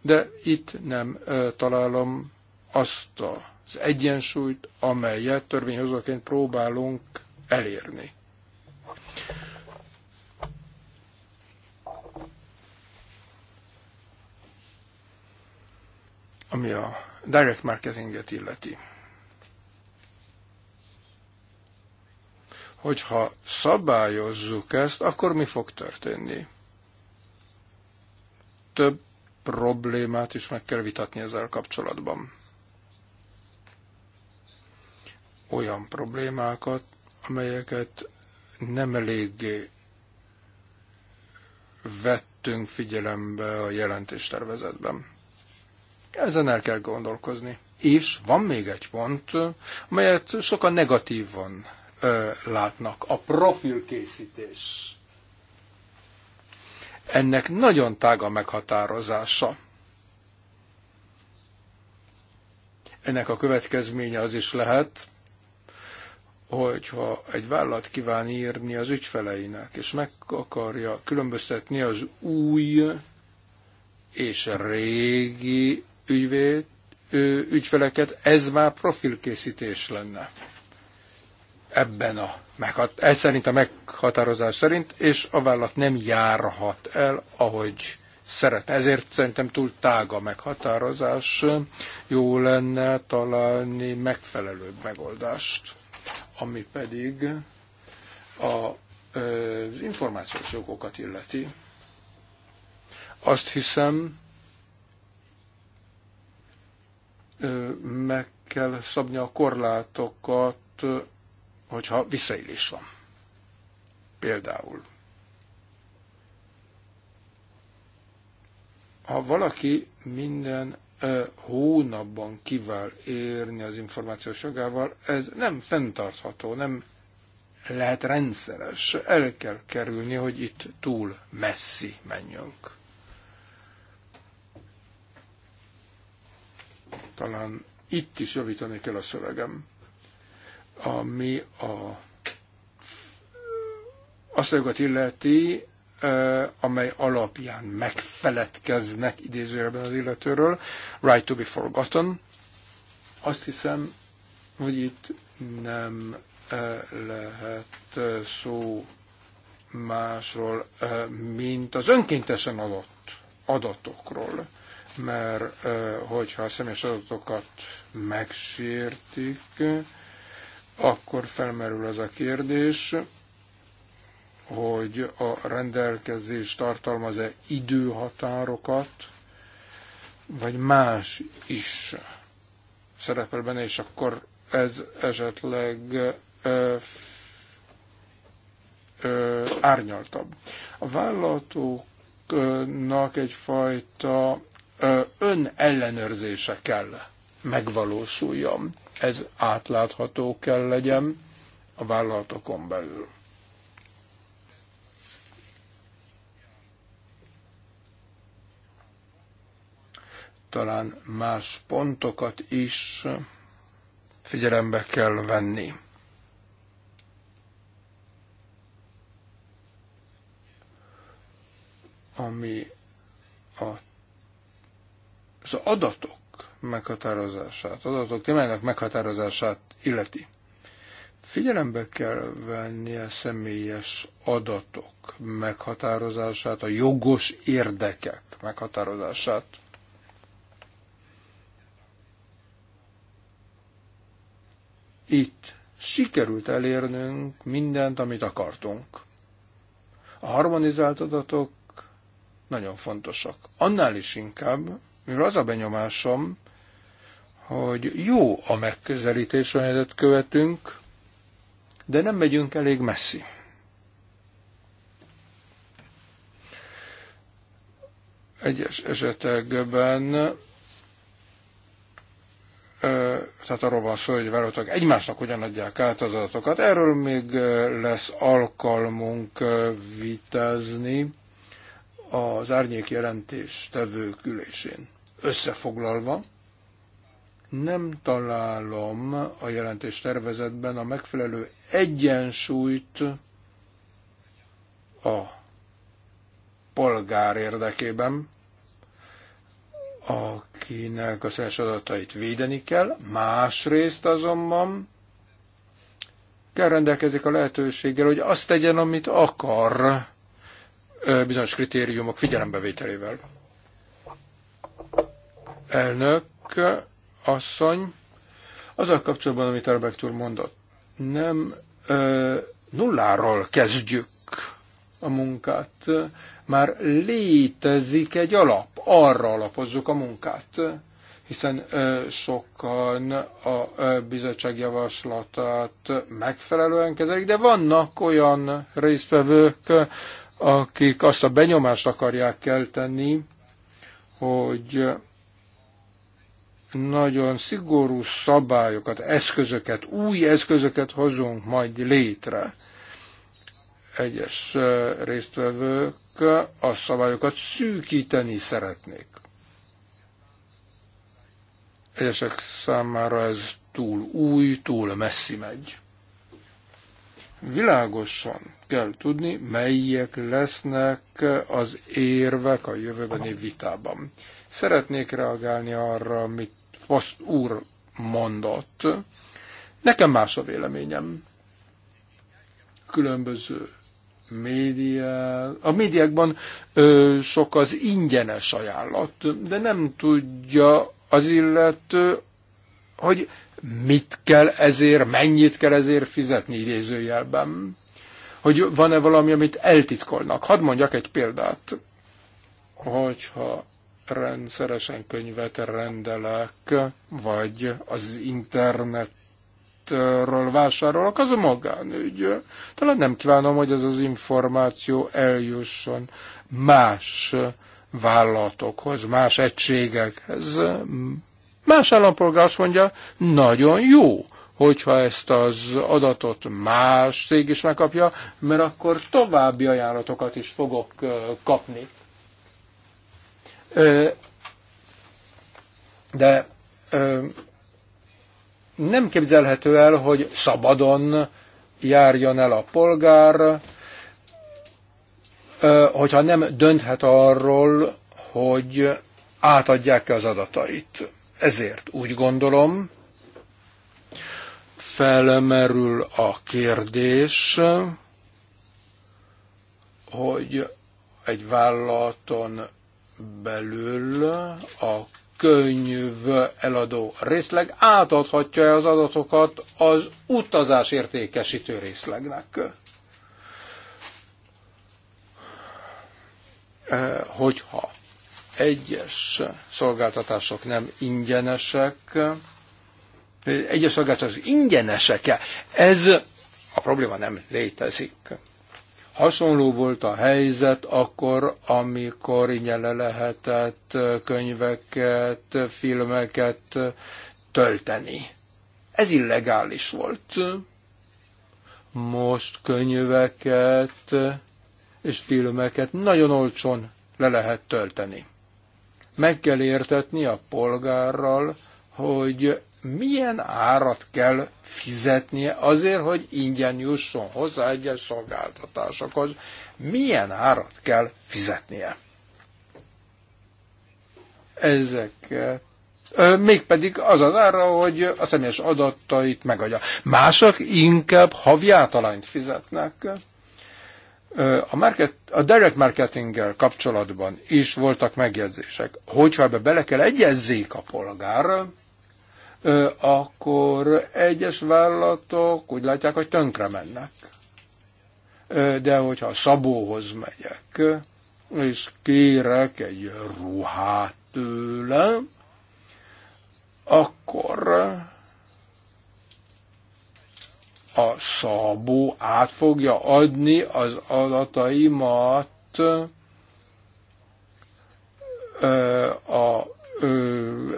de itt nem találom azt az egyensúlyt, amelyet törvényhozóként próbálunk elérni. Ami a direct marketinget illeti. Hogyha szabályozzuk ezt, akkor mi fog történni? Több problémát is meg kell vitatni ezzel kapcsolatban. Olyan problémákat, amelyeket nem eléggé vettünk figyelembe a jelentéstervezetben. Ezen el kell gondolkozni. És van még egy pont, amelyet sokan negatívan látnak. A profilkészítés. Ennek nagyon tága meghatározása. Ennek a következménye az is lehet, hogyha egy vállalat kíván írni az ügyfeleinek, és meg akarja különböztetni az új és régi ügyvéd, ügyfeleket, ez már profilkészítés lenne ebben a ez szerint a meghatározás szerint, és a vállalat nem járhat el, ahogy szeret Ezért szerintem túl tága meghatározás. Jó lenne találni megfelelőbb megoldást, ami pedig a, az információs jogokat illeti. Azt hiszem, meg kell szabni a korlátokat hogyha visszaélés van. Például, ha valaki minden hónapban kivel érni az információs jogával, ez nem fenntartható, nem lehet rendszeres. El kell kerülni, hogy itt túl messzi menjünk. Talán itt is javítani kell a szövegem. Ami a asszonyokat illeti, amely alapján megfeledkeznek idézőjelben az illetőről, Right to be Forgotten. Azt hiszem, hogy itt nem lehet szó másról, mint az önkéntesen adott adatokról, mert hogyha a személyes adatokat megsértik, akkor felmerül az a kérdés, hogy a rendelkezés tartalmaz-e időhatárokat, vagy más is szerepel benne, és akkor ez esetleg ö, ö, árnyaltabb. A vállalatoknak egyfajta önellenőrzése kell megvalósuljon. Ez átlátható kell legyen a vállalatokon belül. Talán más pontokat is figyelembe kell venni. Ami a, az adatok meghatározását, adatok témájának meghatározását illeti. Figyelembe kell venni a személyes adatok meghatározását, a jogos érdekek meghatározását. Itt sikerült elérnünk mindent, amit akartunk. A harmonizált adatok nagyon fontosak. Annál is inkább, mivel az a benyomásom, hogy jó a megközelítés, amelyet követünk, de nem megyünk elég messzi. Egyes esetekben tehát arról van szó, hogy vállalatok egymásnak hogyan adják át az adatokat. Erről még lesz alkalmunk vitázni az árnyék jelentés tevő ülésén. Összefoglalva, nem találom a jelentés tervezetben a megfelelő egyensúlyt a polgár érdekében, akinek a személyes adatait védeni kell, másrészt azonban kell rendelkezik a lehetőséggel, hogy azt tegyen, amit akar bizonyos kritériumok figyelembevételével. Elnök, asszony, azzal kapcsolatban, amit Arbek úr mondott, nem ö, nulláról kezdjük a munkát, már létezik egy alap, arra alapozzuk a munkát, hiszen ö, sokan a ö, bizottságjavaslatát javaslatát megfelelően kezelik, de vannak olyan résztvevők, akik azt a benyomást akarják kelteni, hogy nagyon szigorú szabályokat, eszközöket, új eszközöket hozunk majd létre. Egyes résztvevők a szabályokat szűkíteni szeretnék. Egyesek számára ez túl új, túl messzi megy. Világosan kell tudni, melyek lesznek az érvek a jövőbeni vitában. Szeretnék reagálni arra, amit azt úr mondott. Nekem más a véleményem. Különböző média, a médiákban ö, sok az ingyenes ajánlat, de nem tudja az illető, hogy mit kell ezért, mennyit kell ezért fizetni idézőjelben. Hogy van-e valami, amit eltitkolnak. Hadd mondjak egy példát. Hogyha rendszeresen könyvet rendelek, vagy az internetről vásárolok, az a magánügy. Talán nem kívánom, hogy ez az információ eljusson más vállalatokhoz, más egységekhez. Más állampolgár azt mondja, nagyon jó, hogyha ezt az adatot más cég is megkapja, mert akkor további ajánlatokat is fogok kapni. De nem képzelhető el, hogy szabadon járjon el a polgár, hogyha nem dönthet arról, hogy átadják-e az adatait. Ezért úgy gondolom, felmerül a kérdés, hogy egy vállalaton belül a könyv eladó részleg átadhatja az adatokat az utazás értékesítő részlegnek. E, hogyha egyes szolgáltatások nem ingyenesek, egyes szolgáltatások ingyenesek-e, ez a probléma nem létezik. Hasonló volt a helyzet akkor, amikor nyele lehetett könyveket, filmeket tölteni. Ez illegális volt. Most könyveket és filmeket nagyon olcsón le lehet tölteni. Meg kell értetni a polgárral, hogy milyen árat kell fizetnie azért, hogy ingyen jusson hozzá egyes szolgáltatásokhoz, milyen árat kell fizetnie. Ezek mégpedig az az ára, hogy a személyes adatait megadja. Mások inkább havi általányt fizetnek. A, market, a direct marketinggel kapcsolatban is voltak megjegyzések. Hogyha ebbe bele kell egyezzék a polgár, akkor egyes vállalatok úgy látják, hogy tönkre mennek. De hogyha a szabóhoz megyek, és kérek egy ruhát tőle, akkor a szabó át fogja adni az adataimat a, a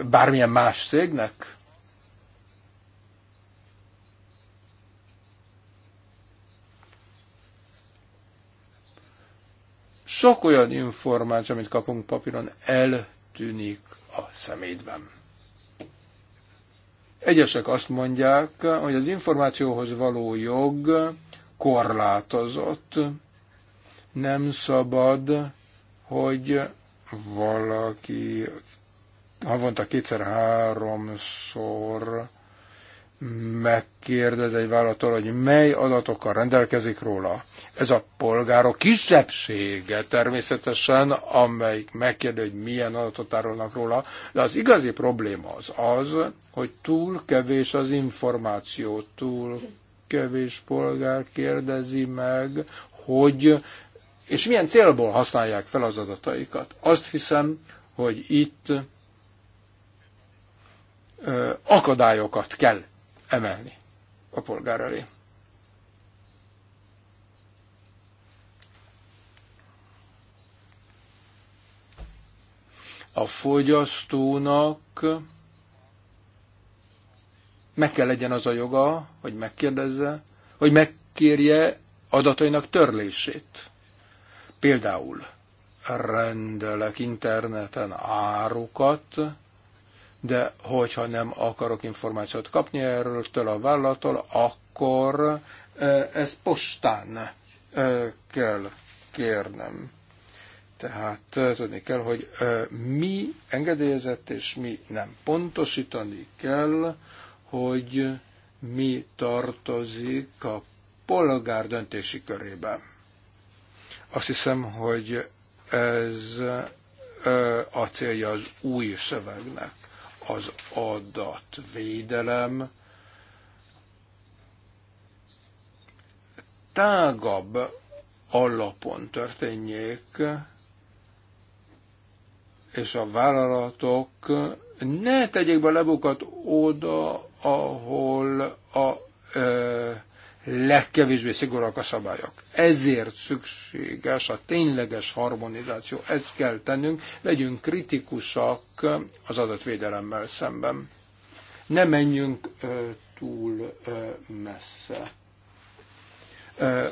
bármilyen más szégnek. Sok olyan információ, amit kapunk papíron, eltűnik a szemétben. Egyesek azt mondják, hogy az információhoz való jog korlátozott, nem szabad, hogy valaki havonta kétszer-háromszor megkérdez egy vállalattól, hogy mely adatokkal rendelkezik róla. Ez a polgárok kisebbsége természetesen, amelyik megkérdezi, hogy milyen adatot tárolnak róla, de az igazi probléma az az, hogy túl kevés az információ, túl kevés polgár kérdezi meg, hogy és milyen célból használják fel az adataikat. Azt hiszem, hogy itt akadályokat kell emelni a polgár elé. A fogyasztónak meg kell legyen az a joga, hogy megkérdezze, hogy megkérje adatainak törlését. Például rendelek interneten árukat, de hogyha nem akarok információt kapni erről től a vállalattól, akkor ez postán kell kérnem. Tehát tudni kell, hogy mi engedélyezett és mi nem. Pontosítani kell, hogy mi tartozik a polgár döntési körébe. Azt hiszem, hogy ez a célja az új szövegnek az adatvédelem tágabb alapon történjék, és a vállalatok ne tegyék be lebukat oda, ahol a e, legkevésbé szigorúak a szabályok. Ezért szükséges a tényleges harmonizáció. Ezt kell tennünk, legyünk kritikusak az adatvédelemmel szemben. Ne menjünk ö, túl ö, messze. Ö,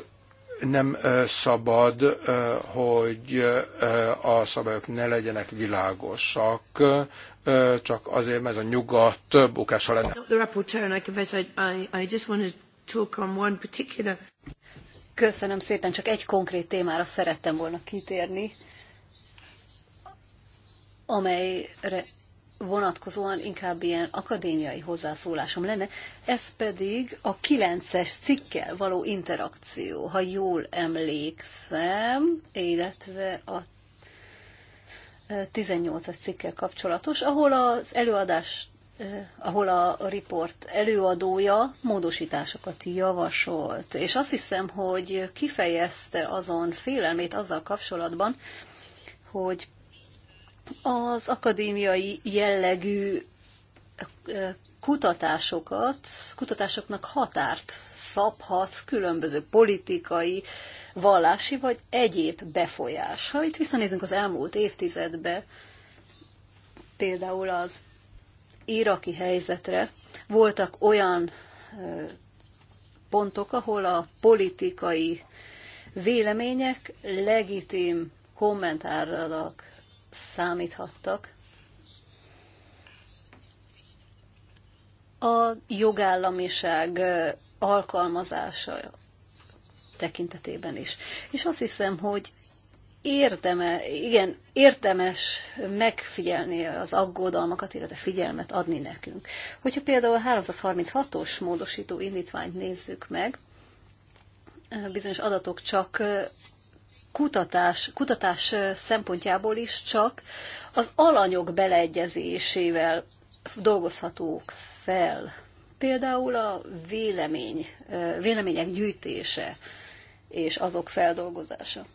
nem ö, szabad, ö, hogy ö, a szabályok ne legyenek világosak, ö, csak azért, mert a nyugat bukása lenne. The rapporteur, and I confess, I, I, I just wanted talk on one particular. Köszönöm szépen, csak egy konkrét témára szerettem volna kitérni, amelyre vonatkozóan inkább ilyen akadémiai hozzászólásom lenne, ez pedig a kilences cikkkel cikkel való interakció, ha jól emlékszem, illetve a 18-as cikkel kapcsolatos, ahol az előadás Eh, ahol a riport előadója módosításokat javasolt. És azt hiszem, hogy kifejezte azon félelmét azzal kapcsolatban, hogy az akadémiai jellegű eh, kutatásokat, kutatásoknak határt szabhat különböző politikai, vallási vagy egyéb befolyás. Ha itt visszanézünk az elmúlt évtizedbe, például az iraki helyzetre, voltak olyan pontok, ahol a politikai vélemények legitim kommentárralak számíthattak. A jogállamiság alkalmazása tekintetében is. És azt hiszem, hogy érdeme, igen, érdemes megfigyelni az aggódalmakat, illetve figyelmet adni nekünk. Hogyha például a 336-os módosító indítványt nézzük meg, bizonyos adatok csak kutatás, kutatás szempontjából is csak az alanyok beleegyezésével dolgozhatók fel. Például a vélemény, vélemények gyűjtése és azok feldolgozása.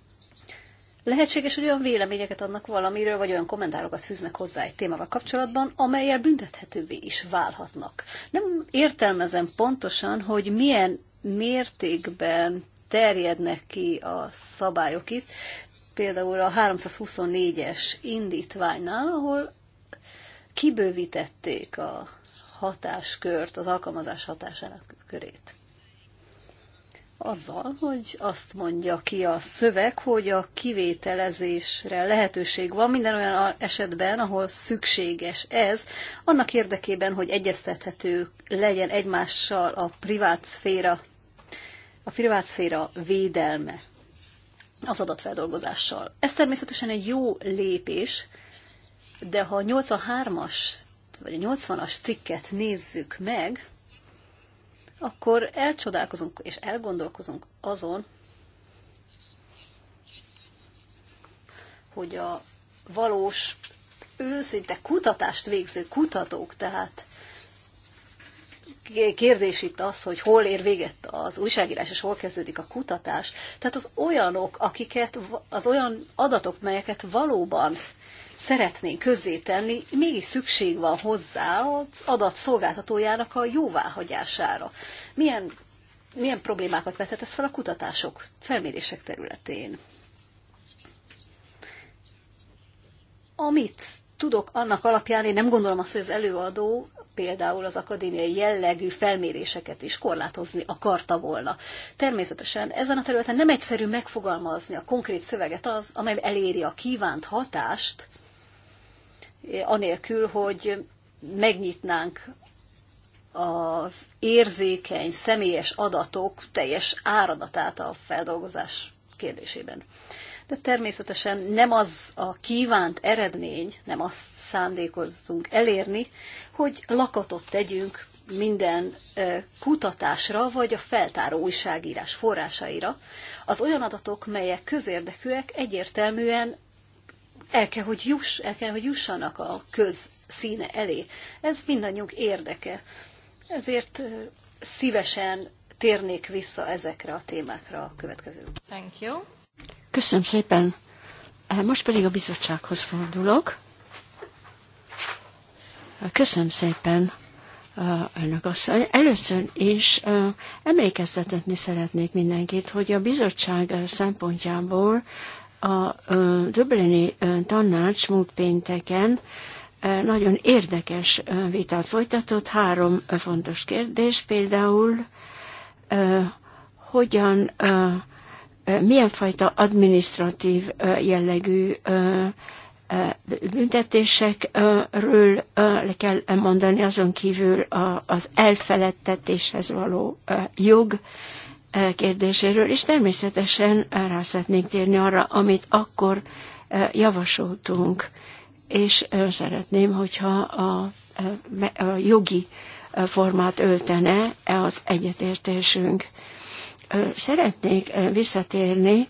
Lehetséges, hogy olyan véleményeket adnak valamiről, vagy olyan kommentárokat fűznek hozzá egy témával kapcsolatban, amelyel büntethetővé is válhatnak. Nem értelmezem pontosan, hogy milyen mértékben terjednek ki a szabályok itt, például a 324-es indítványnál, ahol kibővítették a hatáskört, az alkalmazás hatásának körét azzal, hogy azt mondja ki a szöveg, hogy a kivételezésre lehetőség van minden olyan esetben, ahol szükséges ez, annak érdekében, hogy egyeztethető legyen egymással a privát szféra, a privát szféra védelme az adatfeldolgozással. Ez természetesen egy jó lépés, de ha a 83-as vagy a 80-as cikket nézzük meg, akkor elcsodálkozunk és elgondolkozunk azon, hogy a valós, őszinte kutatást végző kutatók, tehát kérdés itt az, hogy hol ér véget az újságírás, és hol kezdődik a kutatás. Tehát az olyanok, akiket, az olyan adatok, melyeket valóban szeretnénk közzétenni, mégis szükség van hozzá az adatszolgáltatójának a jóváhagyására. Milyen, milyen problémákat vetett ez fel a kutatások, felmérések területén? Amit tudok annak alapján, én nem gondolom azt, hogy az előadó például az akadémiai jellegű felméréseket is korlátozni akarta volna. Természetesen ezen a területen nem egyszerű megfogalmazni a konkrét szöveget az, amely eléri a kívánt hatást, anélkül, hogy megnyitnánk az érzékeny, személyes adatok teljes áradatát a feldolgozás kérdésében. De természetesen nem az a kívánt eredmény, nem azt szándékoztunk elérni, hogy lakatot tegyünk minden kutatásra vagy a feltáró újságírás forrásaira. Az olyan adatok, melyek közérdekűek, egyértelműen el kell, hogy, juss, el kell, hogy jussanak a közszíne elé. Ez mindannyiunk érdeke. Ezért szívesen térnék vissza ezekre a témákra a következő. Thank you. Köszönöm szépen. Most pedig a bizottsághoz fordulok. Köszönöm szépen, Önök asszony. Először is emlékeztetni szeretnék mindenkit, hogy a bizottság szempontjából a Dublini tanács múlt pénteken nagyon érdekes vitát folytatott, három fontos kérdés, például hogyan, milyen fajta administratív jellegű büntetésekről le kell mondani, azon kívül az elfeledtetéshez való jog, E, kérdéséről, és természetesen rá szeretnénk térni arra, amit akkor e, javasoltunk, és e, szeretném, hogyha a, a jogi formát öltene az egyetértésünk. Szeretnék visszatérni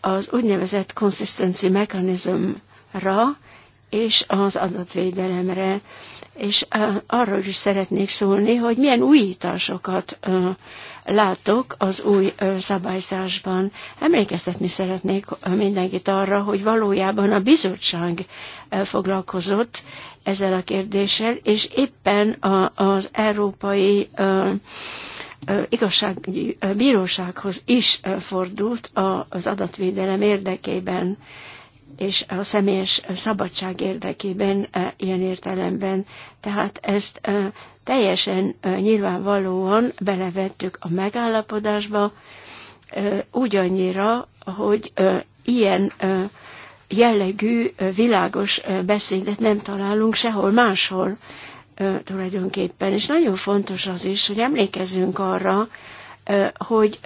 az úgynevezett consistency mechanismra és az adatvédelemre és arról is szeretnék szólni, hogy milyen újításokat látok az új szabályzásban. Emlékeztetni szeretnék mindenkit arra, hogy valójában a bizottság foglalkozott ezzel a kérdéssel, és éppen az európai igazságbírósághoz is fordult az adatvédelem érdekében és a személyes szabadság érdekében e, ilyen értelemben. Tehát ezt e, teljesen e, nyilvánvalóan belevettük a megállapodásba, ugyannyira, hogy ilyen jellegű, világos beszédet nem találunk sehol máshol tulajdonképpen. És nagyon fontos az is, hogy emlékezzünk arra, hogy,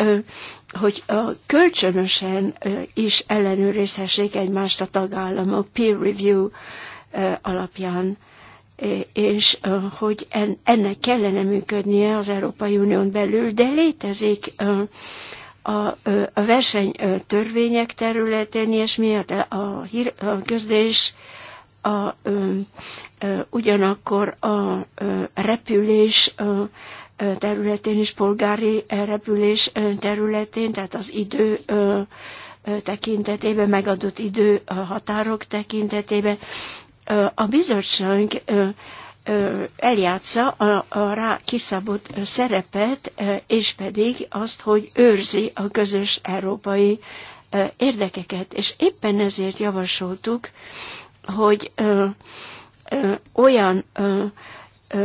hogy kölcsönösen is ellenőrizhessék egymást a tagállamok peer review alapján és hogy ennek kellene működnie az Európai Unión belül, de létezik a, a versenytörvények területén, és miatt a, hír, a közdés a, a, a, ugyanakkor a, a repülés a, területén és polgári repülés területén, tehát az idő tekintetében, megadott idő határok tekintetében. A bizottság eljátsza a, a rá kiszabott szerepet, és pedig azt, hogy őrzi a közös európai érdekeket. És éppen ezért javasoltuk, hogy olyan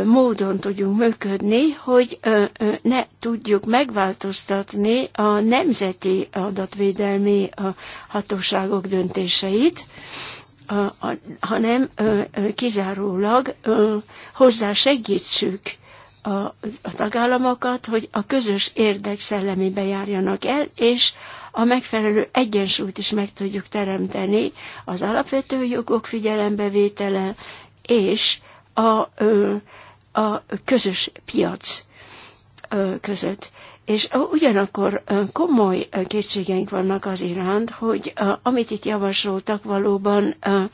módon tudjunk működni, hogy ne tudjuk megváltoztatni a nemzeti adatvédelmi hatóságok döntéseit, hanem kizárólag hozzá segítsük a, tagállamokat, hogy a közös érdek szellemébe járjanak el, és a megfelelő egyensúlyt is meg tudjuk teremteni az alapvető jogok figyelembevétele és a, a közös piac között. És ugyanakkor komoly kétségeink vannak az iránt, hogy amit itt javasoltak valóban e,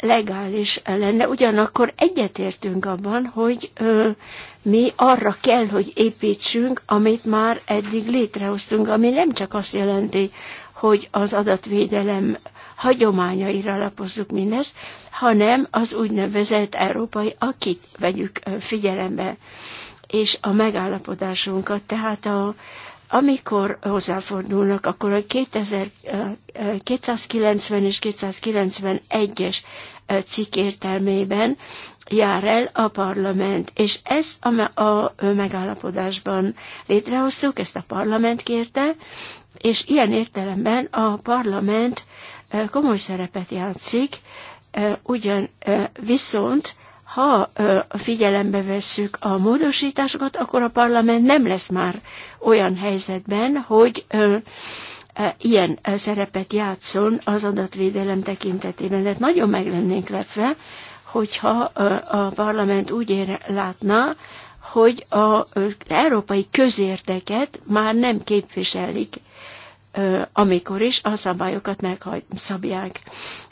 legális lenne. Ugyanakkor egyetértünk abban, hogy mi arra kell, hogy építsünk, amit már eddig létrehoztunk, ami nem csak azt jelenti, hogy az adatvédelem hagyományaira lapozzuk mindezt, hanem az úgynevezett európai akit vegyük figyelembe, és a megállapodásunkat, tehát a, amikor hozzáfordulnak, akkor a 2000, 290 és 291-es cikk értelmében jár el a parlament, és ezt a, a megállapodásban létrehoztuk, ezt a parlament kérte, és ilyen értelemben a parlament komoly szerepet játszik, ugyan viszont ha figyelembe vesszük a módosításokat, akkor a parlament nem lesz már olyan helyzetben, hogy ilyen szerepet játszon az adatvédelem tekintetében. Tehát nagyon meg lennénk lepve, hogyha a parlament úgy ér, látná, hogy az európai közérteket már nem képviselik amikor is a szabályokat megszabják.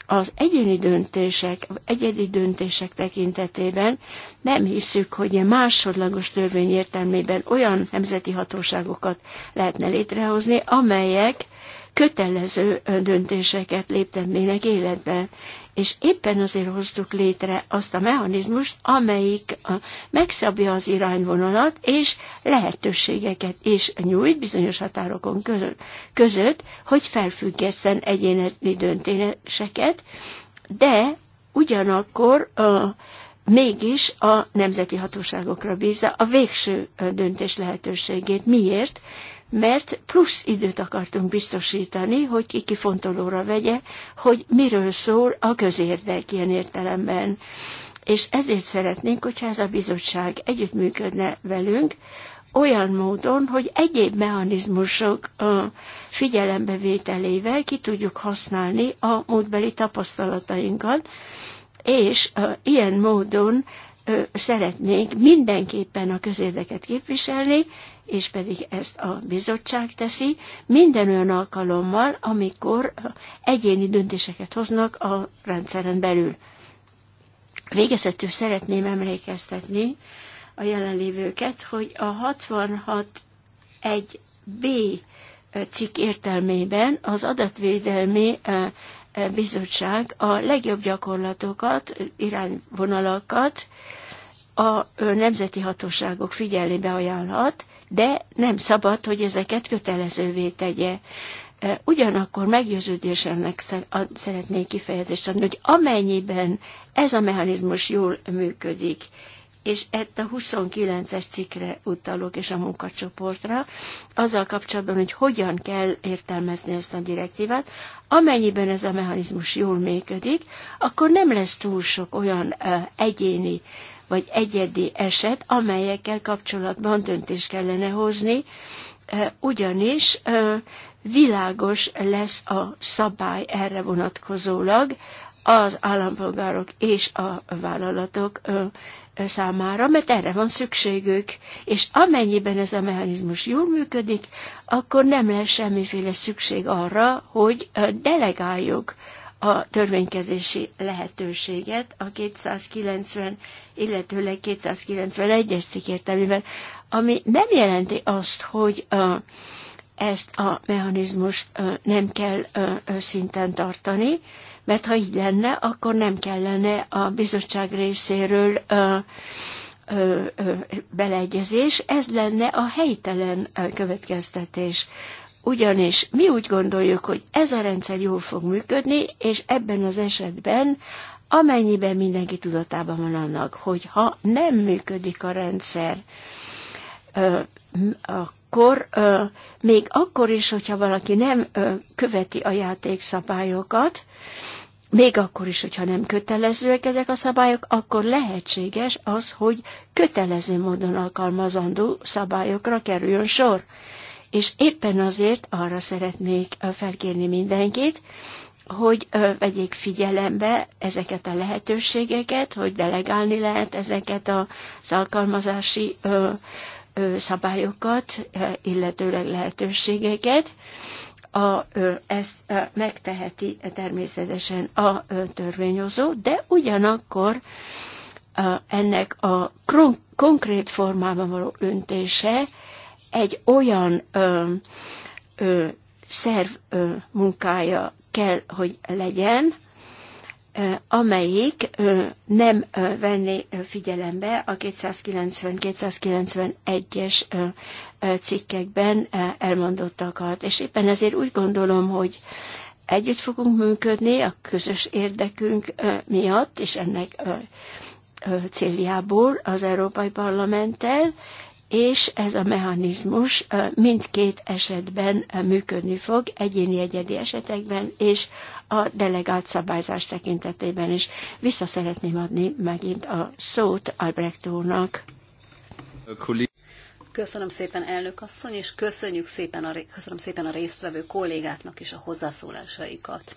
Az egyéni döntések, egyedi döntések tekintetében nem hiszük, hogy ilyen másodlagos törvény értelmében olyan nemzeti hatóságokat lehetne létrehozni, amelyek kötelező döntéseket léptetnének életbe. És éppen azért hoztuk létre azt a mechanizmust, amelyik megszabja az irányvonalat, és lehetőségeket is nyújt bizonyos határokon között, hogy felfüggesszen egyéni döntéseket, de ugyanakkor a, mégis a nemzeti hatóságokra bízza a végső döntés lehetőségét. Miért? mert plusz időt akartunk biztosítani, hogy ki kifontolóra vegye, hogy miről szól a közérdek ilyen értelemben. És ezért szeretnénk, hogyha ez a bizottság együttműködne velünk, olyan módon, hogy egyéb mechanizmusok a figyelembevételével ki tudjuk használni a módbeli tapasztalatainkat, és ilyen módon szeretnénk mindenképpen a közérdeket képviselni, és pedig ezt a bizottság teszi minden olyan alkalommal, amikor egyéni döntéseket hoznak a rendszeren belül. Végezetül szeretném emlékeztetni a jelenlévőket, hogy a 661 B cikk értelmében az adatvédelmi bizottság a legjobb gyakorlatokat, irányvonalakat a nemzeti hatóságok figyelébe ajánlhat, de nem szabad, hogy ezeket kötelezővé tegye. Ugyanakkor meggyőződésemnek szeretnék kifejezést adni, hogy amennyiben ez a mechanizmus jól működik, és ett a 29-es cikkre utalok, és a munkacsoportra, azzal kapcsolatban, hogy hogyan kell értelmezni ezt a direktívát. Amennyiben ez a mechanizmus jól működik, akkor nem lesz túl sok olyan egyéni vagy egyedi eset, amelyekkel kapcsolatban döntést kellene hozni, ugyanis világos lesz a szabály erre vonatkozólag az állampolgárok és a vállalatok számára, mert erre van szükségük, és amennyiben ez a mechanizmus jól működik, akkor nem lesz semmiféle szükség arra, hogy delegáljuk a törvénykezési lehetőséget a 290, illetőleg 291-es cikkért, amivel ami nem jelenti azt, hogy a, ezt a mechanizmust nem kell szinten tartani, mert ha így lenne, akkor nem kellene a bizottság részéről ö, ö, ö, beleegyezés, ez lenne a helytelen következtetés. Ugyanis mi úgy gondoljuk, hogy ez a rendszer jól fog működni, és ebben az esetben amennyiben mindenki tudatában van annak, hogy ha nem működik a rendszer, akkor még akkor is, hogyha valaki nem követi a játékszabályokat, még akkor is, hogyha nem kötelezőek ezek a szabályok, akkor lehetséges az, hogy kötelező módon alkalmazandó szabályokra kerüljön sor. És éppen azért arra szeretnék felkérni mindenkit, hogy vegyék figyelembe ezeket a lehetőségeket, hogy delegálni lehet ezeket az alkalmazási szabályokat, illetőleg lehetőségeket, a, ezt megteheti természetesen a törvényhozó, de ugyanakkor ennek a konkrét formában való öntése egy olyan ö, ö, szerv ö, munkája kell, hogy legyen, amelyik nem venné figyelembe a 290-291-es cikkekben elmondottakat. És éppen ezért úgy gondolom, hogy együtt fogunk működni a közös érdekünk miatt, és ennek céljából az Európai Parlamenttel, és ez a mechanizmus mindkét esetben működni fog, egyéni egyedi esetekben, és a delegált szabályzás tekintetében is. Vissza szeretném adni megint a szót Albrecht úrnak. Köszönöm szépen, elnök asszony, és köszönjük szépen a, köszönöm szépen a résztvevő kollégáknak is a hozzászólásaikat.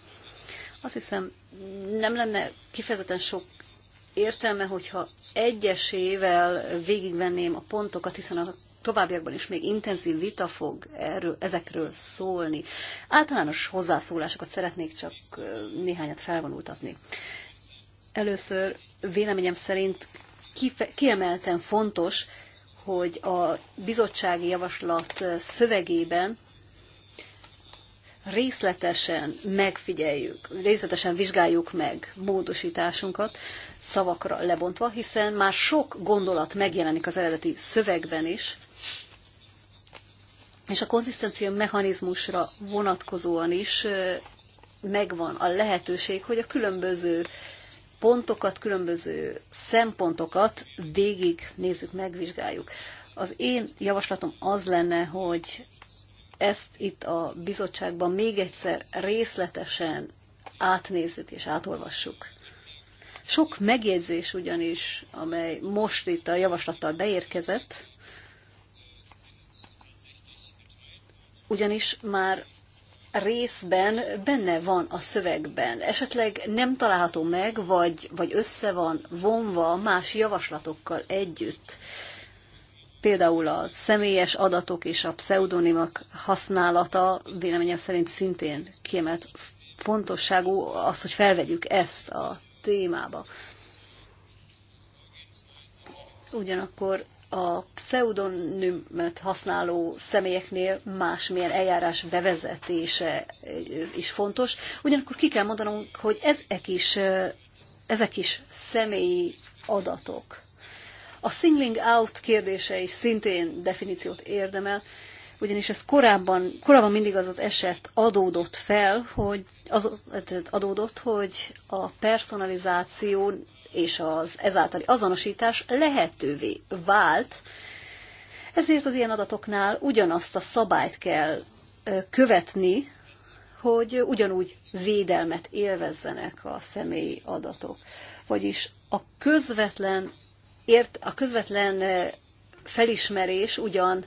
Azt hiszem, nem lenne kifejezetten sok értelme, hogyha egyesével végigvenném a pontokat, hiszen a továbbiakban is még intenzív vita fog erről, ezekről szólni. Általános hozzászólásokat szeretnék csak néhányat felvonultatni. Először véleményem szerint kiemelten fontos, hogy a bizottsági javaslat szövegében részletesen megfigyeljük, részletesen vizsgáljuk meg módosításunkat szavakra lebontva, hiszen már sok gondolat megjelenik az eredeti szövegben is, és a konzisztencia mechanizmusra vonatkozóan is megvan a lehetőség, hogy a különböző pontokat, különböző szempontokat végig nézzük, megvizsgáljuk. Az én javaslatom az lenne, hogy ezt itt a bizottságban még egyszer részletesen átnézzük és átolvassuk. Sok megjegyzés ugyanis, amely most itt a javaslattal beérkezett, ugyanis már részben benne van a szövegben. Esetleg nem található meg, vagy, vagy össze van vonva más javaslatokkal együtt. Például a személyes adatok és a pseudonimak használata véleményem szerint szintén kiemelt fontosságú az, hogy felvegyük ezt a témába. Ugyanakkor a pseudonimet használó személyeknél másmilyen eljárás bevezetése is fontos. Ugyanakkor ki kell mondanunk, hogy ezek is, ezek is személyi adatok. A singling out kérdése is szintén definíciót érdemel, ugyanis ez korábban, korábban mindig az az eset adódott fel, hogy az adódott, hogy a personalizáció és az ezáltali azonosítás lehetővé vált, ezért az ilyen adatoknál ugyanazt a szabályt kell követni, hogy ugyanúgy védelmet élvezzenek a személyi adatok. Vagyis a közvetlen ért a közvetlen felismerés ugyan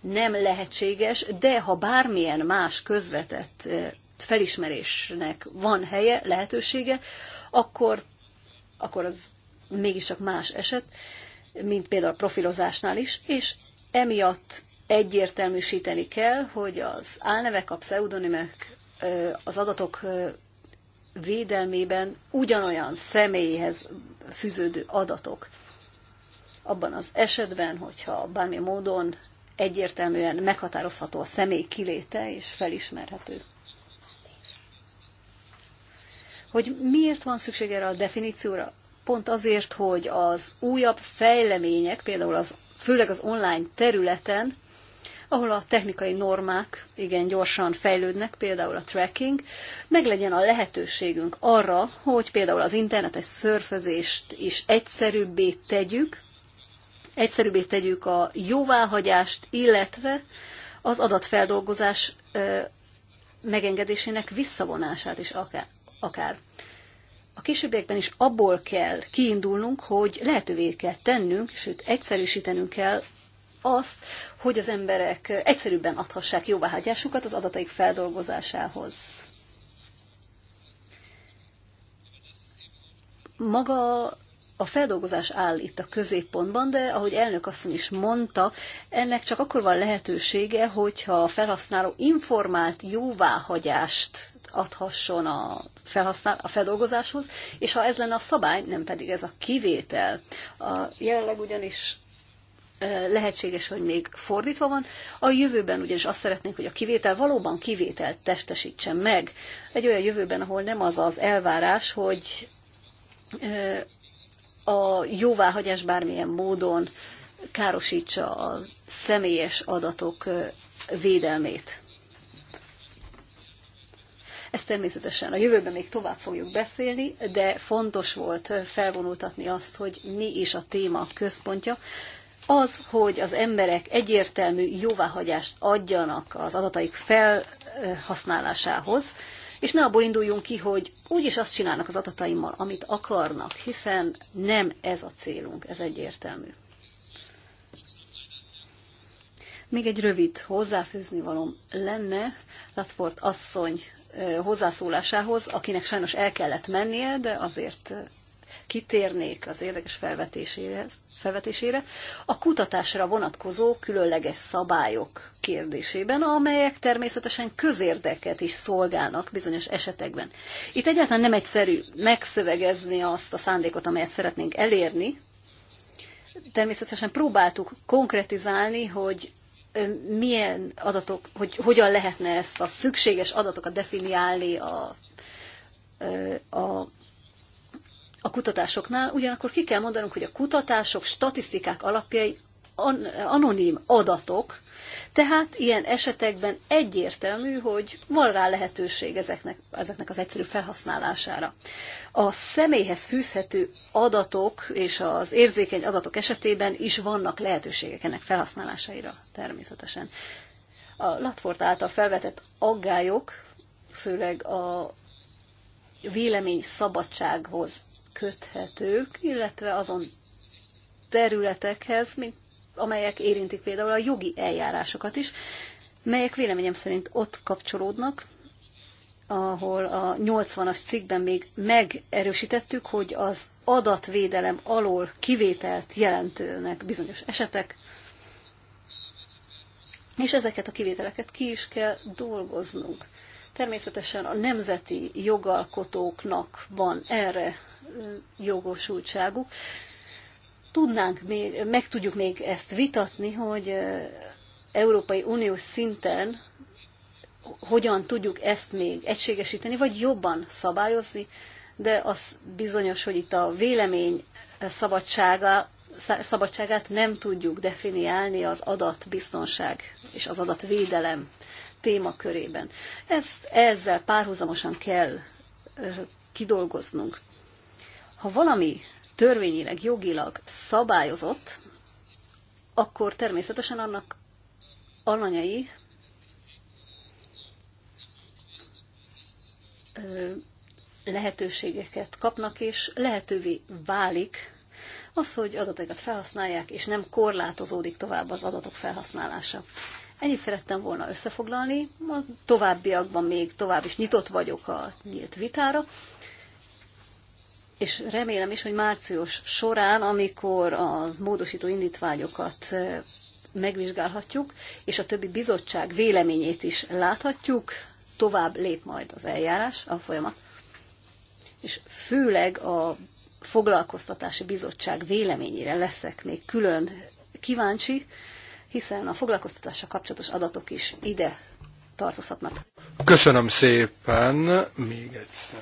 nem lehetséges, de ha bármilyen más közvetett felismerésnek van helye, lehetősége, akkor, akkor az mégiscsak más eset, mint például a profilozásnál is, és emiatt egyértelműsíteni kell, hogy az álnevek, a pseudonimek az adatok védelmében ugyanolyan személyhez fűződő adatok abban az esetben, hogyha bármilyen módon egyértelműen meghatározható a személy kiléte és felismerhető. Hogy miért van szükség erre a definícióra? Pont azért, hogy az újabb fejlemények, például az, főleg az online területen, ahol a technikai normák igen gyorsan fejlődnek, például a tracking, meg legyen a lehetőségünk arra, hogy például az internetes szörfözést is egyszerűbbé tegyük, egyszerűbbé tegyük a jóváhagyást, illetve az adatfeldolgozás megengedésének visszavonását is akár. akár. A későbbiekben is abból kell kiindulnunk, hogy lehetővé kell tennünk, sőt egyszerűsítenünk kell azt, hogy az emberek egyszerűbben adhassák jóváhagyásukat az adataik feldolgozásához. Maga a feldolgozás áll itt a középpontban, de ahogy elnök asszony is mondta, ennek csak akkor van lehetősége, hogyha a felhasználó informált jóváhagyást adhasson a, felhasznál, a feldolgozáshoz, és ha ez lenne a szabály, nem pedig ez a kivétel. A jelenleg ugyanis lehetséges, hogy még fordítva van. A jövőben ugyanis azt szeretnénk, hogy a kivétel valóban kivételt testesítsen meg. Egy olyan jövőben, ahol nem az az elvárás, hogy a jóváhagyás bármilyen módon károsítsa a személyes adatok védelmét. Ezt természetesen a jövőben még tovább fogjuk beszélni, de fontos volt felvonultatni azt, hogy mi is a téma központja. Az, hogy az emberek egyértelmű jóváhagyást adjanak az adataik felhasználásához, és ne abból induljunk ki, hogy úgyis azt csinálnak az adataimmal, amit akarnak, hiszen nem ez a célunk, ez egyértelmű. Még egy rövid hozzáfűzni valom lenne Latford asszony hozzászólásához, akinek sajnos el kellett mennie, de azért kitérnék az érdekes felvetéséhez felvetésére, a kutatásra vonatkozó különleges szabályok kérdésében, amelyek természetesen közérdeket is szolgálnak bizonyos esetekben. Itt egyáltalán nem egyszerű megszövegezni azt a szándékot, amelyet szeretnénk elérni. Természetesen próbáltuk konkretizálni, hogy milyen adatok, hogy hogyan lehetne ezt a szükséges adatokat definiálni a, a a kutatásoknál, ugyanakkor ki kell mondanunk, hogy a kutatások, statisztikák alapjai anonim adatok, tehát ilyen esetekben egyértelmű, hogy van rá lehetőség ezeknek, ezeknek az egyszerű felhasználására. A személyhez fűzhető adatok és az érzékeny adatok esetében is vannak lehetőségek ennek felhasználásaira természetesen. A Latford által felvetett aggályok, főleg a vélemény szabadsághoz köthetők, illetve azon területekhez, mint amelyek érintik például a jogi eljárásokat is, melyek véleményem szerint ott kapcsolódnak, ahol a 80-as cikkben még megerősítettük, hogy az adatvédelem alól kivételt jelentőnek bizonyos esetek, és ezeket a kivételeket ki is kell dolgoznunk. Természetesen a nemzeti jogalkotóknak van erre jogosultságuk. Tudnánk még, meg tudjuk még ezt vitatni, hogy Európai Unió szinten hogyan tudjuk ezt még egységesíteni, vagy jobban szabályozni, de az bizonyos, hogy itt a vélemény szabadsága, szabadságát nem tudjuk definiálni az adatbiztonság és az adatvédelem témakörében. Ezt ezzel párhuzamosan kell kidolgoznunk. Ha valami törvényileg, jogilag szabályozott, akkor természetesen annak alanyai lehetőségeket kapnak, és lehetővé válik az, hogy adatokat felhasználják, és nem korlátozódik tovább az adatok felhasználása. Ennyit szerettem volna összefoglalni, a továbbiakban még tovább is nyitott vagyok a nyílt vitára, és remélem is, hogy március során, amikor a módosító indítványokat megvizsgálhatjuk, és a többi bizottság véleményét is láthatjuk, tovább lép majd az eljárás, a folyamat. És főleg a foglalkoztatási bizottság véleményére leszek még külön kíváncsi, hiszen a foglalkoztatással kapcsolatos adatok is ide tartozhatnak. Köszönöm szépen még egyszer.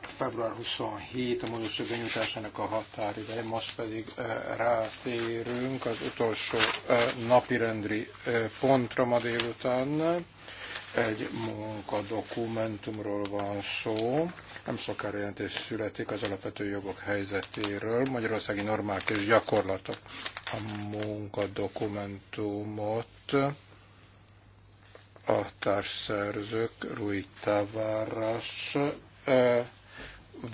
Február 27 a módosítók benyújtásának a határideje, most pedig eh, rátérünk az utolsó eh, napirendri eh, pontra ma délután. Egy munkadokumentumról van szó. Nem sokára jelentés születik az alapvető jogok helyzetéről, magyarországi normák és gyakorlatok. A munkadokumentumot a társszerzők Rui Tavaras, eh,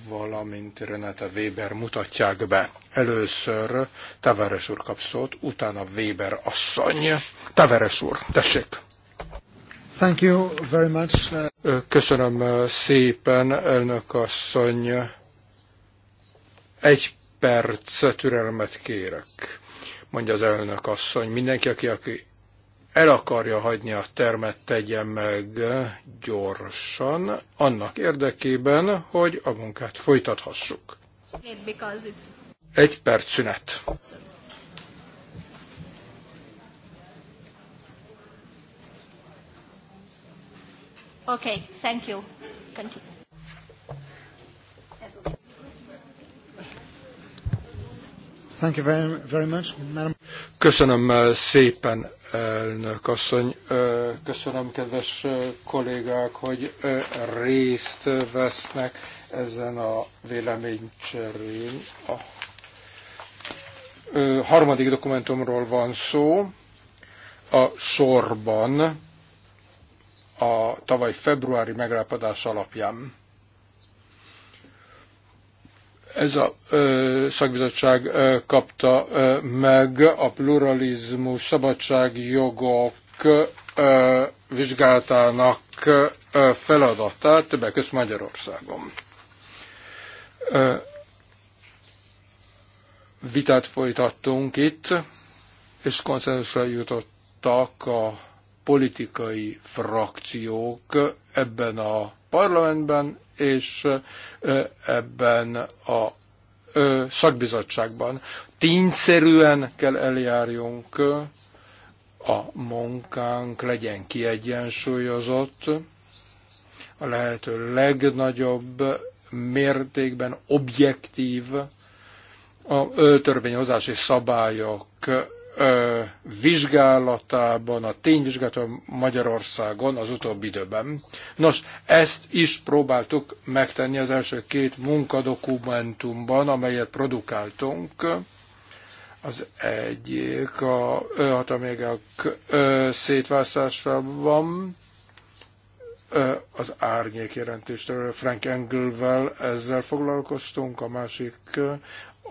valamint Renata Weber mutatják be. Először Tavares úr kap szót, utána Weber asszony. Tavares úr, tessék! Uh, Köszönöm uh, szépen, elnök asszony. Egy perc türelmet kérek, mondja az elnök asszony. Mindenki, aki, aki el akarja hagyni a termet, tegye meg gyorsan, annak érdekében, hogy a munkát folytathassuk. Egy perc szünet. Okay, thank you. Continue. Thank you very, very much, madam. Köszönöm eh, szépen, elnök asszony. Eh, köszönöm, kedves eh, kollégák, hogy részt vesznek ezen a véleménycserén. A harmadik dokumentumról van szó. A sorban a tavaly februári megállapodás alapján. Ez a ö, szakbizottság ö, kapta ö, meg a pluralizmus, szabadságjogok ö, vizsgálatának ö, feladatát, többek között Magyarországon. Ö, vitát folytattunk itt, és konszenzusra jutottak a politikai frakciók ebben a parlamentben és ebben a szakbizottságban. Tényszerűen kell eljárjunk, a munkánk legyen kiegyensúlyozott, a lehető legnagyobb mértékben objektív a törvényhozási szabályok vizsgálatában, a tényvizsgálatában Magyarországon az utóbbi időben. Nos, ezt is próbáltuk megtenni az első két munkadokumentumban, amelyet produkáltunk. Az egyik a hatalmiak hát szétválasztásában, az árnyék jelentéstől, Frank Engelvel ezzel foglalkoztunk, a másik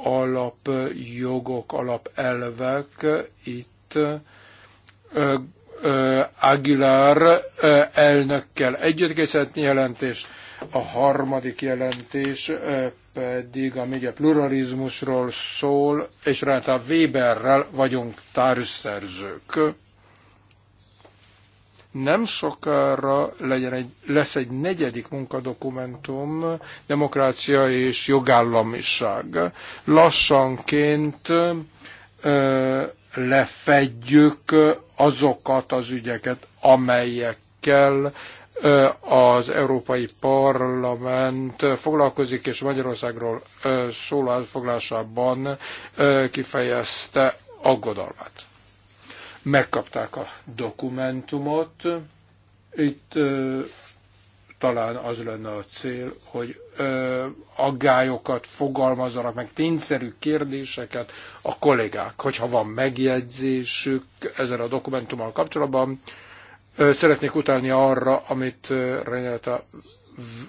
alapjogok, alapelvek itt Aguilar elnökkel együttkészített jelentés, a harmadik jelentés pedig, ami a pluralizmusról szól, és Renata Weberrel vagyunk társszerzők nem sokára legyen egy, lesz egy negyedik munkadokumentum, demokrácia és jogállamiság. Lassanként ö, lefedjük azokat az ügyeket, amelyekkel az Európai Parlament foglalkozik, és Magyarországról szóló elfoglásában kifejezte aggodalmát. Megkapták a dokumentumot. Itt talán az lenne a cél, hogy ö, aggályokat fogalmazzanak, meg tényszerű kérdéseket a kollégák, hogyha van megjegyzésük ezen a dokumentummal kapcsolatban. Ö, szeretnék utalni arra, amit Renata,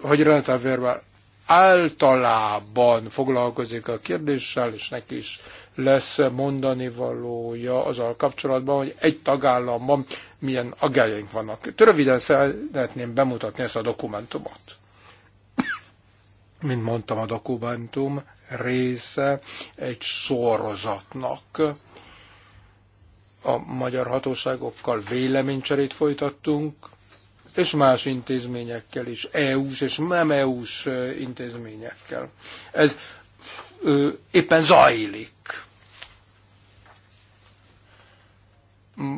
hogy Renata Verbal általában foglalkozik a kérdéssel, és neki is lesz mondani valója azzal kapcsolatban, hogy egy tagállamban milyen agályaink vannak. Röviden szeretném bemutatni ezt a dokumentumot. Mint mondtam, a dokumentum része egy sorozatnak. A magyar hatóságokkal véleménycserét folytattunk, és más intézményekkel is, EU-s és nem EU-s intézményekkel. Ez ö, éppen zajlik.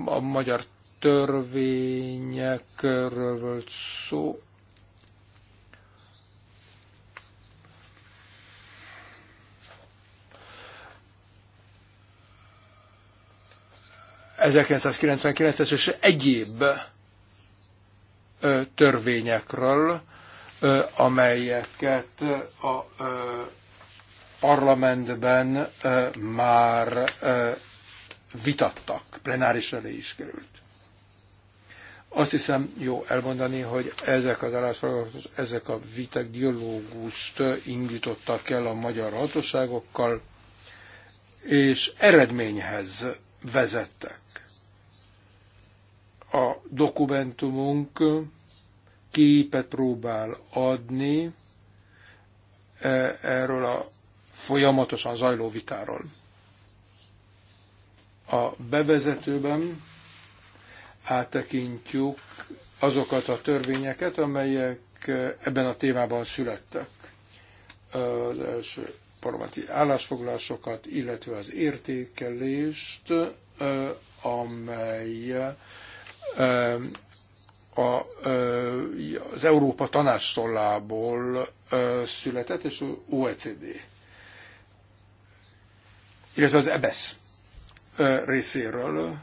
a magyar törvényekről volt szó. ...1999-es és egyéb törvényekről, amelyeket a parlamentben már vitattak, plenáris elé is került. Azt hiszem jó elmondani, hogy ezek az állásfoglalások, ezek a vitek dialógust indítottak el a magyar hatóságokkal, és eredményhez vezettek. A dokumentumunk képet próbál adni e, erről a folyamatosan zajló vitáról. A bevezetőben áttekintjük azokat a törvényeket, amelyek eh, ebben a témában születtek. Az első parlamenti állásfoglalásokat, illetve az értékelést, eh, amely eh, a, az Európa tanástollából született, és az OECD, illetve az EBESZ részéről.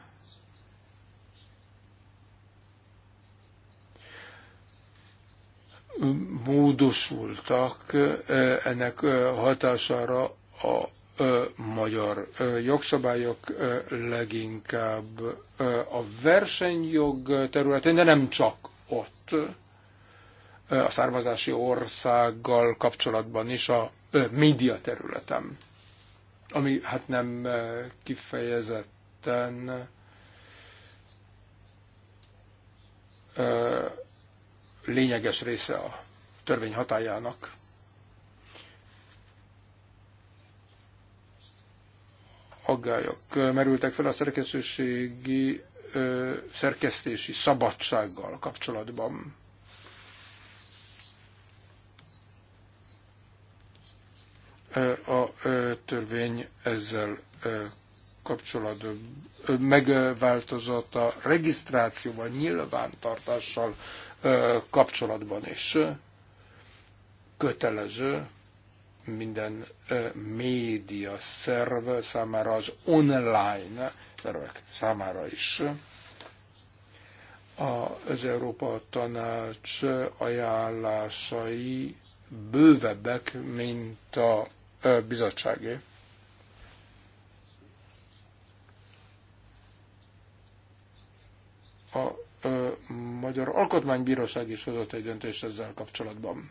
Módosultak ennek hatására a magyar jogszabályok leginkább a versenyjog területén, de nem csak ott. A származási országgal kapcsolatban is a média területen ami hát nem eh, kifejezetten eh, lényeges része a törvény hatájának. Aggályok eh, merültek fel a szerkesztőségi szerkesztési szabadsággal kapcsolatban. a törvény ezzel kapcsolatban megváltozott a regisztrációval, nyilvántartással kapcsolatban is kötelező minden média szerv számára, az online szervek számára is. Az Európa Tanács ajánlásai bővebbek, mint a bizottságé. A Magyar Alkotmánybíróság is hozott egy döntést ezzel kapcsolatban.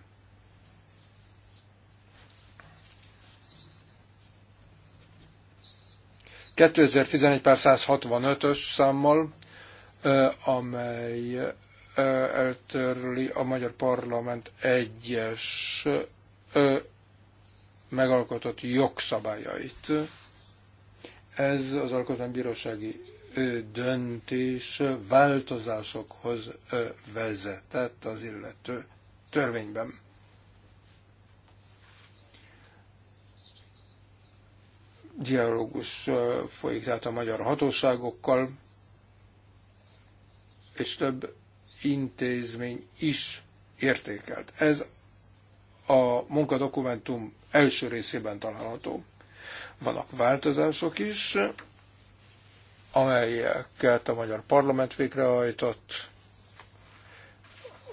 pár 165-ös számmal, amely eltörli a Magyar Parlament egyes megalkotott jogszabályait. Ez az alkotmánybírósági döntés változásokhoz vezetett az illető törvényben. dialógus folyik tehát a magyar hatóságokkal, és több intézmény is értékelt. Ez a munkadokumentum első részében található. Vannak változások is, amelyeket a magyar parlament végrehajtott,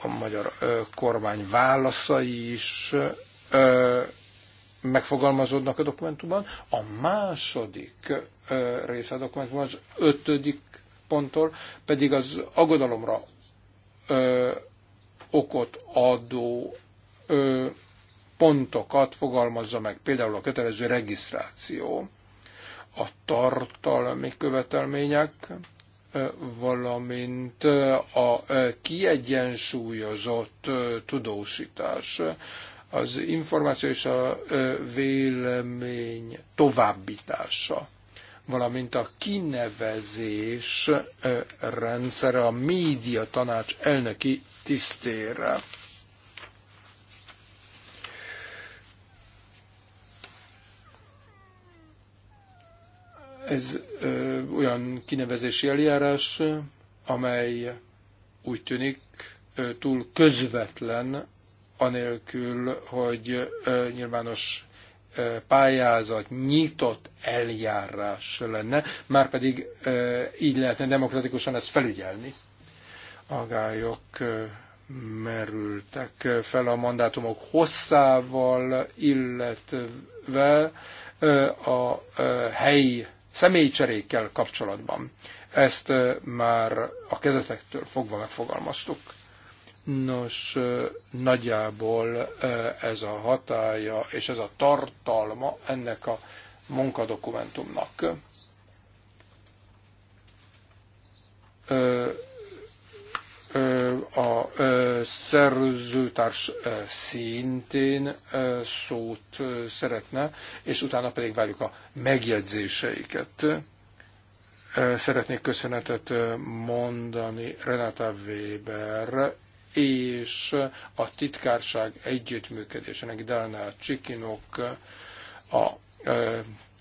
a magyar kormány válaszai is megfogalmazódnak a dokumentumban. A második része a dokumentumban, az ötödik ponttól pedig az aggodalomra okot adó pontokat fogalmazza meg, például a kötelező regisztráció, a tartalmi követelmények, valamint a kiegyensúlyozott tudósítás, az információ és a vélemény továbbítása, valamint a kinevezés rendszere a média tanács elnöki tisztére Ez ö, olyan kinevezési eljárás, amely úgy tűnik ö, túl közvetlen, anélkül, hogy ö, nyilvános ö, pályázat, nyitott eljárás lenne, pedig ö, így lehetne demokratikusan ezt felügyelni. Agályok ö, merültek fel a mandátumok hosszával, illetve a helyi személycserékkel kapcsolatban. Ezt már a kezetektől fogva megfogalmaztuk. Nos, nagyjából ez a hatája és ez a tartalma ennek a munkadokumentumnak a szerzőtárs szintén szót szeretne, és utána pedig várjuk a megjegyzéseiket. Szeretnék köszönetet mondani Renata Weber és a titkárság együttműködésének Dálnál Csikinok a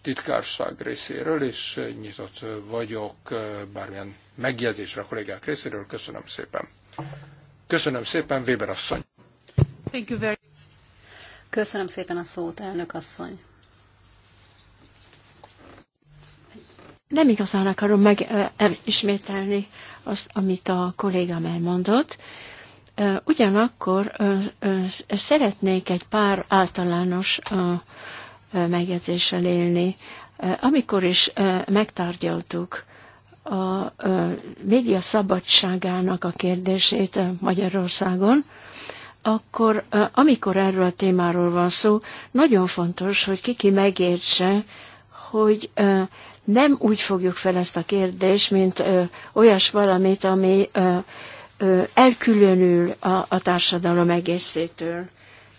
titkárság részéről, és nyitott vagyok bármilyen megjegyzésre a kollégák részéről. Köszönöm szépen. Köszönöm szépen, Weber asszony. Thank you very Köszönöm szépen a szót, elnök asszony. Nem igazán akarom megismételni azt, amit a kollégám elmondott. Ugyanakkor szeretnék egy pár általános megjegyzéssel élni. Amikor is megtárgyaltuk a média szabadságának a kérdését Magyarországon, akkor amikor erről a témáról van szó, nagyon fontos, hogy kiki megértse, hogy nem úgy fogjuk fel ezt a kérdést, mint olyas valamit, ami elkülönül a, a társadalom egészétől.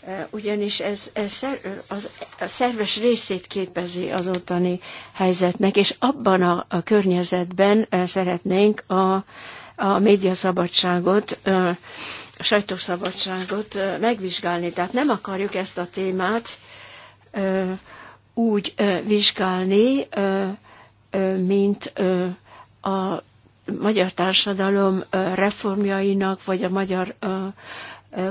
Eh, ugyanis ez, ez az, a szerves részét képezi az ottani helyzetnek, és abban a, a környezetben eh, szeretnénk a, a médiaszabadságot, eh, a sajtószabadságot megvizsgálni. Tehát nem akarjuk ezt a témát úgy vizsgálni, mint a magyar társadalom reformjainak, vagy a magyar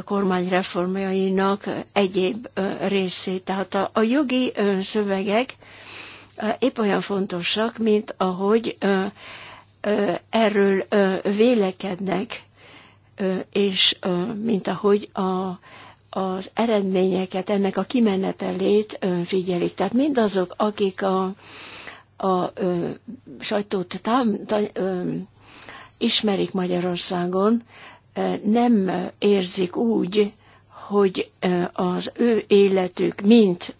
kormányreformjainak egyéb részét. Tehát a, a jogi szövegek épp olyan fontosak, mint ahogy erről vélekednek, és mint ahogy a, az eredményeket, ennek a kimenetelét figyelik. Tehát mindazok, akik a, a sajtót tám, tám, ismerik Magyarországon, nem érzik úgy, hogy az ő életük, mint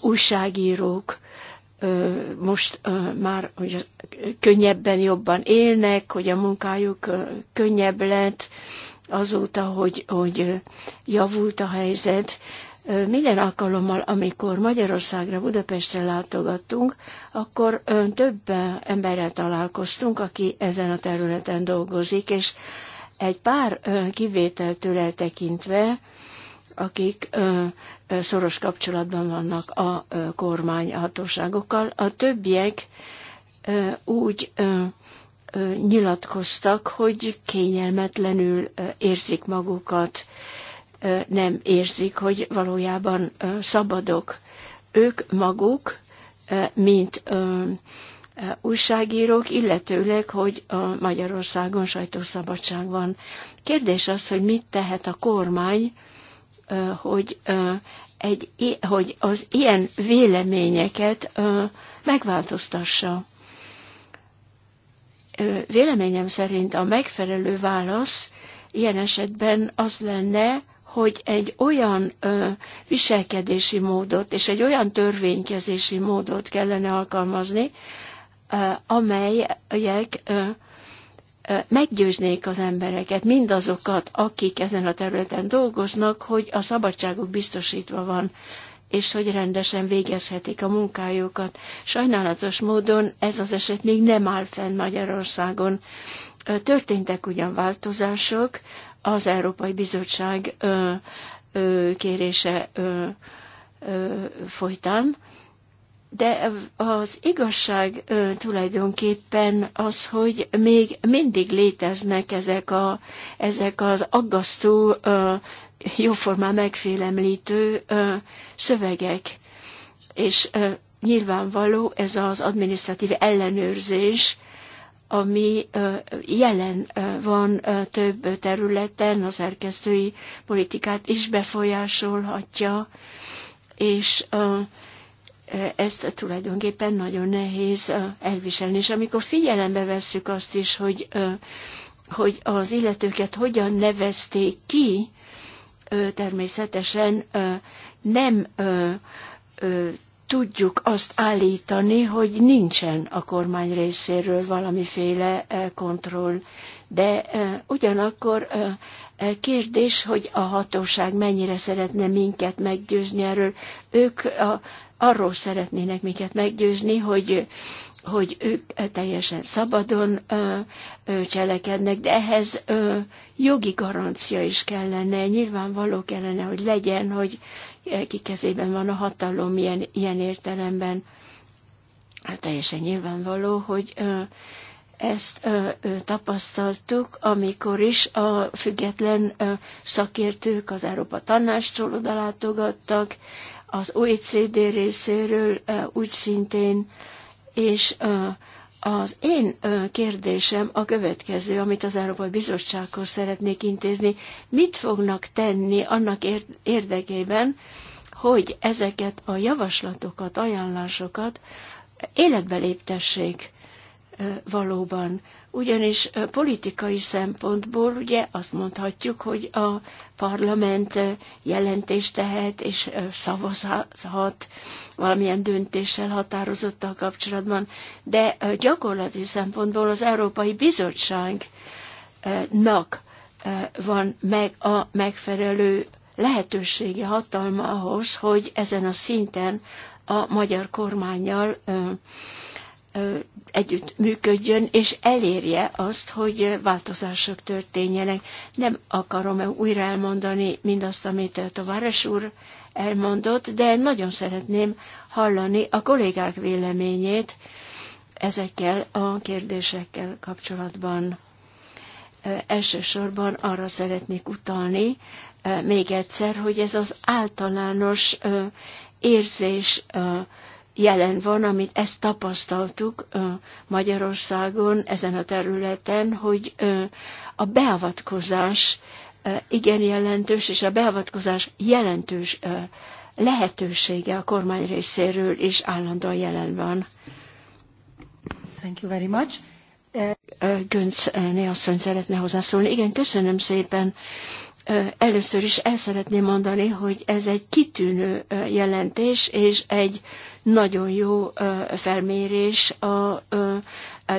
újságírók, most már hogy könnyebben, jobban élnek, hogy a munkájuk könnyebb lett, azóta, hogy, hogy javult a helyzet, minden alkalommal, amikor Magyarországra, Budapestre látogattunk, akkor több emberrel találkoztunk, aki ezen a területen dolgozik, és egy pár kivételtől eltekintve, akik szoros kapcsolatban vannak a kormányhatóságokkal, a többiek úgy nyilatkoztak, hogy kényelmetlenül érzik magukat nem érzik, hogy valójában szabadok. Ők maguk, mint újságírók, illetőleg, hogy a Magyarországon sajtószabadság van. Kérdés az, hogy mit tehet a kormány, hogy, egy, hogy az ilyen véleményeket megváltoztassa. Véleményem szerint a megfelelő válasz ilyen esetben az lenne, hogy egy olyan ö, viselkedési módot és egy olyan törvénykezési módot kellene alkalmazni, ö, amelyek ö, meggyőznék az embereket, mindazokat, akik ezen a területen dolgoznak, hogy a szabadságuk biztosítva van, és hogy rendesen végezhetik a munkájukat. Sajnálatos módon ez az eset még nem áll fenn Magyarországon. Történtek ugyan változások az Európai Bizottság kérése folytán. De az igazság tulajdonképpen az, hogy még mindig léteznek ezek, a, ezek az aggasztó, jóformán megfélemlítő szövegek. És nyilvánvaló ez az adminisztratív ellenőrzés ami jelen van több területen, a szerkesztői politikát is befolyásolhatja, és ezt tulajdonképpen nagyon nehéz elviselni. És amikor figyelembe vesszük azt is, hogy, hogy az illetőket hogyan nevezték ki, természetesen nem tudjuk azt állítani, hogy nincsen a kormány részéről valamiféle eh, kontroll, de eh, ugyanakkor eh, kérdés, hogy a hatóság mennyire szeretne minket meggyőzni erről. Ők a, arról szeretnének minket meggyőzni, hogy hogy ők teljesen szabadon cselekednek, de ehhez jogi garancia is kellene, nyilvánvaló kellene, hogy legyen, hogy ki kezében van a hatalom ilyen, ilyen értelemben. Hát teljesen nyilvánvaló, hogy ezt tapasztaltuk, amikor is a független szakértők az Európa Tanástól odalátogattak, az OECD részéről úgy szintén és az én kérdésem a következő, amit az Európai Bizottsághoz szeretnék intézni. Mit fognak tenni annak érdekében, hogy ezeket a javaslatokat, ajánlásokat életbe léptessék valóban? ugyanis politikai szempontból ugye azt mondhatjuk, hogy a parlament jelentést tehet és szavazhat valamilyen döntéssel határozottal kapcsolatban, de gyakorlati szempontból az Európai Bizottságnak van meg a megfelelő lehetősége, hatalma ahhoz, hogy ezen a szinten a magyar kormányjal együtt működjön, és elérje azt, hogy változások történjenek. Nem akarom újra elmondani mindazt, amit Továres úr elmondott, de nagyon szeretném hallani a kollégák véleményét ezekkel a kérdésekkel kapcsolatban. Elsősorban arra szeretnék utalni még egyszer, hogy ez az általános érzés jelen van, amit ezt tapasztaltuk Magyarországon ezen a területen, hogy a beavatkozás igen jelentős, és a beavatkozás jelentős lehetősége a kormány részéről is állandóan jelen van. Thank you very much. Gönc néasszony szeretne hozzászólni. Igen, köszönöm szépen. Először is el szeretném mondani, hogy ez egy kitűnő jelentés, és egy nagyon jó felmérés a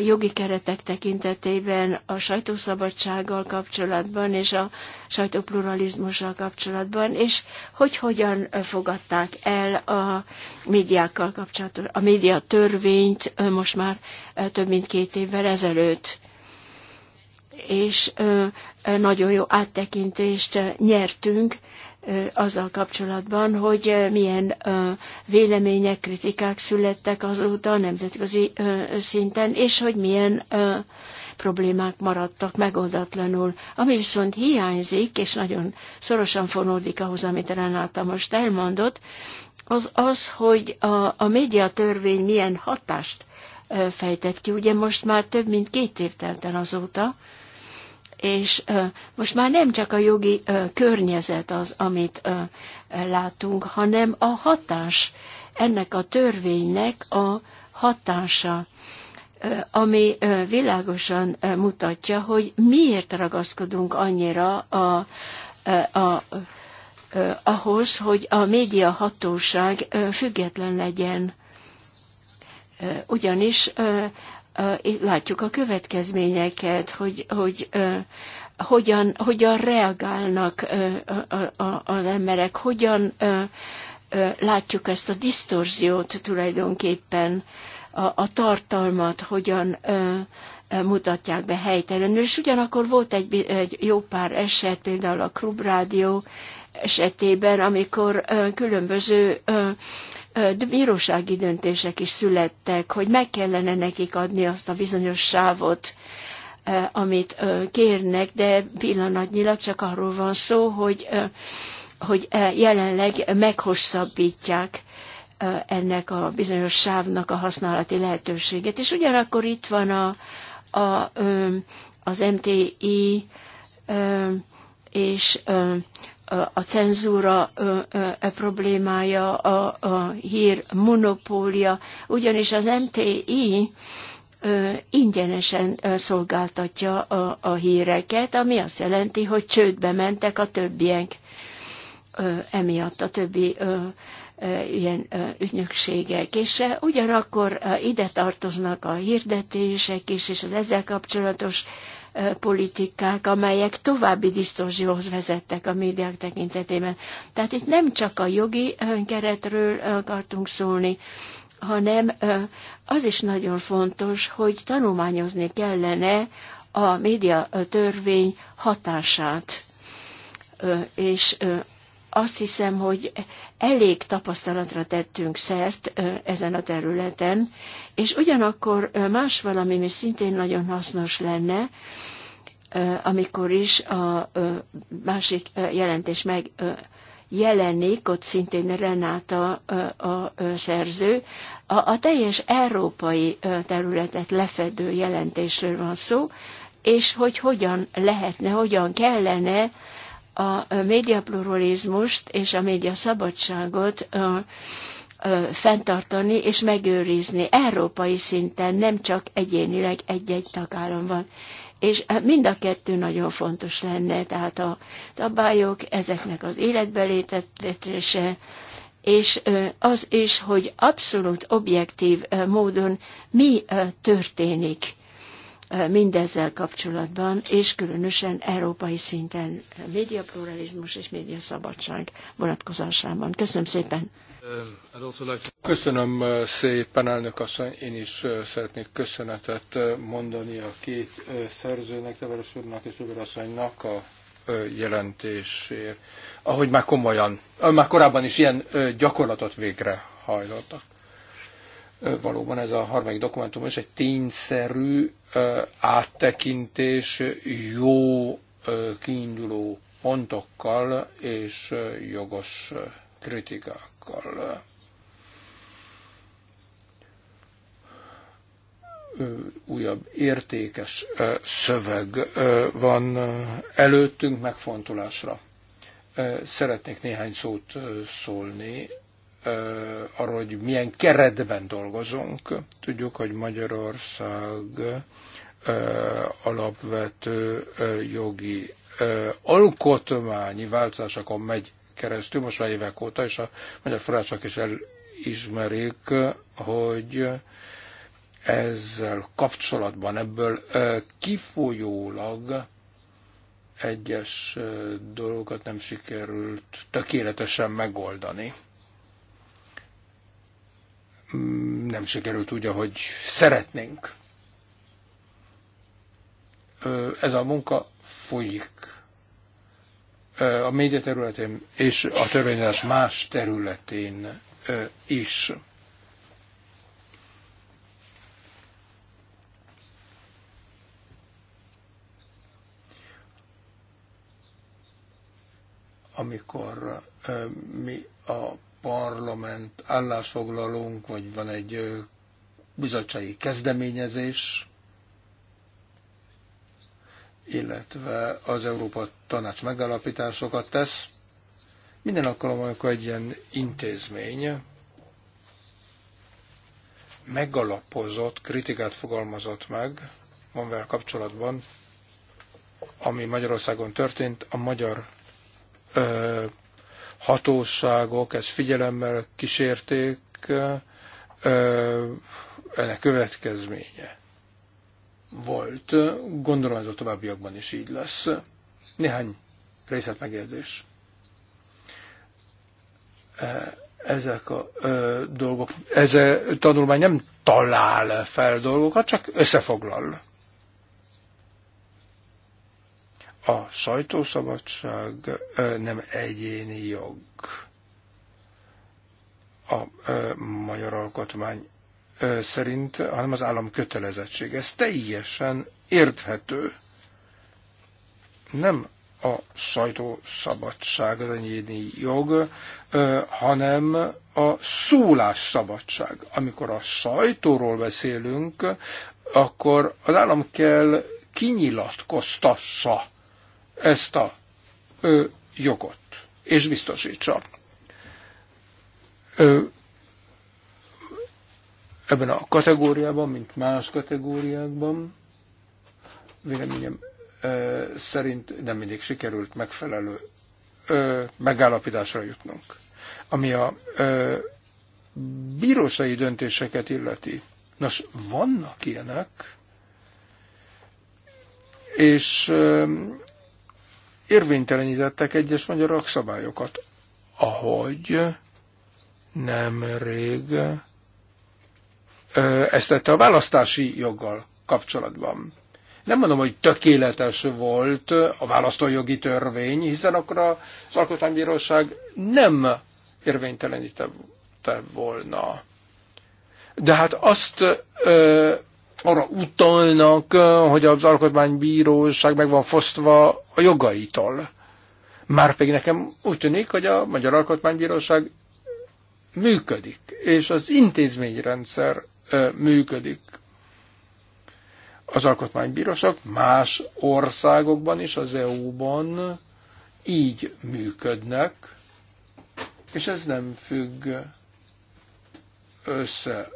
jogi keretek tekintetében, a sajtószabadsággal kapcsolatban és a sajtópluralizmussal kapcsolatban, és hogy hogyan fogadták el a médiákkal kapcsolatban, a média törvényt most már több mint két évvel ezelőtt és nagyon jó áttekintést nyertünk azzal kapcsolatban, hogy milyen vélemények, kritikák születtek azóta a nemzetközi szinten, és hogy milyen problémák maradtak megoldatlanul. Ami viszont hiányzik, és nagyon szorosan fonódik ahhoz, amit Renáta most elmondott, az az, hogy a, a médiatörvény milyen hatást fejtett ki. Ugye most már több mint két év telt el azóta, és most már nem csak a jogi környezet az, amit látunk, hanem a hatás, ennek a törvénynek a hatása, ami világosan mutatja, hogy miért ragaszkodunk annyira a, a, a ahhoz, hogy a média hatóság független legyen. Ugyanis látjuk a következményeket, hogy, hogy hogyan, hogyan reagálnak az emberek, hogyan látjuk ezt a disztorziót tulajdonképpen, a, a tartalmat hogyan mutatják be helytelenül. És ugyanakkor volt egy, egy jó pár eset, például a Klubrádió esetében, amikor különböző bírósági döntések is születtek, hogy meg kellene nekik adni azt a bizonyos sávot, amit kérnek, de pillanatnyilag csak arról van szó, hogy, hogy jelenleg meghosszabbítják ennek a bizonyos sávnak a használati lehetőséget. És ugyanakkor itt van a, a, az MTI és a cenzúra a e problémája, a, a hír monopólia, ugyanis az MTI ingyenesen szolgáltatja a, a híreket, ami azt jelenti, hogy csődbe mentek a többiek emiatt, a többi ilyen ügynökségek. És ugyanakkor ide tartoznak a hirdetések is, és az ezzel kapcsolatos politikák, amelyek további disztorzióhoz vezettek a médiák tekintetében. Tehát itt nem csak a jogi keretről akartunk szólni, hanem az is nagyon fontos, hogy tanulmányozni kellene a média törvény hatását és azt hiszem, hogy elég tapasztalatra tettünk szert ezen a területen, és ugyanakkor más valami, ami szintén nagyon hasznos lenne, amikor is a másik jelentés meg jelenik, ott szintén Renáta a szerző, a, a teljes európai területet lefedő jelentésről van szó, és hogy hogyan lehetne, hogyan kellene a médiapluralizmust és a médiaszabadságot fenntartani és megőrizni európai szinten, nem csak egyénileg egy-egy tagállamban. És mind a kettő nagyon fontos lenne, tehát a szabályok, ezeknek az életbelétetése, és az is, hogy abszolút objektív módon mi történik mindezzel kapcsolatban, és különösen európai szinten médiapluralizmus és médiaszabadság vonatkozásában. Köszönöm szépen! Köszönöm szépen, elnök asszony. Én is szeretnék köszönetet mondani a két szerzőnek, Teveres úrnak és Uber asszonynak a jelentésért. Ahogy már komolyan, már korábban is ilyen gyakorlatot hajlottak valóban ez a harmadik dokumentum is egy tényszerű áttekintés jó kiinduló pontokkal és jogos kritikákkal. újabb értékes szöveg van előttünk megfontolásra. Szeretnék néhány szót szólni arról, hogy milyen keretben dolgozunk. Tudjuk, hogy Magyarország alapvető jogi alkotmányi változásokon megy keresztül, most már évek óta, és a magyar források is elismerik, hogy ezzel kapcsolatban ebből kifolyólag egyes dolgokat nem sikerült tökéletesen megoldani. Mm, nem sikerült úgy, ahogy szeretnénk. Ez a munka folyik a média területén és a törvényes más területén is. Amikor mi a parlament állásfoglalónk, vagy van egy bizottsági kezdeményezés, illetve az Európa Tanács megállapításokat tesz. Minden alkalom, amikor egy ilyen intézmény megalapozott kritikát fogalmazott meg, van vele kapcsolatban, ami Magyarországon történt, a magyar ö, hatóságok ezt figyelemmel kísérték, ennek következménye volt. Gondolom ez a továbbiakban is így lesz. Néhány részletmegjegyzés. Ezek a ö, dolgok, ez a tanulmány nem talál fel dolgokat, csak összefoglal. A sajtószabadság nem egyéni jog. A magyar alkotmány szerint, hanem az állam kötelezettség. Ez teljesen érthető. Nem a sajtószabadság az egyéni jog, hanem a szólásszabadság. Amikor a sajtóról beszélünk, akkor az állam kell kinyilatkoztassa ezt a ö, jogot, és biztosítsa. Ö, ebben a kategóriában, mint más kategóriákban, véleményem ö, szerint nem mindig sikerült megfelelő ö, megállapításra jutnunk. Ami a ö, bírósági döntéseket illeti. Nos, vannak ilyenek, és érvénytelenítettek egyes magyar szabályokat, ahogy nemrég ezt tette a választási joggal kapcsolatban. Nem mondom, hogy tökéletes volt a választójogi törvény, hiszen akkor az alkotmánybíróság nem érvénytelenítette volna. De hát azt ö, arra utalnak, hogy az alkotmánybíróság meg van fosztva a jogaitól. Márpedig nekem úgy tűnik, hogy a Magyar Alkotmánybíróság működik, és az intézményrendszer működik. Az alkotmánybíróság más országokban is, az EU-ban így működnek, és ez nem függ össze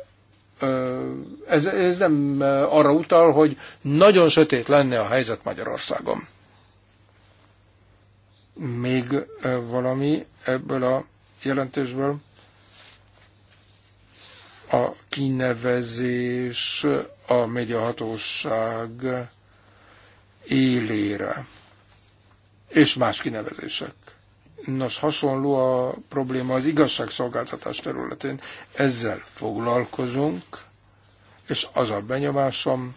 ez, ez nem arra utal, hogy nagyon sötét lenne a helyzet Magyarországon. Még valami ebből a jelentésből? A kinevezés a médiahatóság élére és más kinevezések Nos, hasonló a probléma az igazságszolgáltatás területén. Ezzel foglalkozunk, és az a benyomásom,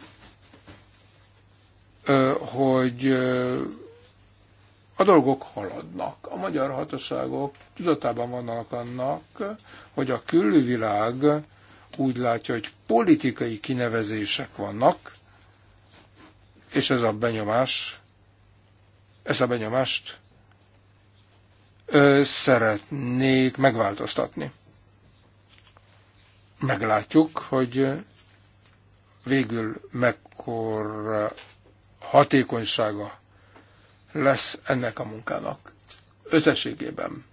hogy a dolgok haladnak. A magyar hatóságok tudatában vannak annak, hogy a külvilág úgy látja, hogy politikai kinevezések vannak, és ez a benyomás, ezt a benyomást szeretnék megváltoztatni. Meglátjuk, hogy végül mekkora hatékonysága lesz ennek a munkának. Összességében.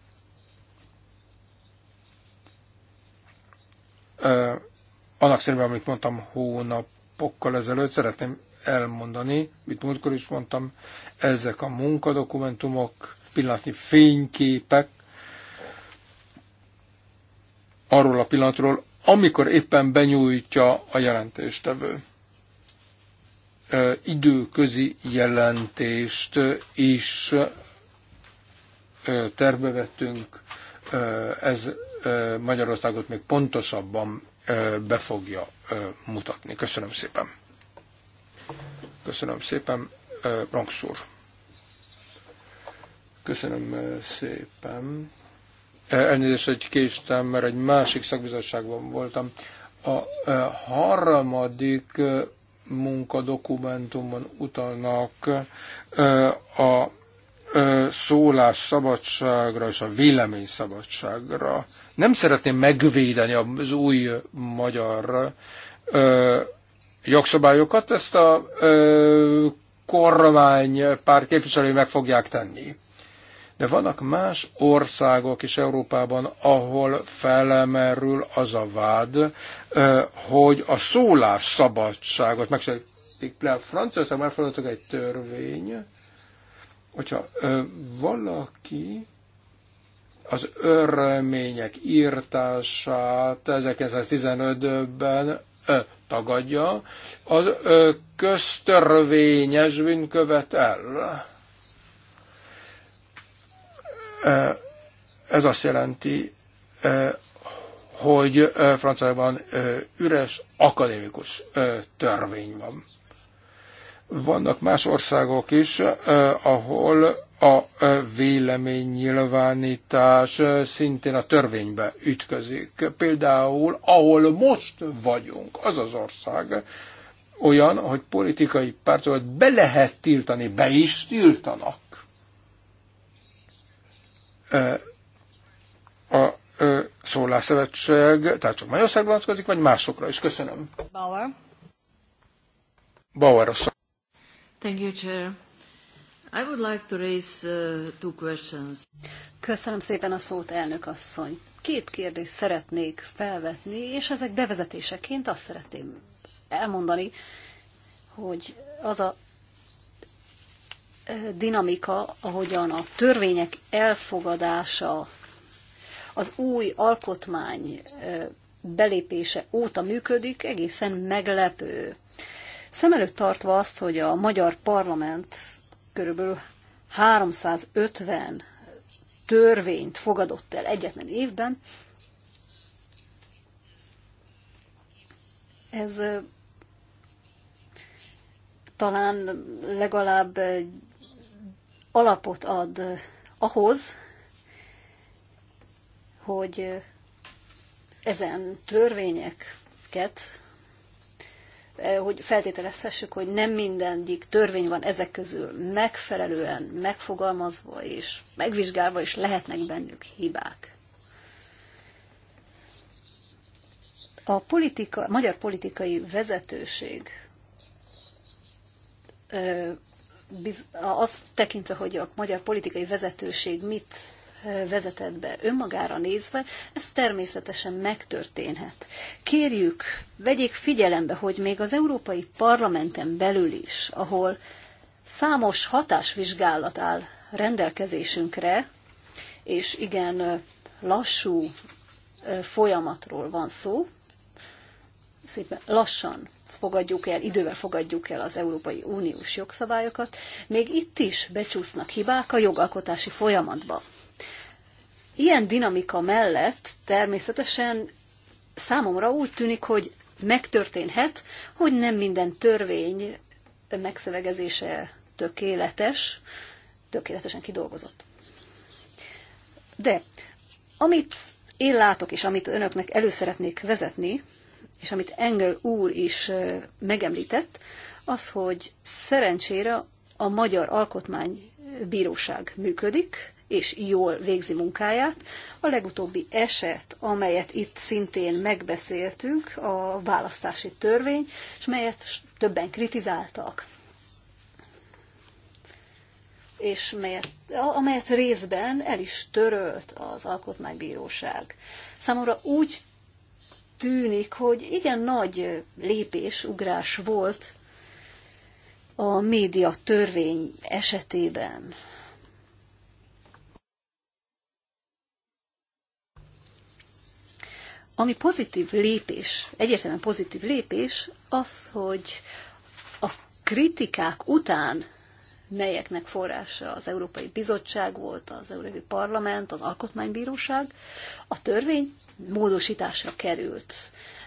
annak szerint, amit mondtam hónapokkal ezelőtt, szeretném elmondani, mit múltkor is mondtam, ezek a munkadokumentumok pillanatnyi fényképek arról a pillanatról, amikor éppen benyújtja a jelentéstevő. Időközi jelentést is tervbe vettünk, ez Magyarországot még pontosabban be fogja mutatni. Köszönöm szépen. Köszönöm szépen, Rankszúr. Köszönöm eh, szépen. Eh, elnézést, hogy késtem, mert egy másik szakbizottságban voltam. A eh, harmadik munkadokumentumban utalnak a szólás szabadságra és a vélemény szabadságra. Nem szeretném megvédeni az új magyar jogszabályokat, ezt a pár képviselői meg fogják tenni. De vannak más országok is Európában, ahol felmerül az a vád, hogy a szólás szólásszabadságot megsértik. Franciaországban elfogadtak egy törvény, hogyha valaki az örmények írtását 1915-ben tagadja, az köztörvényes bűnkövet el. Ez azt jelenti, hogy Franciaországban üres akadémikus törvény van. Vannak más országok is, ahol a véleménynyilvánítás szintén a törvénybe ütközik. Például, ahol most vagyunk, az az ország olyan, hogy politikai pártokat be lehet tiltani, be is tiltanak a szólásszövetség, tehát csak Magyarország vonatkozik, vagy másokra is. Köszönöm. Bauer. Bauer szó. Thank you, Chair. I would like to raise uh, two questions. Köszönöm szépen a szót, elnök asszony. Két kérdést szeretnék felvetni, és ezek bevezetéseként azt szeretném elmondani, hogy az a dinamika, ahogyan a törvények elfogadása az új alkotmány belépése óta működik, egészen meglepő. Szem előtt tartva azt, hogy a magyar parlament körülbelül 350 törvényt fogadott el egyetlen évben, ez talán legalább alapot ad eh, ahhoz, hogy eh, ezen törvényeket, eh, hogy feltételezhessük, hogy nem mindegyik törvény van ezek közül megfelelően megfogalmazva és megvizsgálva, és lehetnek bennük hibák. A politika, magyar politikai vezetőség azt tekintve, hogy a magyar politikai vezetőség mit vezetett be önmagára nézve, ez természetesen megtörténhet. Kérjük, vegyék figyelembe, hogy még az Európai Parlamenten belül is, ahol számos hatásvizsgálat áll rendelkezésünkre, és igen lassú folyamatról van szó, szépen lassan fogadjuk el, idővel fogadjuk el az Európai Uniós jogszabályokat, még itt is becsúsznak hibák a jogalkotási folyamatba. Ilyen dinamika mellett természetesen számomra úgy tűnik, hogy megtörténhet, hogy nem minden törvény megszövegezése tökéletes, tökéletesen kidolgozott. De amit én látok, és amit önöknek elő szeretnék vezetni, és amit Engel úr is megemlített, az, hogy szerencsére a Magyar Alkotmánybíróság működik, és jól végzi munkáját. A legutóbbi eset, amelyet itt szintén megbeszéltünk, a választási törvény, és melyet többen kritizáltak, és melyet, amelyet részben el is törölt az Alkotmánybíróság. Számomra úgy tűnik, hogy igen nagy lépés, ugrás volt a média törvény esetében. Ami pozitív lépés, egyértelműen pozitív lépés, az, hogy a kritikák után melyeknek forrása az Európai Bizottság volt, az Európai Parlament, az Alkotmánybíróság, a törvény módosításra került.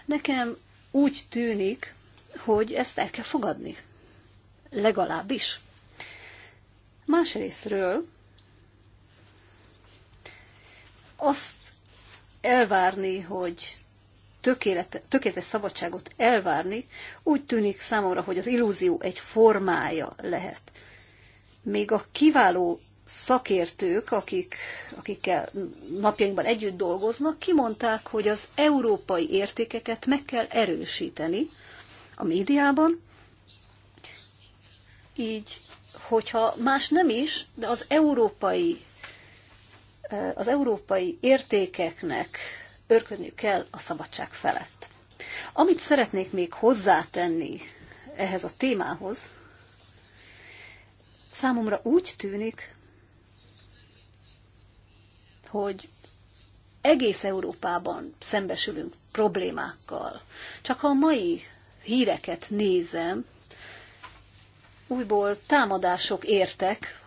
Nekem úgy tűnik, hogy ezt el kell fogadni. Legalábbis. Másrésztről azt elvárni, hogy tökéletes, tökéletes szabadságot elvárni, úgy tűnik számomra, hogy az illúzió egy formája lehet még a kiváló szakértők, akik, akikkel napjainkban együtt dolgoznak, kimondták, hogy az európai értékeket meg kell erősíteni a médiában, így, hogyha más nem is, de az európai, az európai értékeknek örködniük kell a szabadság felett. Amit szeretnék még hozzátenni ehhez a témához, Számomra úgy tűnik, hogy egész Európában szembesülünk problémákkal. Csak ha a mai híreket nézem, újból támadások értek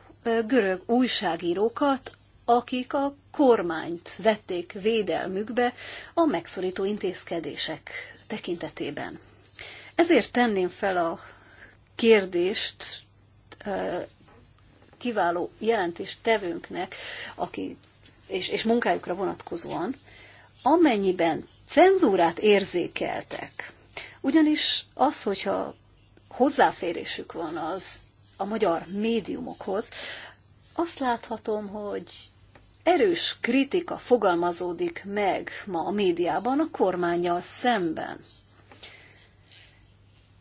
görög újságírókat, akik a kormányt vették védelmükbe a megszorító intézkedések tekintetében. Ezért tenném fel a kérdést kiváló jelentéstevőnknek, tevőnknek, aki, és, és munkájukra vonatkozóan, amennyiben cenzúrát érzékeltek, ugyanis az, hogyha hozzáférésük van az a magyar médiumokhoz, azt láthatom, hogy erős kritika fogalmazódik meg ma a médiában a kormányjal szemben.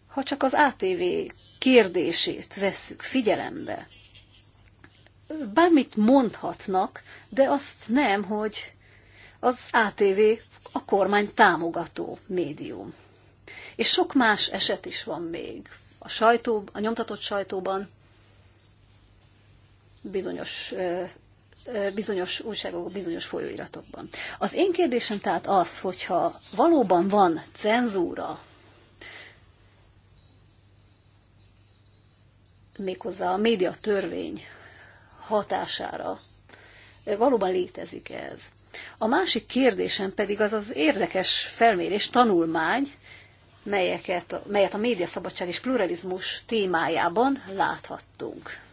Ha csak az ATV kérdését vesszük figyelembe, bármit mondhatnak, de azt nem, hogy az ATV a kormány támogató médium. És sok más eset is van még. A sajtó, a nyomtatott sajtóban bizonyos bizonyos újságok, bizonyos folyóiratokban. Az én kérdésem tehát az, hogyha valóban van cenzúra, méghozzá a médiatörvény hatására. Valóban létezik ez. A másik kérdésem pedig az az érdekes felmérés, tanulmány, melyeket, melyet a médiaszabadság és pluralizmus témájában láthattunk.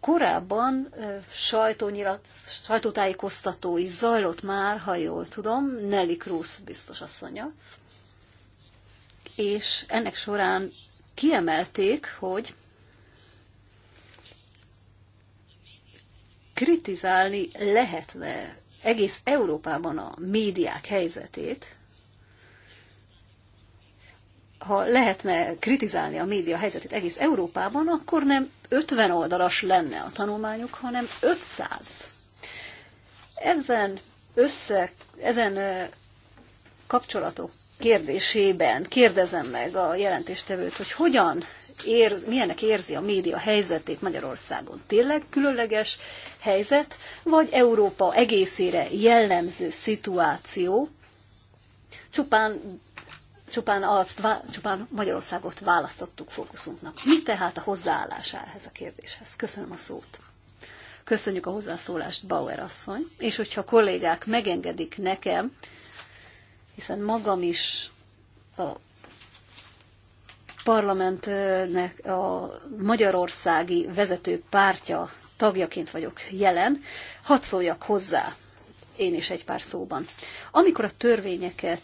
Korábban sajtónyilat, sajtótájékoztató is zajlott már, ha jól tudom, Nelly Cruz biztos asszonya, és ennek során kiemelték, hogy kritizálni lehetne egész Európában a médiák helyzetét, ha lehetne kritizálni a média helyzetét egész Európában, akkor nem 50 oldalas lenne a tanulmányuk, hanem 500. Ezen, össze, ezen kapcsolatok kérdésében kérdezem meg a jelentéstevőt, hogy hogyan érz, milyennek érzi a média helyzetét Magyarországon. Tényleg különleges helyzet, vagy Európa egészére jellemző szituáció, csupán, csupán, azt, csupán Magyarországot választottuk fókuszunknak. Mi tehát a hozzáállása ehhez a kérdéshez? Köszönöm a szót. Köszönjük a hozzászólást, Bauer asszony, és hogyha a kollégák megengedik nekem, hiszen magam is a parlamentnek a magyarországi vezető pártja tagjaként vagyok jelen, hadd szóljak hozzá én is egy pár szóban. Amikor a törvényeket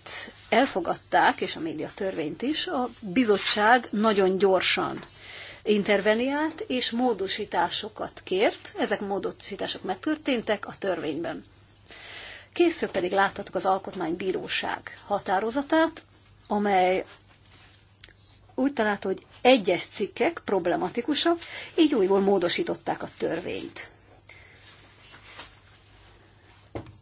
elfogadták, és a média törvényt is, a bizottság nagyon gyorsan interveniált, és módosításokat kért. Ezek módosítások megtörténtek a törvényben. Később pedig láthatok az Alkotmánybíróság határozatát, amely úgy találta, hogy egyes cikkek problematikusak, így újból módosították a törvényt.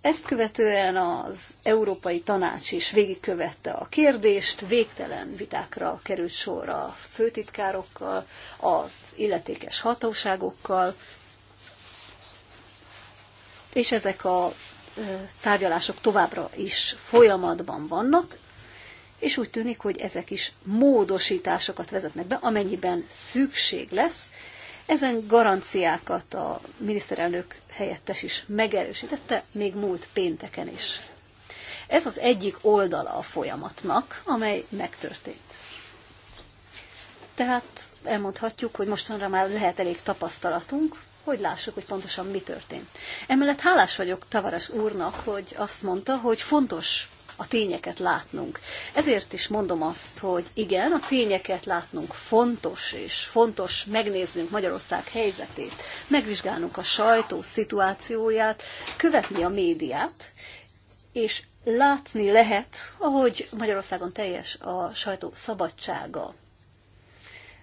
Ezt követően az Európai Tanács is végigkövette a kérdést, végtelen vitákra került sor a főtitkárokkal, az illetékes hatóságokkal, és ezek a tárgyalások továbbra is folyamatban vannak, és úgy tűnik, hogy ezek is módosításokat vezetnek be, amennyiben szükség lesz. Ezen garanciákat a miniszterelnök helyettes is megerősítette, még múlt pénteken is. Ez az egyik oldala a folyamatnak, amely megtörtént. Tehát elmondhatjuk, hogy mostanra már lehet elég tapasztalatunk, hogy lássuk, hogy pontosan mi történt. Emellett hálás vagyok Tavares úrnak, hogy azt mondta, hogy fontos a tényeket látnunk. Ezért is mondom azt, hogy igen, a tényeket látnunk fontos, és fontos megnéznünk Magyarország helyzetét, megvizsgálnunk a sajtó szituációját, követni a médiát, és látni lehet, ahogy Magyarországon teljes a sajtó szabadsága.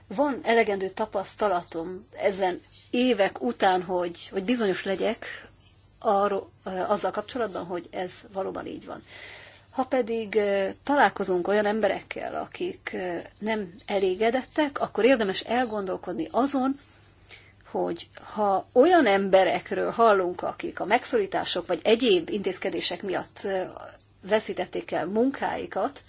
Van elegendő tapasztalatom ezen évek után, hogy, hogy bizonyos legyek arról, azzal kapcsolatban, hogy ez valóban így van. Ha pedig találkozunk olyan emberekkel, akik nem elégedettek, akkor érdemes elgondolkodni azon, hogy ha olyan emberekről hallunk, akik a megszorítások vagy egyéb intézkedések miatt veszítették el munkáikat,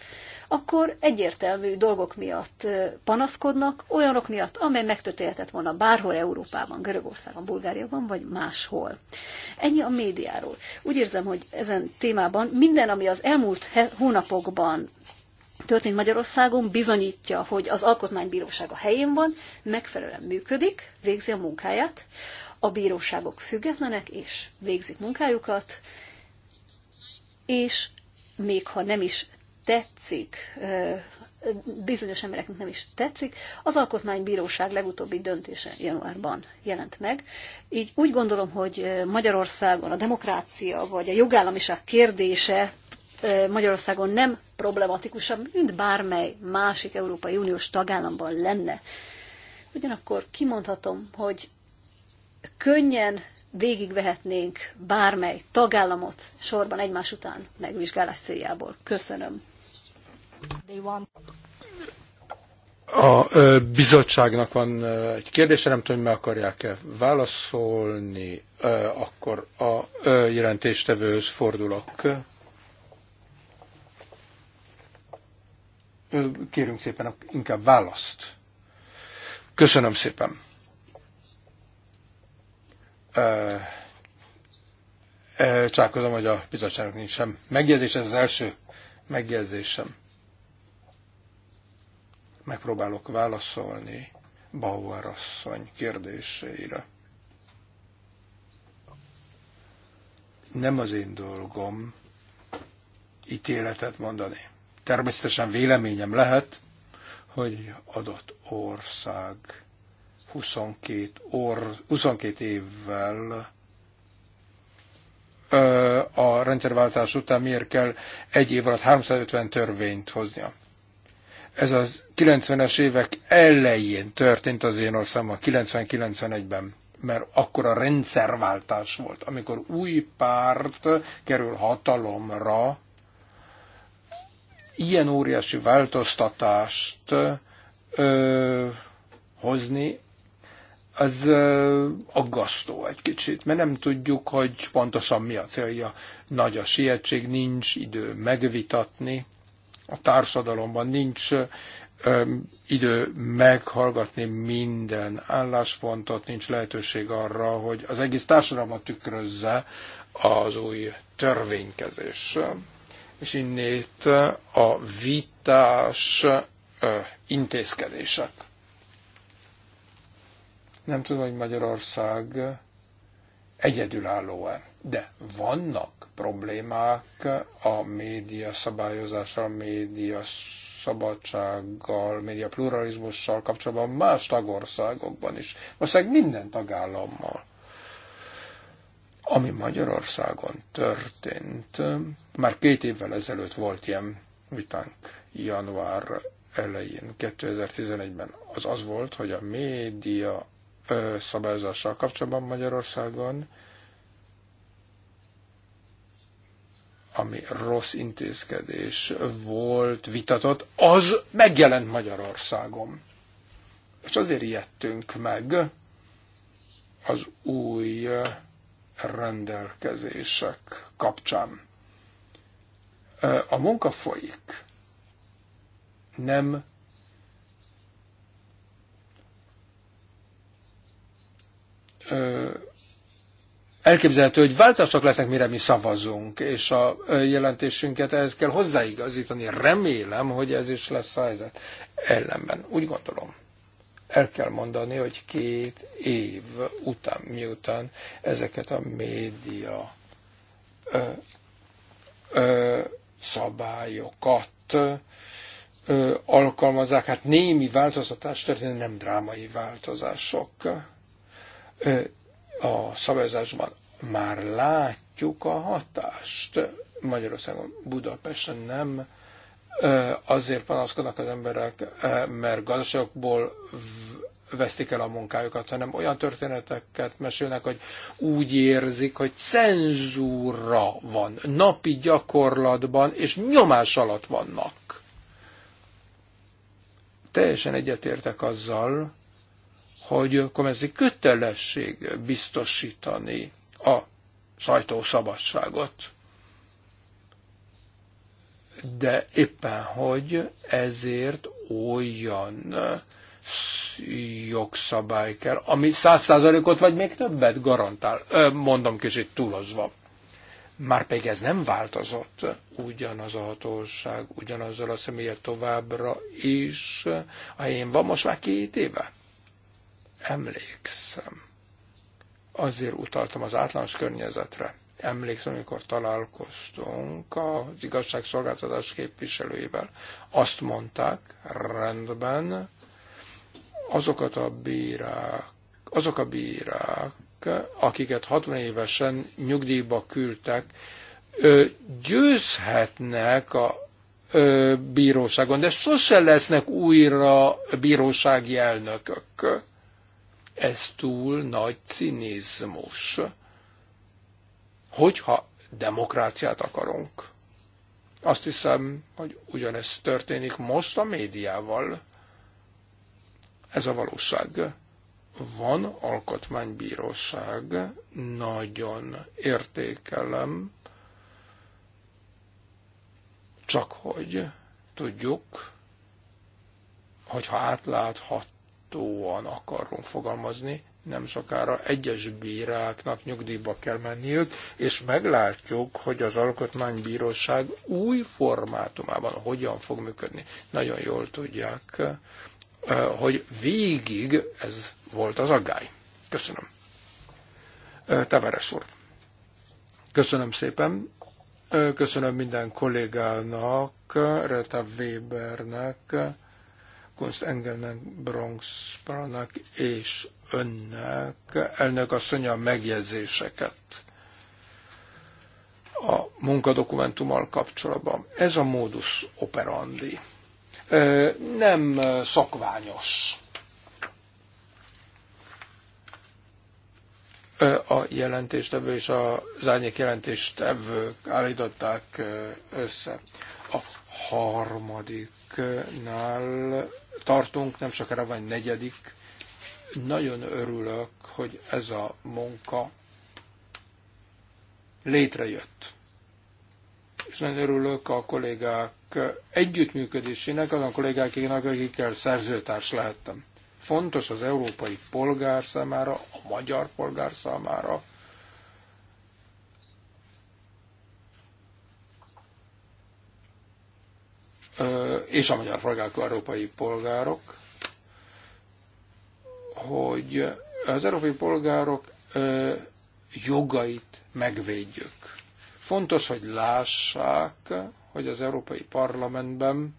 akkor egyértelmű dolgok miatt panaszkodnak, olyanok miatt, amely megtörténhetett volna bárhol Európában, Görögországban, Bulgáriában, vagy máshol. Ennyi a médiáról. Úgy érzem, hogy ezen témában minden, ami az elmúlt hónapokban történt Magyarországon, bizonyítja, hogy az alkotmánybíróság a helyén van, megfelelően működik, végzi a munkáját, a bíróságok függetlenek, és végzik munkájukat, és még ha nem is tetszik, bizonyos embereknek nem is tetszik, az Alkotmánybíróság legutóbbi döntése januárban jelent meg. Így úgy gondolom, hogy Magyarországon a demokrácia vagy a jogállamiság kérdése Magyarországon nem problematikusabb, mint bármely másik Európai Uniós tagállamban lenne. Ugyanakkor kimondhatom, hogy könnyen végigvehetnénk bármely tagállamot sorban egymás után megvizsgálás céljából. Köszönöm. A bizottságnak van egy kérdése, nem tudom, hogy meg akarják-e válaszolni, akkor a jelentéstevőhöz fordulok. Kérünk szépen inkább választ. Köszönöm szépen. csákozom, hogy a bizottságnak nincs sem megjegyzés, ez az első megjegyzésem. Megpróbálok válaszolni Bauer asszony kérdéseire. Nem az én dolgom ítéletet mondani. Természetesen véleményem lehet, hogy adott ország 22, or, 22 évvel a rendszerváltás után miért kell egy év alatt 350 törvényt hoznia. Ez az 90-es évek elején történt az én a 90-91-ben mert akkor a rendszerváltás volt. Amikor új párt kerül hatalomra, ilyen óriási változtatást ö, hozni, az ö, aggasztó egy kicsit, mert nem tudjuk, hogy pontosan mi a célja. Nagy a sietség, nincs idő megvitatni. A társadalomban nincs idő meghallgatni minden álláspontot, nincs lehetőség arra, hogy az egész társadalmat tükrözze az új törvénykezés. És innét a vitás intézkedések. Nem tudom, hogy Magyarország egyedülálló-e de vannak problémák a média szabályozással, média szabadsággal, média pluralizmussal kapcsolatban más tagországokban is, valószínűleg minden tagállammal. Ami Magyarországon történt, már két évvel ezelőtt volt ilyen vitánk január elején, 2011-ben, az az volt, hogy a média szabályozással kapcsolatban Magyarországon ami rossz intézkedés volt, vitatott, az megjelent Magyarországon. És azért ijedtünk meg az új rendelkezések kapcsán. A munka folyik. Nem ö, elképzelhető, hogy változások lesznek, mire mi szavazunk, és a jelentésünket ehhez kell hozzáigazítani. Remélem, hogy ez is lesz a helyzet. Ellenben úgy gondolom, el kell mondani, hogy két év után, miután ezeket a média ö, ö, szabályokat ö, alkalmazzák, hát némi változtatás történik, nem drámai változások. Ö, a szabályozásban már látjuk a hatást. Magyarországon, Budapesten nem azért panaszkodnak az emberek, mert gazdaságokból vesztik el a munkájukat, hanem olyan történeteket mesélnek, hogy úgy érzik, hogy cenzúra van, napi gyakorlatban, és nyomás alatt vannak. Teljesen egyetértek azzal, hogy a kötelesség biztosítani a sajtószabadságot. De éppen, hogy ezért olyan jogszabály kell, ami száz százalékot vagy még többet garantál, mondom kicsit túlozva. Már pedig ez nem változott. Ugyanaz a hatóság, ugyanazzal a személye továbbra is a helyén van most már két éve. Emlékszem. Azért utaltam az általános környezetre. Emlékszem, amikor találkoztunk az igazságszolgáltatás képviselőivel. Azt mondták, rendben, azokat a bírák, azok a bírák, akiket 60 évesen nyugdíjba küldtek, győzhetnek a bíróságon, de sose lesznek újra bírósági elnökök. Ez túl nagy cinizmus, hogyha demokráciát akarunk. Azt hiszem, hogy ugyanez történik most a médiával. Ez a valóság. Van alkotmánybíróság, nagyon értékelem, csak hogy tudjuk, hogyha átláthat támogatóan akarom fogalmazni, nem sokára egyes bíráknak nyugdíjba kell menniük, és meglátjuk, hogy az alkotmánybíróság új formátumában hogyan fog működni. Nagyon jól tudják, eh, hogy végig ez volt az aggály. Köszönöm. Eh, Teveres úr. Köszönöm szépen. Eh, Köszönöm minden kollégának, Reta Webernek, Kunst Engelnek, Bronx Paranak és önnek, elnök asszony a megjegyzéseket a munkadokumentummal kapcsolatban. Ez a módus operandi. Nem szakványos. A jelentéstevő és az árnyék jelentéstevők állították össze. A harmadik harmadiknál tartunk, nem sokára van negyedik. Nagyon örülök, hogy ez a munka létrejött. És nagyon örülök a kollégák együttműködésének, azon kollégáknak, akikkel szerzőtárs lehettem. Fontos az európai polgár számára, a magyar polgár számára, és a magyar polgárok, európai polgárok, hogy az európai polgárok jogait megvédjük. Fontos, hogy lássák, hogy az Európai Parlamentben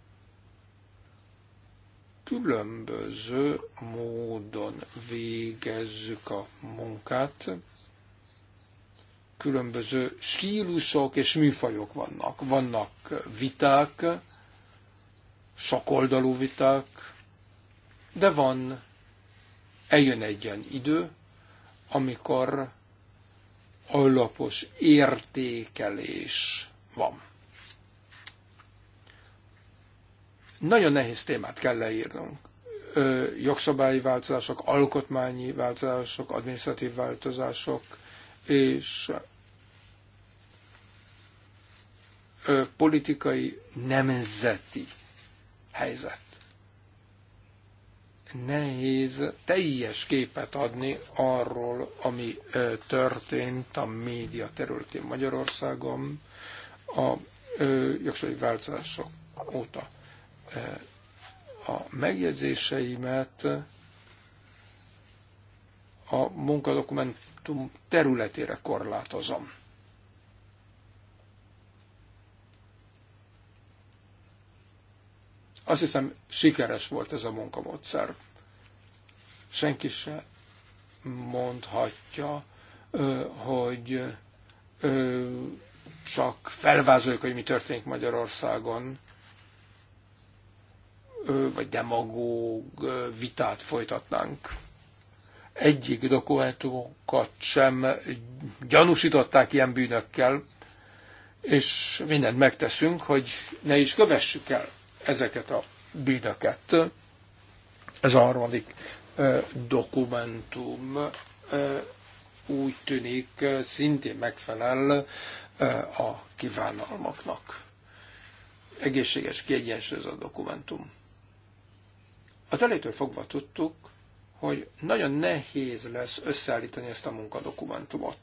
különböző módon végezzük a munkát, különböző stílusok és műfajok vannak. Vannak viták, sokoldalú viták, de van, eljön egy ilyen idő, amikor alapos értékelés van. Nagyon nehéz témát kell leírnunk. Ö, jogszabályi változások, alkotmányi változások, adminisztratív változások, és ö, politikai nemzeti helyzet. Nehéz teljes képet adni arról, ami történt a média területén Magyarországon a változások óta. A megjegyzéseimet a munkadokumentum területére korlátozom. Azt hiszem, sikeres volt ez a munkamódszer. Senki se mondhatja, hogy csak felvázoljuk, hogy mi történik Magyarországon, vagy demagóg vitát folytatnánk. Egyik dokumentumokat sem gyanúsították ilyen bűnökkel, és mindent megteszünk, hogy ne is kövessük el ezeket a bűnöket. Ez a harmadik dokumentum úgy tűnik szintén megfelel a kívánalmaknak. Egészséges, kiegyensúlyozott dokumentum. Az elétől fogva tudtuk, hogy nagyon nehéz lesz összeállítani ezt a munkadokumentumot.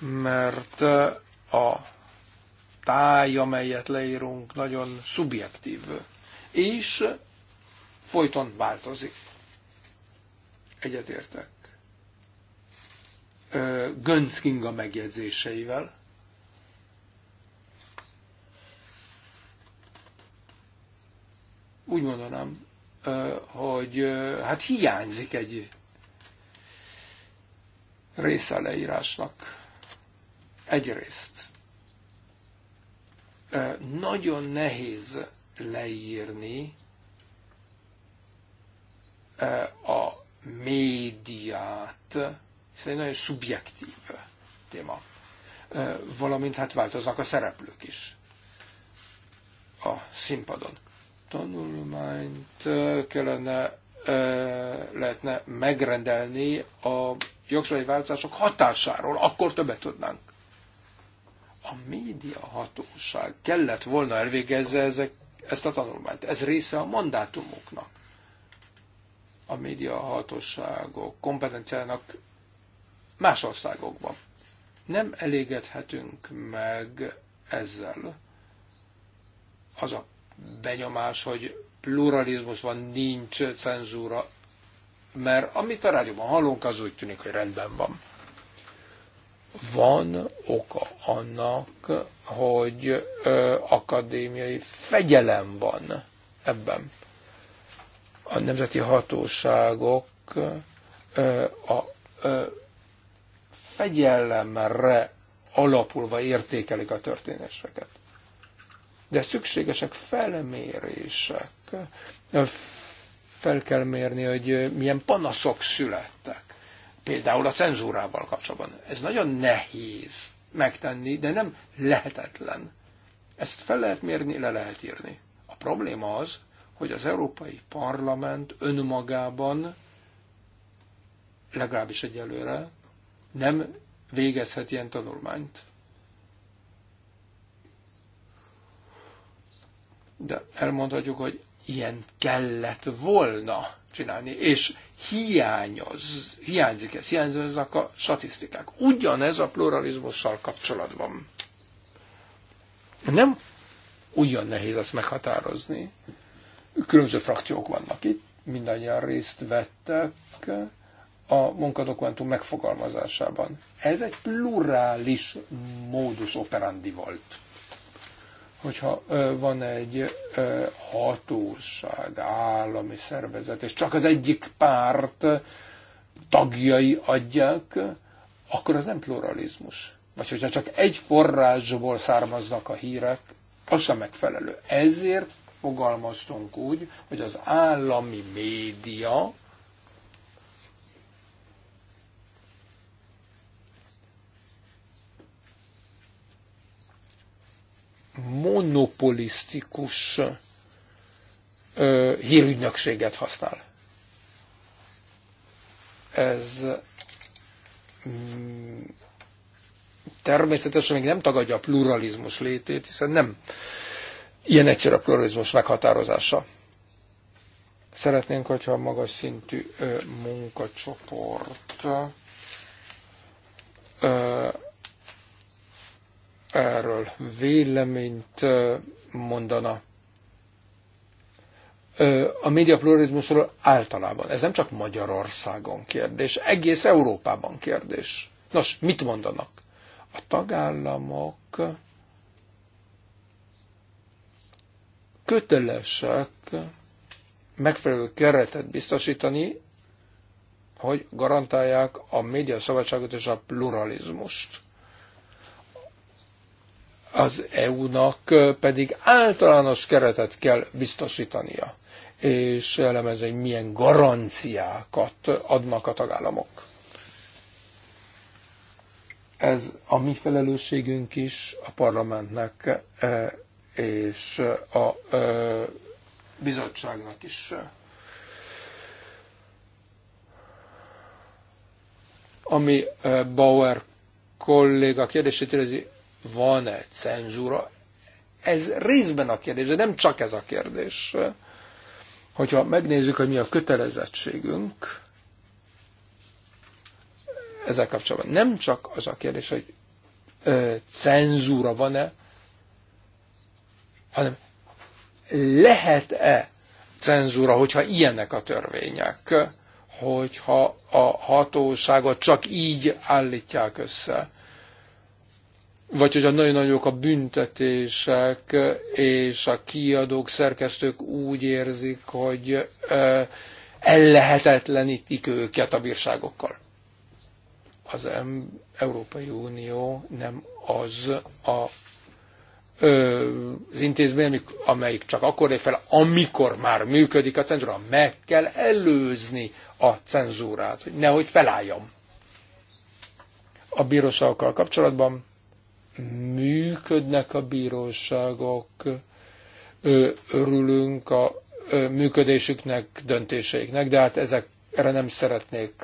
Mert a táj, amelyet leírunk, nagyon szubjektív, és folyton változik. Egyetértek. Gönc Kinga megjegyzéseivel. Úgy mondanám, hogy hát hiányzik egy része leírásnak. Egyrészt nagyon nehéz leírni a médiát, hiszen egy nagyon szubjektív téma. Valamint hát változnak a szereplők is a színpadon. Tanulmányt kellene lehetne megrendelni a jogszabályi változások hatásáról, akkor többet tudnánk. A média hatóság kellett volna elvégezze ezek, ezt a tanulmányt. Ez része a mandátumoknak. A média hatóságok kompetenciának más országokban. Nem elégedhetünk meg ezzel. Az a benyomás, hogy pluralizmus van, nincs cenzúra, mert amit a rádióban hallunk, az úgy tűnik, hogy rendben van van oka annak, hogy ö, akadémiai fegyelem van ebben. A nemzeti hatóságok ö, a ö, fegyelemre alapulva értékelik a történéseket. De szükségesek felmérések. Fel kell mérni, hogy milyen panaszok születtek például a cenzúrával kapcsolatban. Ez nagyon nehéz megtenni, de nem lehetetlen. Ezt fel lehet mérni, le lehet írni. A probléma az, hogy az Európai Parlament önmagában, legalábbis egyelőre, nem végezhet ilyen tanulmányt. De elmondhatjuk, hogy ilyen kellett volna csinálni, és hiányoz, hiányzik ez, hiányoznak a statisztikák. Ugyanez a pluralizmussal kapcsolatban. Nem ugyan nehéz ezt meghatározni. Különböző frakciók vannak itt, mindannyian részt vettek a munkadokumentum megfogalmazásában. Ez egy plurális módus operandi volt hogyha van egy hatóság, állami szervezet, és csak az egyik párt tagjai adják, akkor az nem pluralizmus. Vagy hogyha csak egy forrásból származnak a hírek, az sem megfelelő. Ezért fogalmaztunk úgy, hogy az állami média monopolisztikus hírügynökséget használ. Ez mm, természetesen még nem tagadja a pluralizmus létét, hiszen nem ilyen egyszerű a pluralizmus meghatározása. Szeretnénk, hogyha a magas szintű munkacsoport erről véleményt mondana. A média pluralizmusról általában, ez nem csak Magyarországon kérdés, egész Európában kérdés. Nos, mit mondanak? A tagállamok kötelesek megfelelő keretet biztosítani, hogy garantálják a média szabadságot és a pluralizmust az EU-nak pedig általános keretet kell biztosítania, és elemezni, hogy milyen garanciákat adnak a tagállamok. Ez a mi felelősségünk is a parlamentnek és a bizottságnak is. Ami Bauer kolléga kérdését illeti, van-e cenzúra, ez részben a kérdés, de nem csak ez a kérdés. Hogyha megnézzük, hogy mi a kötelezettségünk ezzel kapcsolatban, nem csak az a kérdés, hogy ö, cenzúra van-e, hanem lehet-e cenzúra, hogyha ilyenek a törvények, hogyha a hatóságot csak így állítják össze vagy hogy a nagyon nagyok a büntetések, és a kiadók, szerkesztők úgy érzik, hogy ellehetetlenítik őket a bírságokkal. Az Európai Unió nem az a az intézmény, amelyik csak akkor lép fel, amikor már működik a cenzúra. Meg kell előzni a cenzúrát, hogy nehogy felálljam. A bíróságokkal kapcsolatban működnek a bíróságok, örülünk a működésüknek, döntéseiknek, de hát ezek erre nem szeretnék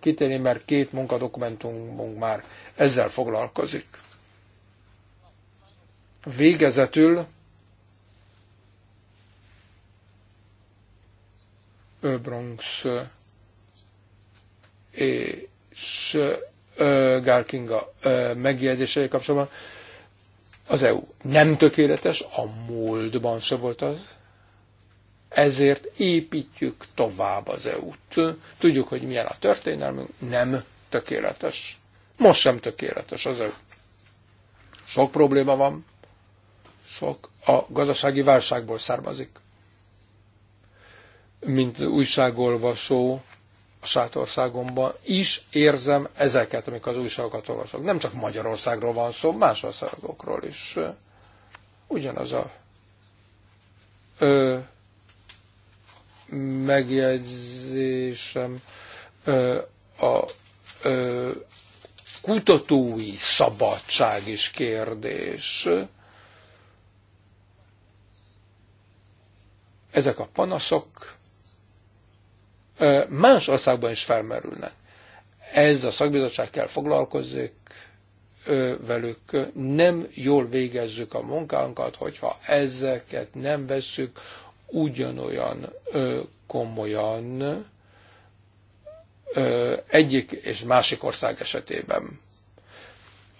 kitérni, mert két munkadokumentumunk már ezzel foglalkozik. Végezetül Öbronx és Gál Kinga megjegyzései kapcsolatban. Az EU nem tökéletes, a múltban se volt az. Ezért építjük tovább az EU-t. Tudjuk, hogy milyen a történelmünk, nem tökéletes. Most sem tökéletes az EU. Sok probléma van, sok a gazdasági válságból származik. Mint újságolvasó, saját országomban is érzem ezeket, amik az újságokat olvasok. Nem csak Magyarországról van szó, más országokról is. Ugyanaz a ö, megjegyzésem ö, a ö, kutatói szabadság is kérdés. Ezek a panaszok más országban is felmerülnek. Ez a szakbizottság kell foglalkozzék velük, nem jól végezzük a munkánkat, hogyha ezeket nem vesszük ugyanolyan komolyan egyik és másik ország esetében.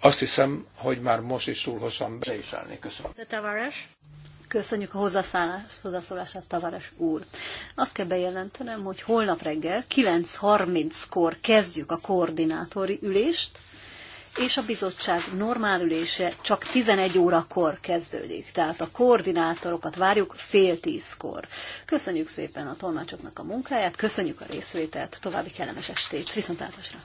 Azt hiszem, hogy már most is túl hosszan be is állni. Köszönöm. Köszönjük a hozzászólását, Tavares úr. Azt kell bejelentenem, hogy holnap reggel 9.30-kor kezdjük a koordinátori ülést, és a bizottság normál ülése csak 11 órakor kezdődik, tehát a koordinátorokat várjuk fél tízkor. Köszönjük szépen a tolmácsoknak a munkáját, köszönjük a részvételt, további kellemes estét, viszontlátásra!